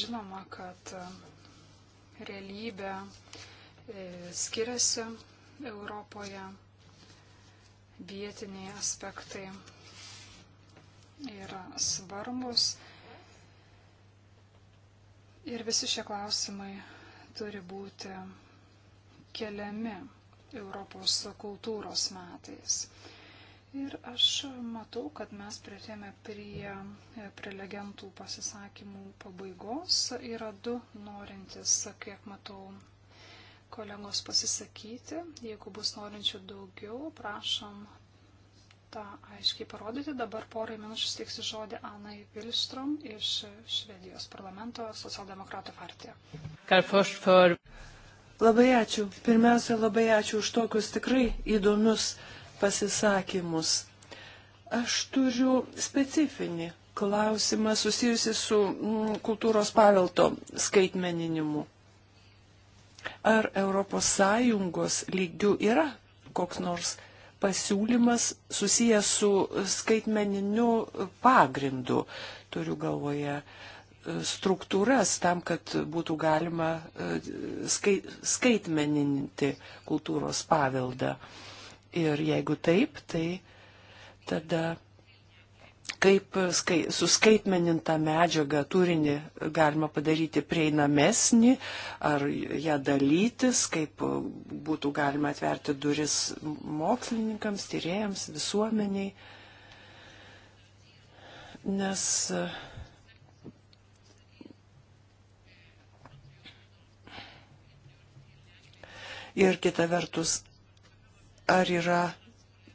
Žinoma, kad e, realybė e, skiriasi Europoje, vietiniai aspektai yra svarbus, Ir visi šie klausimai turi būti keliami Europos kultūros metais. Ir aš matau, kad mes prieėmė prie prelegentų pasisakymų pabaigos. Yra du norintis, kiek matau, kolegos pasisakyti. Jeigu bus norinčių daugiau, prašom tą aiškiai parodyti. Dabar porai minučių steiksiu žodį Anai Vilstrom iš Švedijos parlamento socialdemokratų partija. Labai ačiū. Pirmiausia, labai ačiū už tokius tikrai įdomius pasisakymus. Aš turiu specifinį klausimą susijusi su mm, kultūros paveldo skaitmeninimu. Ar ES lygių yra koks nors pasiūlymas susijęs su skaitmeniniu pagrindu. Turiu galvoje e, struktūras tam, kad būtų galima e, skai, skaitmeninti kultūros paveldą. Ir jeigu taip, tai tada kaip skai, suskaitmenintą medžiagą turinį galima padaryti prieinamesnį, ar ją dalytis, kaip būtų galima atverti duris mokslininkams, tyrėjams, visuomeniai. Nes ir kita vertus, ar yra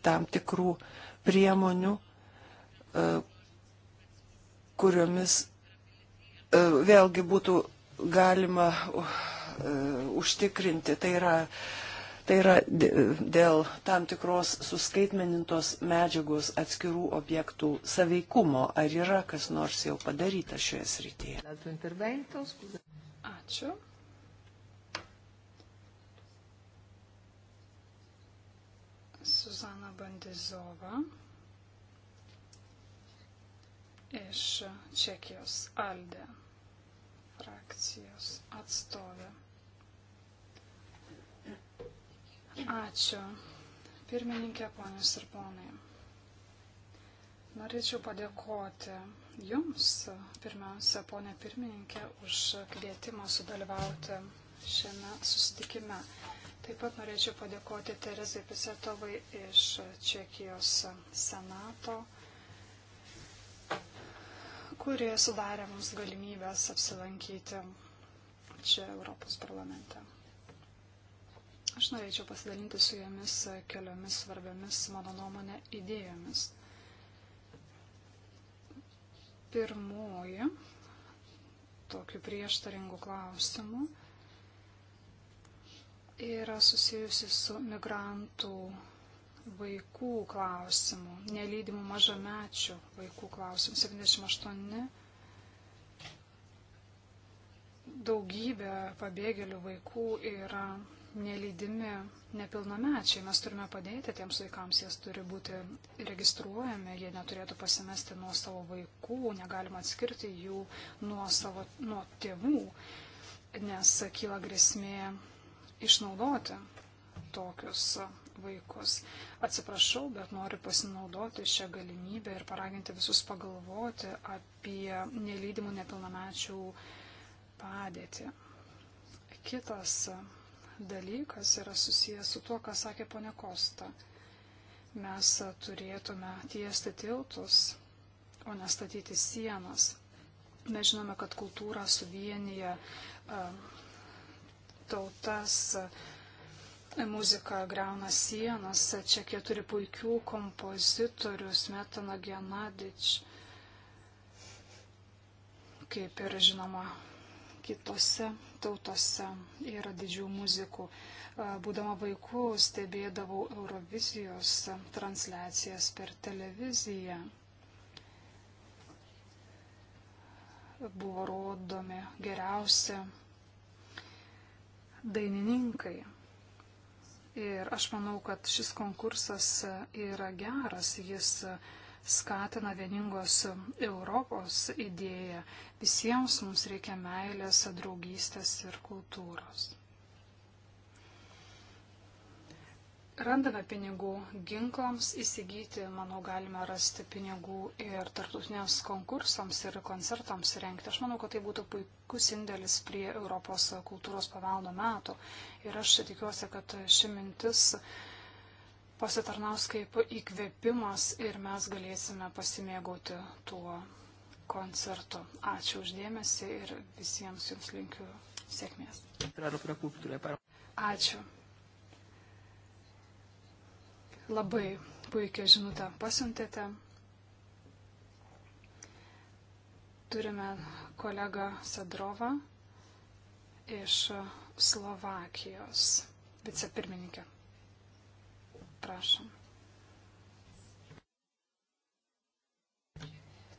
tam tikrų priemonių, E, kuriomis e, vėlgi būtų galima e, užtikrinti. Tai yra, tai yra dėl tam tikros suskaitmenintos medžiagos atskirų objektų saveikumo. Ar yra kas nors jau padaryta šioje srityje? Ačiū. Suzana Bandizova iš Čekijos Alde frakcijos atstovė. Ačiū. Pirmininkė, ponius ir ponai. Norėčiau padėkoti Jums, pirmiausia, ponė pirmininkė, už kvietimą sudalyvauti šiame susitikime. Taip pat norėčiau padėkoti Terezai Pisetovai iš Čekijos Senato kuri sudarė mums galimybės apsilankyti čia Europos parlamente. Aš norėčiau pasidalinti su jumis keliomis svarbiamis, mano nuomonė, idėjomis. Pirmoji, tokiu prieštaringu klausimu, yra susijusi su migrantų vaikų klausimų, nelydimų mažamečių vaikų klausimų. 78 daugybė pabėgėlių vaikų yra nelydimi nepilnamečiai. Mes turime padėti tiems vaikams, jie turi būti registruojami, jie neturėtų pasimesti nuo savo vaikų, negalima atskirti jų nuo, savo, nuo tėvų, nes kyla grėsmė išnaudoti tokius vaikus. Atsiprašau, bet noriu pasinaudoti šią galimybę ir paraginti visus pagalvoti apie nelydimų nepilnamečių padėtį. Kitas dalykas yra susijęs su tuo, ką sakė ponė Kosta. Mes turėtume tiesti tiltus, o nestatyti sienas. Mes žinome, kad kultūra suvienyje um, tautas, muzika greuna sienas. Čekija turi puikių kompozitorių, Smetana Genadič, kaip ir žinoma kitose tautose yra didžių muzikų. Būdama vaiku stebėdavau Eurovizijos transliacijas per televiziją. Buvo rodomi geriausi dainininkai. Ir aš manau, kad šis konkursas yra geras, jis skatina vieningos Europos idėją. Visiems mums reikia meilės, draugystės ir kultūros. randame pinigų ginklams įsigyti, manau, galime rasti pinigų ir tarptautiniams konkursams ir koncertams rengti. Aš manau, kad tai būtų puikus indėlis prie Europos kultūros paveldo metų. Ir aš tikiuosi, kad ši mintis pasitarnaus kaip įkvėpimas ir mes galėsime pasimėgauti tuo koncertu. Ačiū uždėmesi ir visiems jums linkiu sėkmės. E Ačiū. Labai puikia žinutę pasiuntėte. Turime kolegą Sadrovą iš Slovakijos vicepirmininkę. Prašom.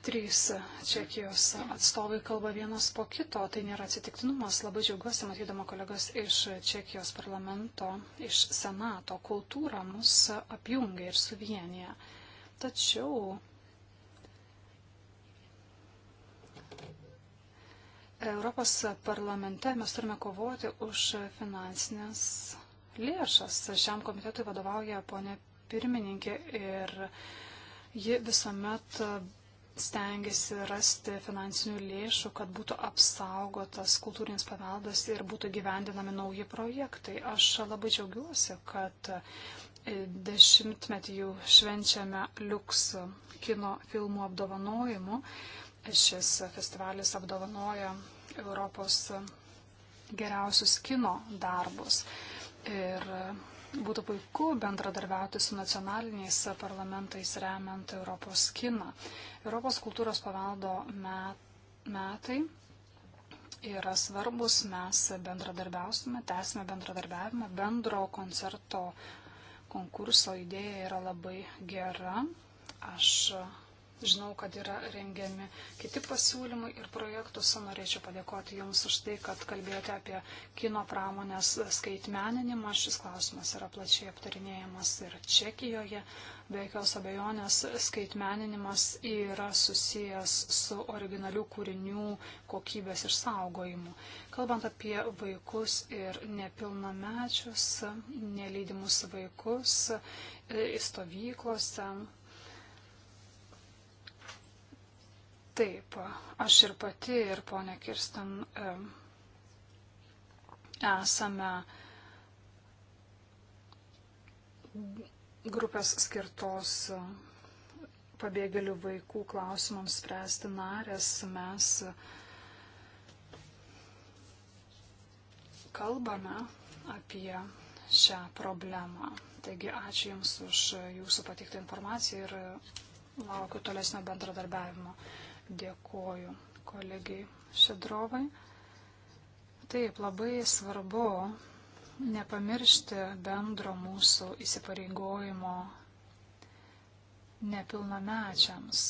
Trys Čekijos atstovai kalba vienas po kito, tai nėra atsitiktinumas. Labai džiaugiuosi matydama kolegas iš Čekijos parlamento, iš Senato. Kultūra mus apjungia ir suvienyje. Tačiau Europos parlamente mes turime kovoti už finansinės lėšas. Šiam komitetui vadovauja ponė pirmininkė ir ji visuomet stengiasi rasti finansinių lėšų, kad būtų apsaugotas kultūrinis paveldas ir būtų gyvendinami nauji projektai. Aš labai džiaugiuosi, kad e, dešimtmetį jau švenčiame Liuks kino filmų apdovanojimu. Šis festivalis apdovanoja Europos geriausius kino darbus. Ir Būtų puiku bendradarbiauti su nacionaliniais parlamentais remiant Europos kiną. Europos kultūros paveldo metai yra svarbus, mes bendradarbiausime, tęsime bendradarbiavimą. Bendro koncerto konkurso idėja yra labai gera. Aš Žinau, kad yra rengiami kiti pasiūlymai ir projektus. Norėčiau padėkoti Jums už tai, kad kalbėjote apie kino pramonės skaitmeninimą. Šis klausimas yra plačiai aptarinėjamas ir Čekijoje. Be jokios abejonės skaitmeninimas yra susijęs su originalių kūrinių kokybės išsaugojimu. Kalbant apie vaikus ir nepilnamečius, nelydimus vaikus e, stovyklose, Taip, aš ir pati, ir ponė Kirsten e, esame grupės skirtos pabėgėlių vaikų klausimams spręsti narės. Mes kalbame apie šią problemą. Taigi ačiū Jums už Jūsų pateiktą informaciją ir laukiu tolesnio bendradarbiavimo. Dėkoju kolegiai Šedrovai. Taip, labai svarbu nepamiršti bendro mūsų įsipareigojimo nepilnamečiams.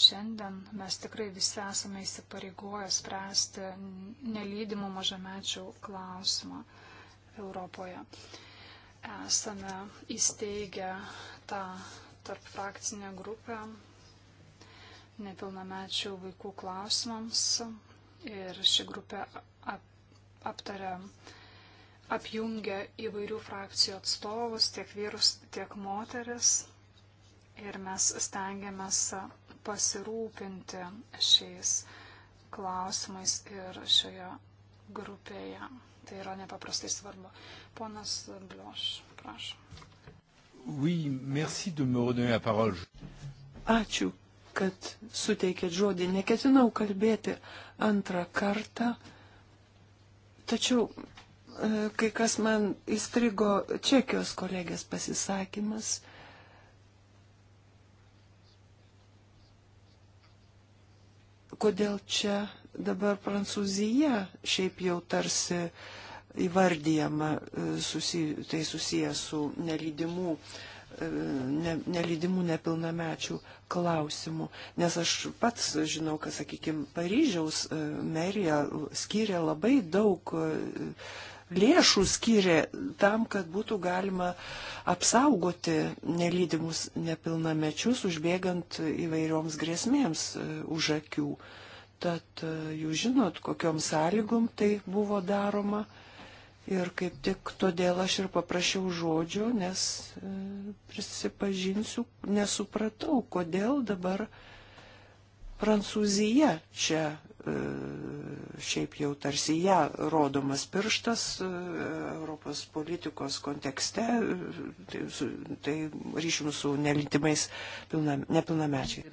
Šiandien mes tikrai visi esame įsipareigoję spręsti nelydimų mažamečių klausimą Europoje. Esame įsteigę tą tarp frakcinę grupę nepilnamečių vaikų klausimams ir ši grupė aptarė, apjungia įvairių frakcijų atstovus, tiek vyrus, tiek moteris ir mes stengiamės pasirūpinti šiais klausimais ir šioje grupėje. Tai yra nepaprastai svarbu. Ponas Blioš, prašom. Oui, merci de me redonner la parole. Ačiū, kad suteikėt žodį. Neketinau kalbėti antrą kartą, tačiau e, kai kas man įstrigo Čekijos kolegės pasisakymas. Kodėl čia dabar Prancūzija šiaip jau tarsi įvardyjama e, susi, tai susijęs su nelydimų uh, E, ne, nelydimų nepilnamečių klausimų. Nes aš pats žinau, kad, sakykime, Paryžiaus e, merija skiria labai daug e, lėšų skiria tam, kad būtų galima apsaugoti nelydimus nepilnamečius, užbėgant įvairioms grėsmėms už akių. Tad jūs žinot, kokiom sąlygom tai buvo daroma. Ir kaip tik todėl aš ir paprašiau žodžio, nes e, prisipažinsiu, nesupratau, kodėl dabar Prancūzija čia e, šiaip jau tarsi ją rodomas pirštas e, Europos politikos kontekste, tai, su, tai ryšium su nelintimais nepilnamečiai.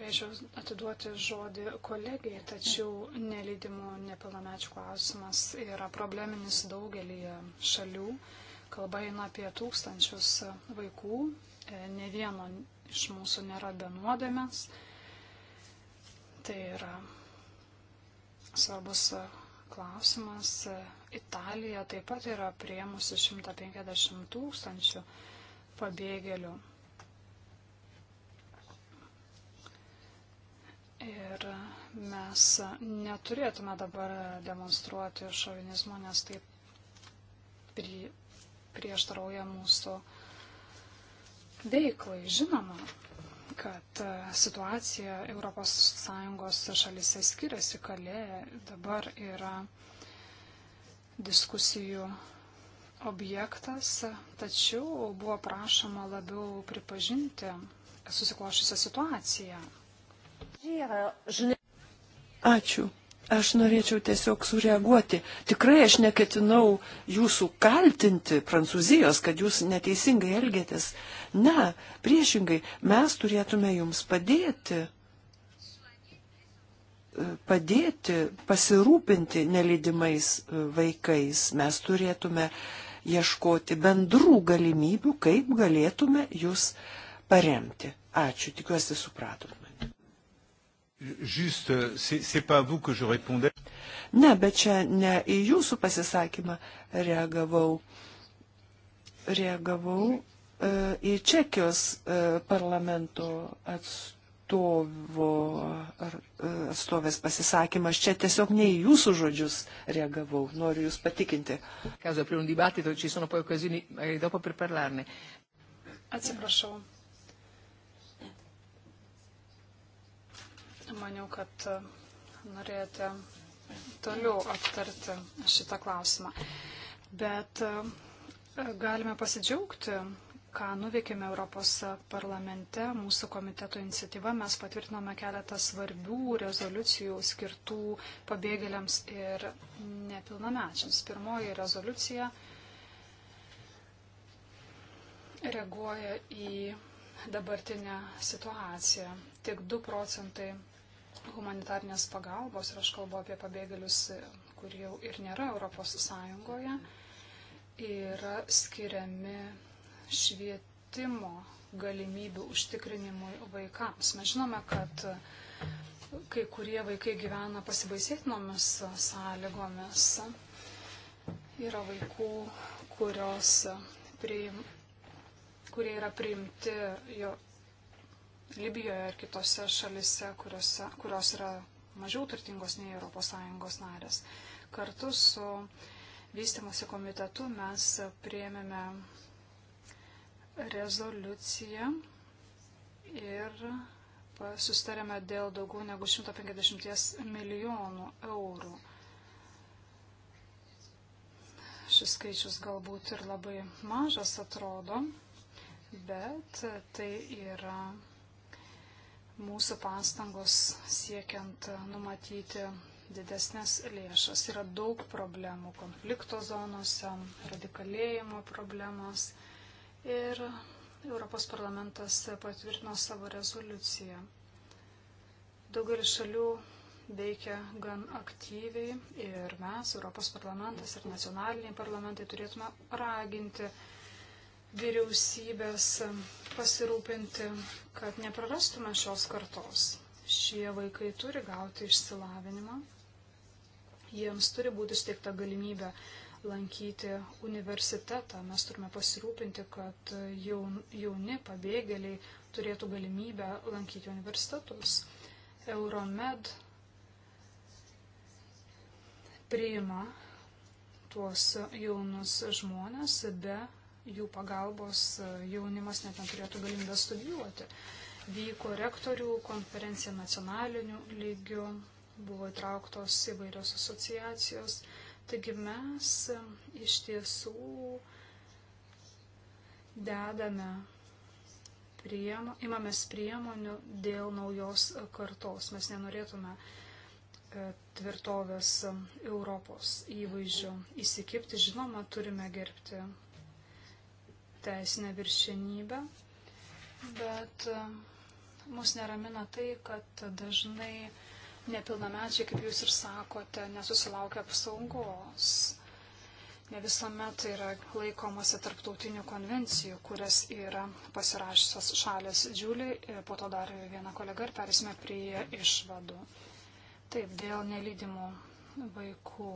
Norėčiau atiduoti žodį kolegijai, tačiau nelydimų nepilnamečių klausimas yra probleminis daugelį šalių. Kalba eina apie tūkstančius vaikų, e, ne vieno iš mūsų nėra be nuodėmės. Tai yra svarbus klausimas. E, Italija taip pat yra priemusi 150 tūkstančių pabėgėlių. Ir mes neturėtume dabar demonstruoti šovinizmo, nes taip pri, prieštarauja mūsų veiklai. Žinoma, kad situacija ES šalise skiriasi, kalė dabar yra diskusijų objektas, tačiau buvo prašoma labiau pripažinti susiklošusią situaciją Ačiū. Aš norėčiau tiesiog sureaguoti. Tikrai aš neketinau jūsų kaltinti Prancūzijos, kad jūs neteisingai elgėtės. Ne, priešingai, mes turėtume jums padėti. E, padėti pasirūpinti nelydimais e, vaikais. Mes turėtume ieškoti bendrų galimybių, kaip galėtume jūs paremti. Ačiū, tikiuosi supratote. Juste, c'est pas vous que je répondais. Ne, bet čia ne į jūsų pasisakymą reagavau. Reagavau e, į Čekijos e, parlamento atstovo, ar, e, atstovės pasisakymą. Aš čia tiesiog ne į jūsų žodžius reagavau. Noriu jūs patikinti. Atsiprašau. Maniau, kad e, norėjote toliau aptarti šitą klausimą. Bet e, galime pasidžiaugti, ką nuveikėme Europos parlamente. Mūsų komiteto iniciatyva mes patvirtinome keletą svarbių rezoliucijų skirtų pabėgėliams ir nepilnamečiams. Pirmoji rezoliucija reaguoja į dabartinę situaciją. Tik 2 procentai humanitarnės pagalbos, ir aš kalbu apie pabėgėlius, kurie jau ir nėra ES, yra skiriami švietimo galimybių užtikrinimui vaikams. Mes žinome, kad kai kurie vaikai gyvena pasibaisėtinomis sąlygomis. Yra vaikų, kurios priim, kurie yra priimti jo Libijoje ar kitose šalise, kuriuose, kurios yra mažiau turtingos nei ES narės. Kartu su vystimosi komitetu mes prieėmėme rezoliuciją ir susitarėme dėl daugiau negu 150 milijonų eurų. Šis skaičius galbūt ir labai mažas atrodo, bet tai yra mūsų pastangos siekiant numatyti didesnės lėšas. Yra daug problemų konflikto zonose, radikalėjimo problemas ir Europos parlamentas patvirtino savo rezoliuciją. Daugelis šalių veikia gan aktyviai ir mes, Europos parlamentas ir nacionaliniai parlamentai, turėtume raginti vyriausybės pasirūpinti, kad neprarastume šios kartos. Šie vaikai turi gauti išsilavinimą, jiems turi būti steigta galimybė lankyti universitetą. Mes turime pasirūpinti, kad jauni pabėgėliai turėtų galimybę lankyti universitetus. Euromed priima tuos jaunus žmonės be jų pagalbos e, jaunimas net neturėtų galimybę studijuoti. Vyko rektorių konferencija nacionaliniu lygiu, buvo įtrauktos įvairios asociacijos. Taigi mes e, iš tiesų dedame priemo, imamės priemonių dėl naujos kartos. Mes nenorėtume e, tvirtovės Europos įvaizdžio įsikipti. Žinoma, turime gerbti teisinę viršenybę, bet e, mus neramina tai, kad dažnai nepilnamečiai, kaip jūs ir sakote, nesusilaukia apsaugos. Ne visuomet yra laikomasi tarptautinių konvencijų, kurias yra pasirašysios šalės džiulį, e, po to dar viena kolega ir perėsime prie išvadų. Taip, dėl nelydimų vaikų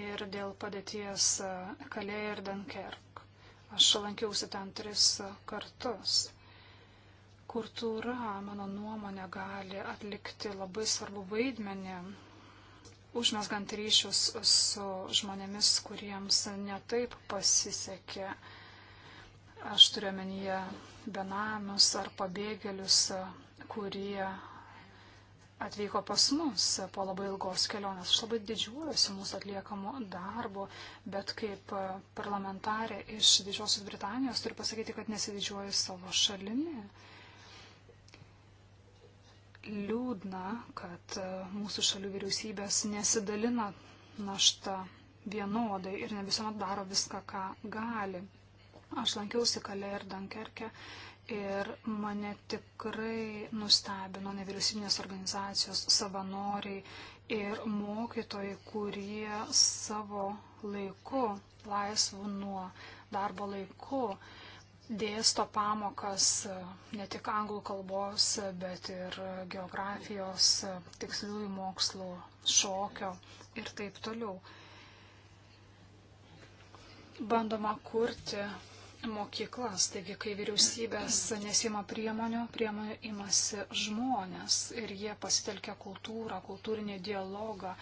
ir dėl padėties Kalė e, ir Dunkerk. Aš lankiausi ten tris kartus. Kultūra, mano nuomonė, gali atlikti labai svarbu vaidmenį, užmesgant ryšius su žmonėmis, kuriems netaip pasisekė. Aš turiu menyje benamius ar pabėgėlius, kurie atvyko pas mus po labai ilgos kelionės. Aš labai didžiuojuosi mūsų atliekamu darbu, bet kaip parlamentarė iš Didžiosios Britanijos turiu pasakyti, kad nesididžiuoju savo šalimi. Liūdna, kad mūsų šalių vyriausybės nesidalina naštą vienodai ir ne visuomet daro viską, ką gali. Aš lankiausi kalė ir Dankerke Ir mane tikrai nustebino nevyriausybinės organizacijos savanoriai ir mokytojai, kurie savo laiku, laisvų nuo darbo laiku, dėsto pamokas ne tik anglų kalbos, bet ir geografijos, tiksliųjų mokslų, šokio ir taip toliau. Bandoma kurti mokyklas. Taigi, kai vyriausybės nesima priemonių, priemonių imasi žmonės ir jie pasitelkia kultūrą, kultūrinį dialogą,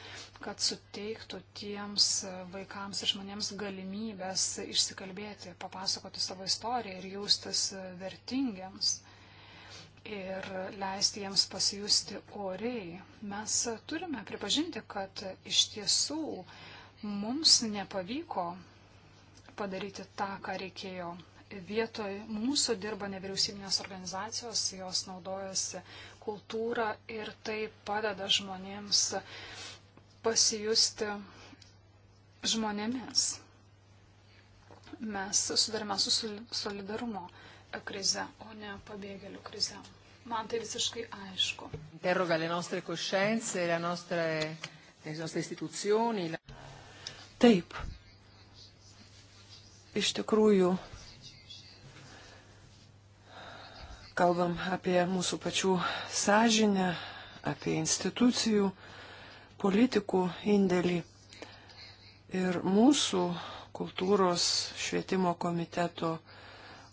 kad suteiktų tiems vaikams ir žmonėms galimybės išsikalbėti, papasakoti savo istoriją ir jaustis vertingiams. Ir leisti jiems pasijusti oriai. Mes turime pripažinti, kad iš tiesų mums nepavyko padaryti tą, ką reikėjo. Vietoj mūsų dirba nevyriausybinės organizacijos, jos naudojasi kultūrą ir tai padeda žmonėms pasijusti žmonėmis. Mes sudarėme su solidarumo krize, o ne pabėgėlių krize. Man tai visiškai aišku. Interroga le nostre coscienze, le nostre, le nostre istituzioni. Taip, iš tikrųjų kalbam apie mūsų pačių sąžinę, apie institucijų, politikų indėlį. Ir mūsų kultūros švietimo komiteto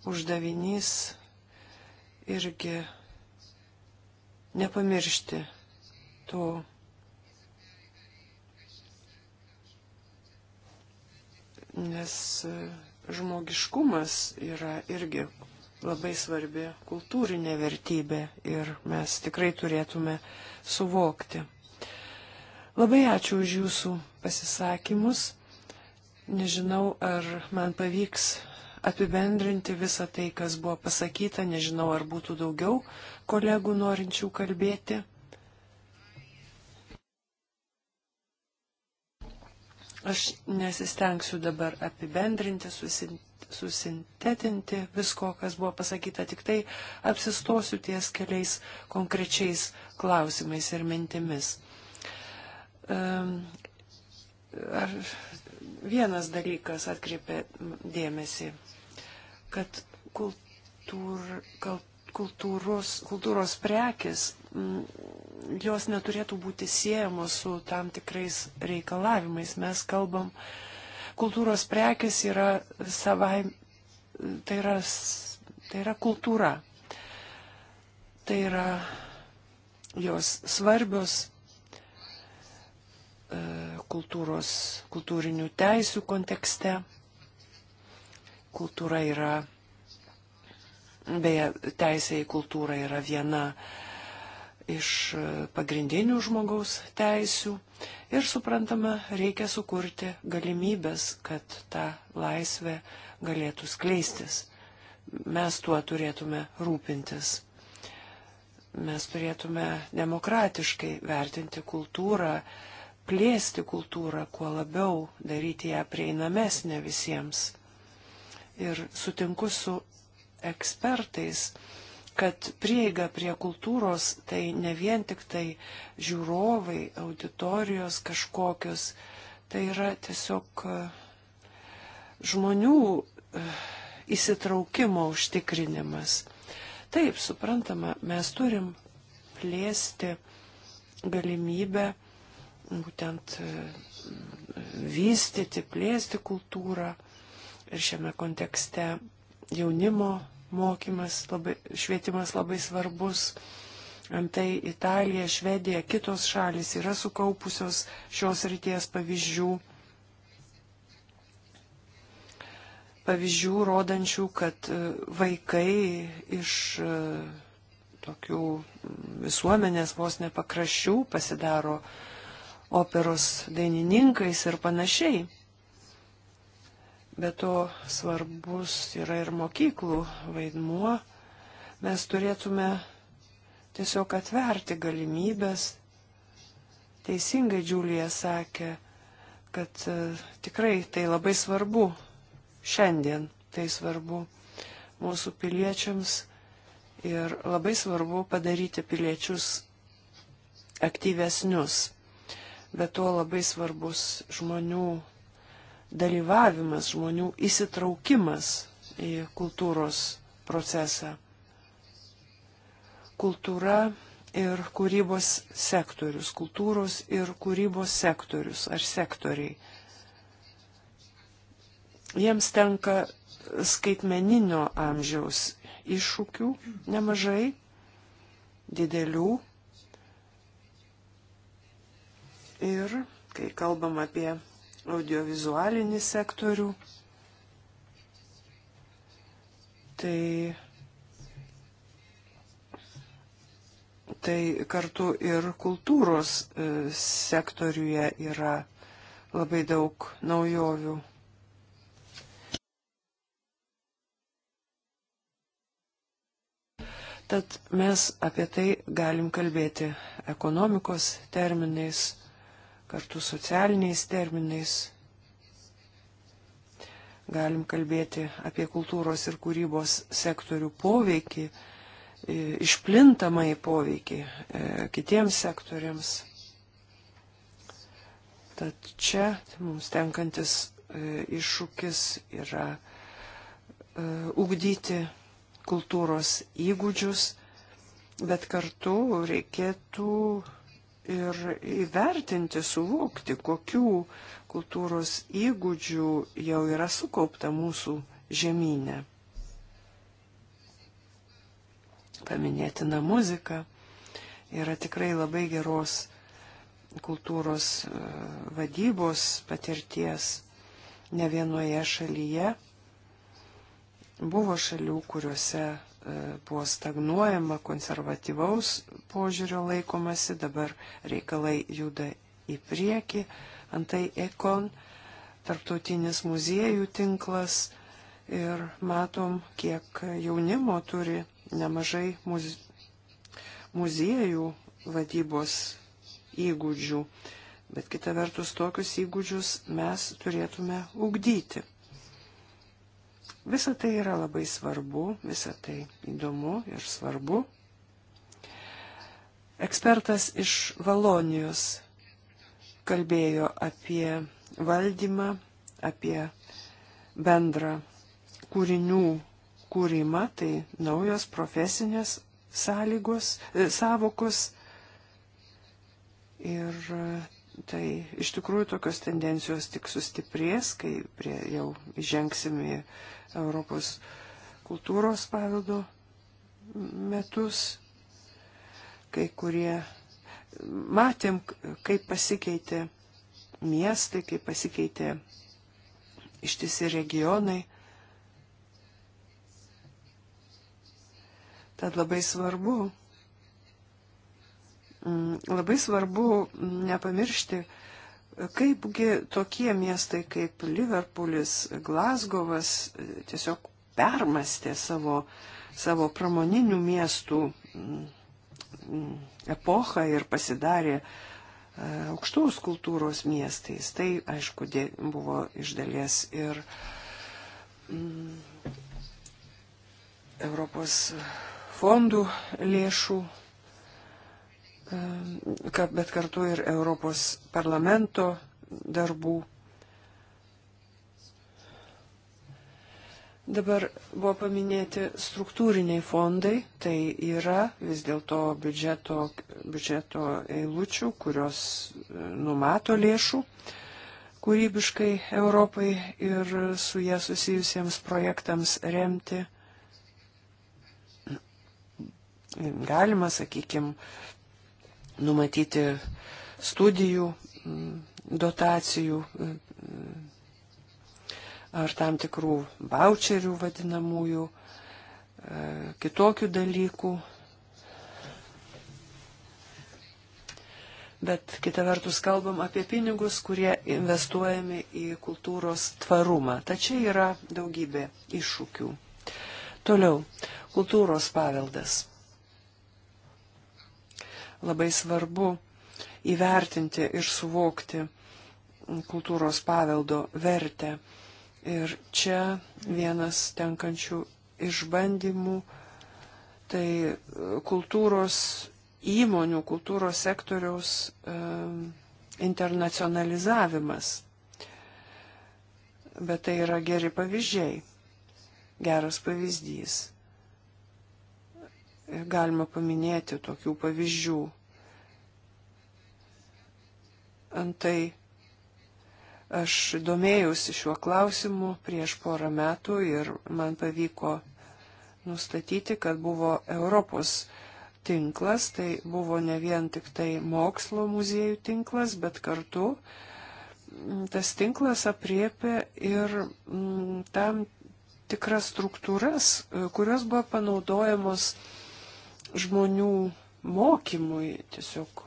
uždavinys irgi nepamiršti to. Nes žmogiškumas yra irgi labai svarbi kultūrinė vertybė ir mes tikrai turėtume suvokti. Labai ačiū už jūsų pasisakymus. Nežinau, ar man pavyks apibendrinti visą tai, kas buvo pasakyta. Nežinau, ar būtų daugiau kolegų norinčių kalbėti. Aš nesistengsiu dabar apibendrinti, susintetinti visko, kas buvo pasakyta, tik tai apsistosiu ties keliais konkrečiais klausimais ir mintimis. Ar vienas dalykas atkreipė dėmesį, kad kultūr, kultūros, kultūros prekis, mm, jos neturėtų būti siejamos su tam tikrais reikalavimais. Mes kalbam, kultūros prekis yra savai, tai yra, tai yra kultūra. Tai yra jos svarbios e, kultūros, kultūrinių teisių kontekste. Kultūra yra Beje, teisė į kultūrą yra viena iš pagrindinių žmogaus teisių ir suprantama, reikia sukurti galimybės, kad ta laisvė galėtų skleistis. Mes tuo turėtume rūpintis. Mes turėtume demokratiškai vertinti kultūrą, plėsti kultūrą, kuo labiau daryti ją prieinamesnę visiems. Ir sutinku su ekspertais, kad prieiga prie kultūros tai ne vien tik tai žiūrovai, auditorijos kažkokios, tai yra tiesiog e, žmonių e, įsitraukimo užtikrinimas. Taip, suprantama, mes turim plėsti galimybę būtent e, vystyti, plėsti kultūrą ir šiame kontekste jaunimo mokymas, labai, švietimas labai svarbus. Antai Italija, Švedija, kitos šalis yra sukaupusios šios ryties pavyzdžių. Pavyzdžių rodančių, kad e, vaikai iš e, tokių visuomenės vos nepakraščių pasidaro operos dainininkais ir panašiai. Bet to svarbus yra ir mokyklų vaidmuo. Mes turėtume tiesiog atverti galimybės. Teisingai Džiulija sakė, kad e, tikrai tai labai svarbu šiandien, tai svarbu mūsų piliečiams ir labai svarbu padaryti piliečius aktyvesnius. Bet to labai svarbus žmonių dalyvavimas, žmonių įsitraukimas į kultūros procesą. Kultūra ir kūrybos sektorius, kultūros ir kūrybos sektorius ar sektoriai. Jiems tenka skaitmeninio amžiaus iššūkių nemažai, didelių. Ir kai kalbam apie audiovizualinį sektorių. Tai, tai kartu ir kultūros e, sektoriuje yra labai daug naujovių. Tad mes apie tai galim kalbėti ekonomikos terminais kartu socialiniais terminais. Galim kalbėti apie kultūros ir kūrybos sektorių poveikį, e, išplintamai poveikį e, kitiems sektoriams. Tad čia mums tenkantis e, iššūkis yra ugdyti kultūros įgūdžius, bet kartu reikėtų ir įvertinti, suvokti, kokių kultūros įgūdžių jau yra sukaupta mūsų žemynė. Paminėtina muzika yra tikrai labai geros kultūros e, vadybos patirties ne vienoje šalyje. Buvo šalių, kuriuose E, buvo stagnuojama konservatyvaus požiūrio laikomasi, dabar reikalai juda į priekį. Antai Ekon, tarptautinis muziejų tinklas ir matom, kiek jaunimo turi nemažai muzie muziejų vadybos įgūdžių. Bet kita vertus, tokius įgūdžius mes turėtume ugdyti. Visa tai yra labai svarbu, visa tai įdomu ir svarbu. Ekspertas iš Valonijos kalbėjo apie valdymą, apie bendrą kūrinių kūrimą, tai naujos profesinės sąlygos, e, savokos. Ir Tai iš tikrųjų tokios tendencijos tik sustiprės, kai prie, jau žengsime į Europos kultūros paveldo metus. Kai kurie matėm, kaip pasikeitė miestai, kaip pasikeitė ištisi regionai. Tad labai svarbu Mm, labai svarbu nepamiršti, kaipgi tokie miestai kaip Liverpoolis, Glasgowas e, tiesiog permastė savo, savo pramoninių miestų mm, mm, epochą ir pasidarė e, aukštos kultūros miestais. Tai, aišku, buvo iš dalies ir mm, Europos fondų lėšų Ehm, bet kartu ir Europos parlamento darbų. Dabar buvo paminėti struktūriniai fondai, tai yra vis dėlto biudžeto, biudžeto eilučių, kurios e, numato lėšų kūrybiškai Europai ir su jie susijusiems projektams remti. Galima, sakykime, numatyti studijų, mm, dotacijų mm, ar tam tikrų voucherių vadinamųjų, e, kitokių dalykų. Bet kita vertus kalbam apie pinigus, kurie investuojami į kultūros tvarumą. Tačiau yra daugybė iššūkių. Toliau, kultūros paveldas labai svarbu įvertinti ir suvokti kultūros paveldo vertę. Ir čia vienas tenkančių išbandymų, tai e, kultūros įmonių, kultūros sektoriaus e, internacionalizavimas. Bet tai yra geri pavyzdžiai, geras pavyzdys. Ir galima paminėti tokių pavyzdžių. Antai aš domėjausi šiuo klausimu prieš porą metų ir man pavyko nustatyti, kad buvo Europos tinklas, tai buvo ne vien tik tai mokslo muziejų tinklas, bet kartu mm, tas tinklas apriepia ir mm, tam tikras struktūras, e, kurios buvo panaudojamos žmonių mokymui, tiesiog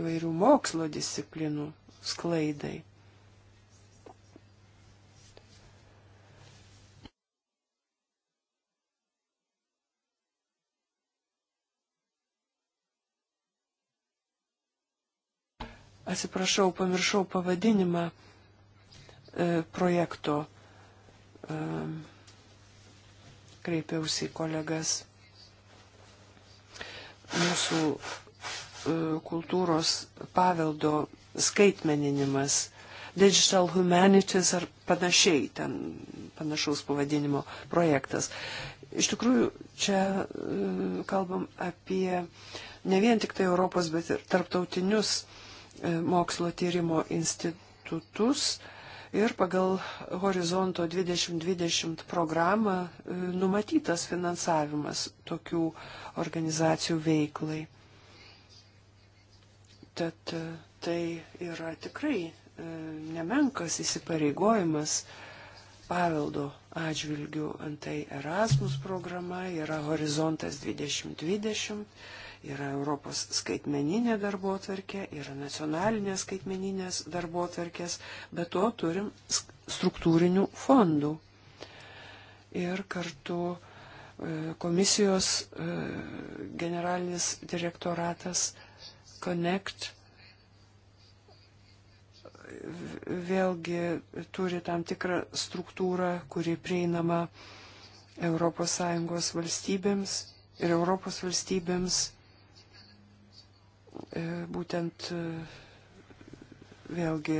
įvairių mokslo disciplinų sklaidai. atsiprašau, pamiršau pavadinimą e, projekto. E, kreipiausi į kolegas mūsų e, kultūros paveldo skaitmeninimas, Digital Humanities ar panašiai, ten panašaus pavadinimo projektas. Iš tikrųjų, čia e, kalbam apie ne vien tik tai Europos, bet ir tarptautinius e, mokslo tyrimo institutus, Ir pagal Horizonto 2020 programą e, numatytas finansavimas tokių organizacijų veiklai. Tad e, tai yra tikrai e, nemenkas įsipareigojimas paveldo atžvilgių. Antai Erasmus programa yra Horizontas 2020 Yra Europos skaitmeninė darbo atvarkė, yra nacionalinės skaitmeninės darbo atvarkės, bet to turim struktūrinių fondų. Ir kartu e, komisijos e, generalinis direktoratas Connect vėlgi turi tam tikrą struktūrą, kuri prieinama ES valstybėms ir Europos valstybėms. E, būtent e, vėlgi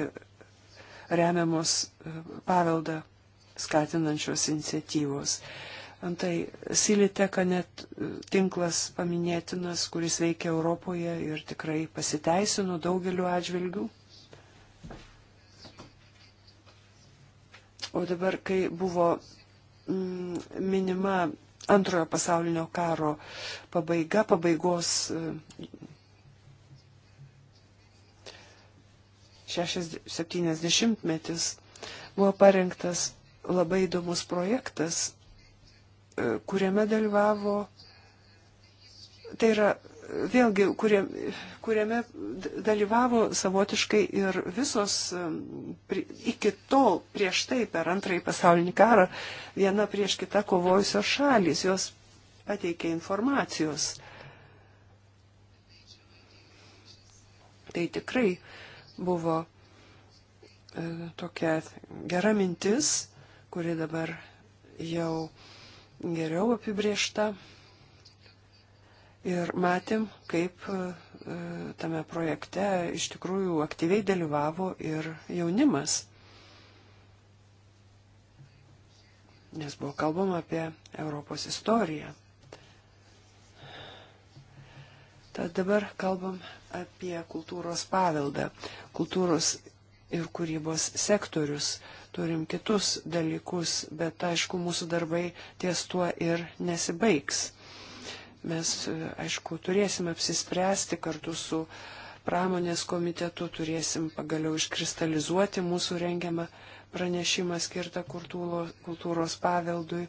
remiamos e, paveldą skatinančios iniciatyvos. Antai Siliteka net tinklas paminėtinas, kuris veikia Europoje ir tikrai pasiteisino daugeliu atžvilgių. O dabar, kai buvo mm, minima antrojo pasaulinio karo pabaiga, pabaigos 70-metis buvo parengtas labai įdomus projektas, e, kuriame dalyvavo, tai yra vėlgi, kurie, kuriame dalyvavo savotiškai ir visos iki tol, prieš tai, per antrąjį pasaulinį karą, viena prieš kitą kovojusios šalis, jos pateikė informacijos. Tai tikrai uh, buvo e, tokia gera mintis, kuri dabar jau geriau apibriešta. Ir matėm, kaip e, tame projekte iš tikrųjų aktyviai dalyvavo ir jaunimas. Nes buvo kalbama apie Europos istoriją. Tad dabar kalbam apie kultūros paveldą. Kultūros ir kūrybos sektorius. Turim kitus dalykus, bet aišku, mūsų darbai ties tuo ir nesibaigs. Mes, aišku, turėsim apsispręsti kartu su pramonės komitetu, turėsim pagaliau iškristalizuoti mūsų rengiamą pranešimą skirtą kultūros paveldui.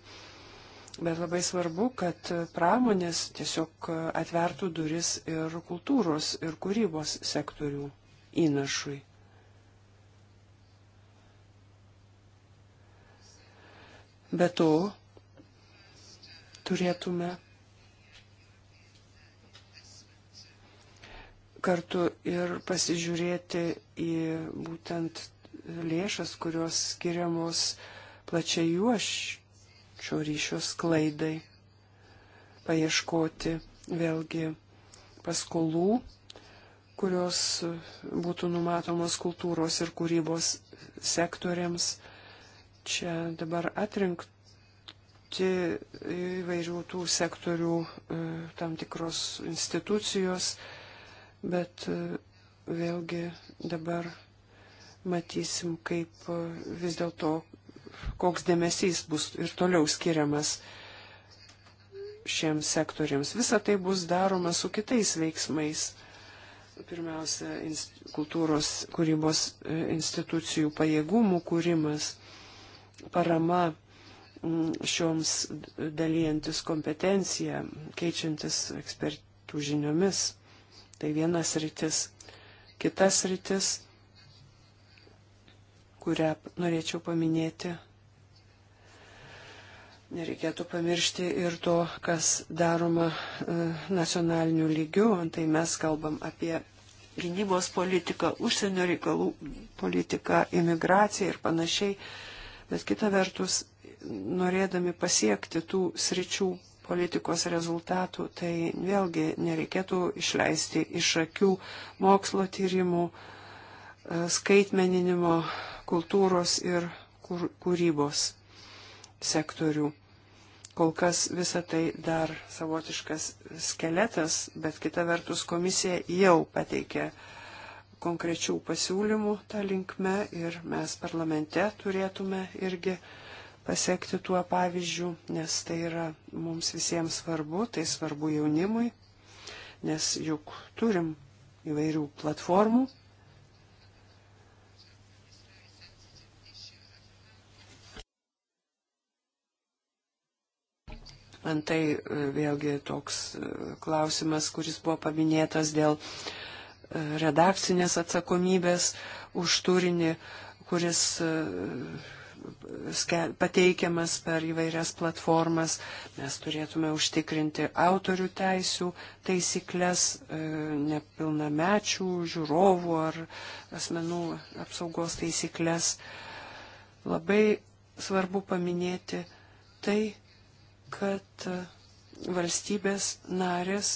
Bet labai svarbu, kad pramonės tiesiog atvertų duris ir kultūros ir kūrybos sektorių įnašui. Be to, turėtume kartu ir pasižiūrėti į būtent lėšas, kurios skiriamos plačiai juoš šio ryšio sklaidai, paieškoti vėlgi paskolų, kurios būtų numatomos kultūros ir kūrybos sektoriams. Čia dabar atrinkti įvairių tų sektorių e, tam tikros institucijos, bet e, vėlgi dabar matysim, kaip e, vis dėlto koks dėmesys bus ir toliau skiriamas šiems sektoriams. Visa tai bus daroma su kitais veiksmais. Pirmiausia, kultūros kūrybos e, institucijų pajėgumų kūrimas, parama šioms dalyjantis kompetenciją, keičiantis ekspertų žiniomis. Tai vienas rytis. Kitas rytis kurią norėčiau paminėti. Nereikėtų pamiršti ir to, kas daroma e, nacionaliniu lygiu. Antai mes kalbam apie gynybos politiką, užsienio reikalų politiką, imigraciją ir panašiai. Bet kita vertus, norėdami pasiekti tų sričių politikos rezultatų, tai vėlgi nereikėtų išleisti iš akių mokslo tyrimų, uh, E, skaitmeninimo kultūros ir kūrybos sektorių. Kol kas visa tai dar savotiškas skeletas, bet kita vertus komisija jau pateikė konkrečių pasiūlymų tą linkme ir mes parlamente turėtume irgi pasiekti tuo pavyzdžiu, nes tai yra mums visiems svarbu, tai svarbu jaunimui, nes juk turim įvairių platformų Man tai e, vėlgi toks e, klausimas, kuris buvo paminėtas dėl e, redakcinės atsakomybės už turinį, kuris pateikiamas per įvairias platformas. Mes turėtume užtikrinti autorių teisių taisyklės nepilnamečių, žiūrovų ar asmenų apsaugos taisyklės. Labai svarbu paminėti tai, kad valstybės narės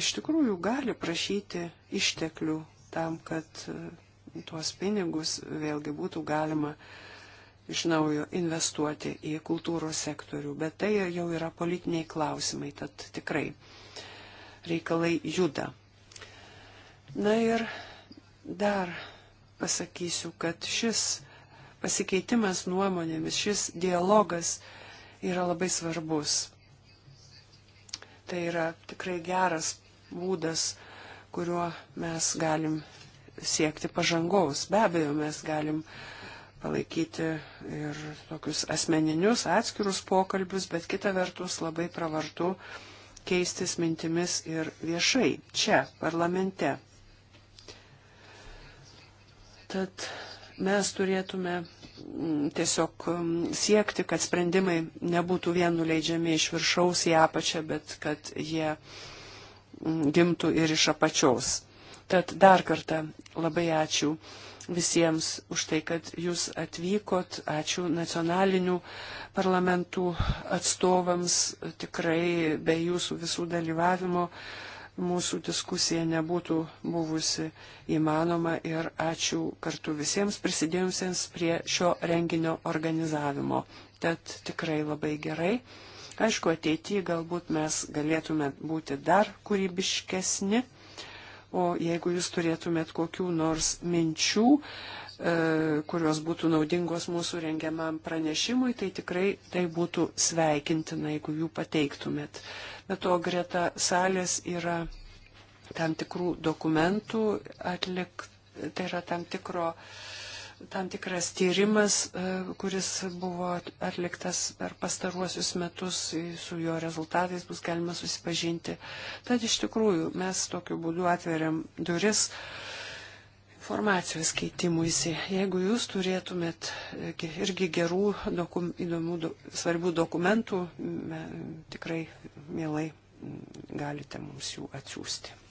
iš tikrųjų gali prašyti išteklių tam, kad e, tuos pinigus vėlgi būtų galima iš naujo investuoti į kultūros sektorių, bet tai jau yra politiniai klausimai, tad tikrai reikalai juda. Na ir dar pasakysiu, kad šis pasikeitimas nuomonėmis, šis dialogas yra labai svarbus. Tai yra tikrai geras būdas, kuriuo mes galim siekti pažangaus. Be abejo, mes galim palaikyti ir tokius asmeninius atskirus pokalbius, bet kita vertus labai pravartu keistis mintimis ir viešai, čia, parlamente. Tad mes turėtume Mm, tiesiog mm, siekti, kad sprendimai nebūtų vien nuleidžiami iš viršaus į apačią, bet kad jie mm, gimtų ir iš apačios. Tad dar kartą labai ačiū visiems už tai, kad jūs atvykot, ačiū nacionalinių parlamentų atstovams, tikrai be jūsų visų dalyvavimo mūsų diskusija nebūtų buvusi įmanoma ir ačiū kartu visiems prisidėjusiems prie šio renginio organizavimo. Tad tikrai labai gerai. Aišku, ateityje galbūt mes galėtume būti dar kūrybiškesni, o jeigu jūs turėtumėt kokių nors minčių, e, kurios būtų naudingos mūsų rengiamam pranešimui, tai tikrai tai būtų sveikintina, jeigu jų pateiktumėt. Bet to greta salės yra tam tikrų dokumentų atlik, tai yra tam, tikro, tam tikras tyrimas, e, kuris buvo atliktas per pastaruosius metus, e, su jo rezultatais bus galima susipažinti. Tad iš tikrųjų mes tokiu būdu atveriam duris uh, informacijos keitimuisi. Jeigu jūs turėtumėt e, irgi gerų, dokum, įdomių, do, svarbių dokumentų, me, tikrai mielai galite mums jų atsiųsti.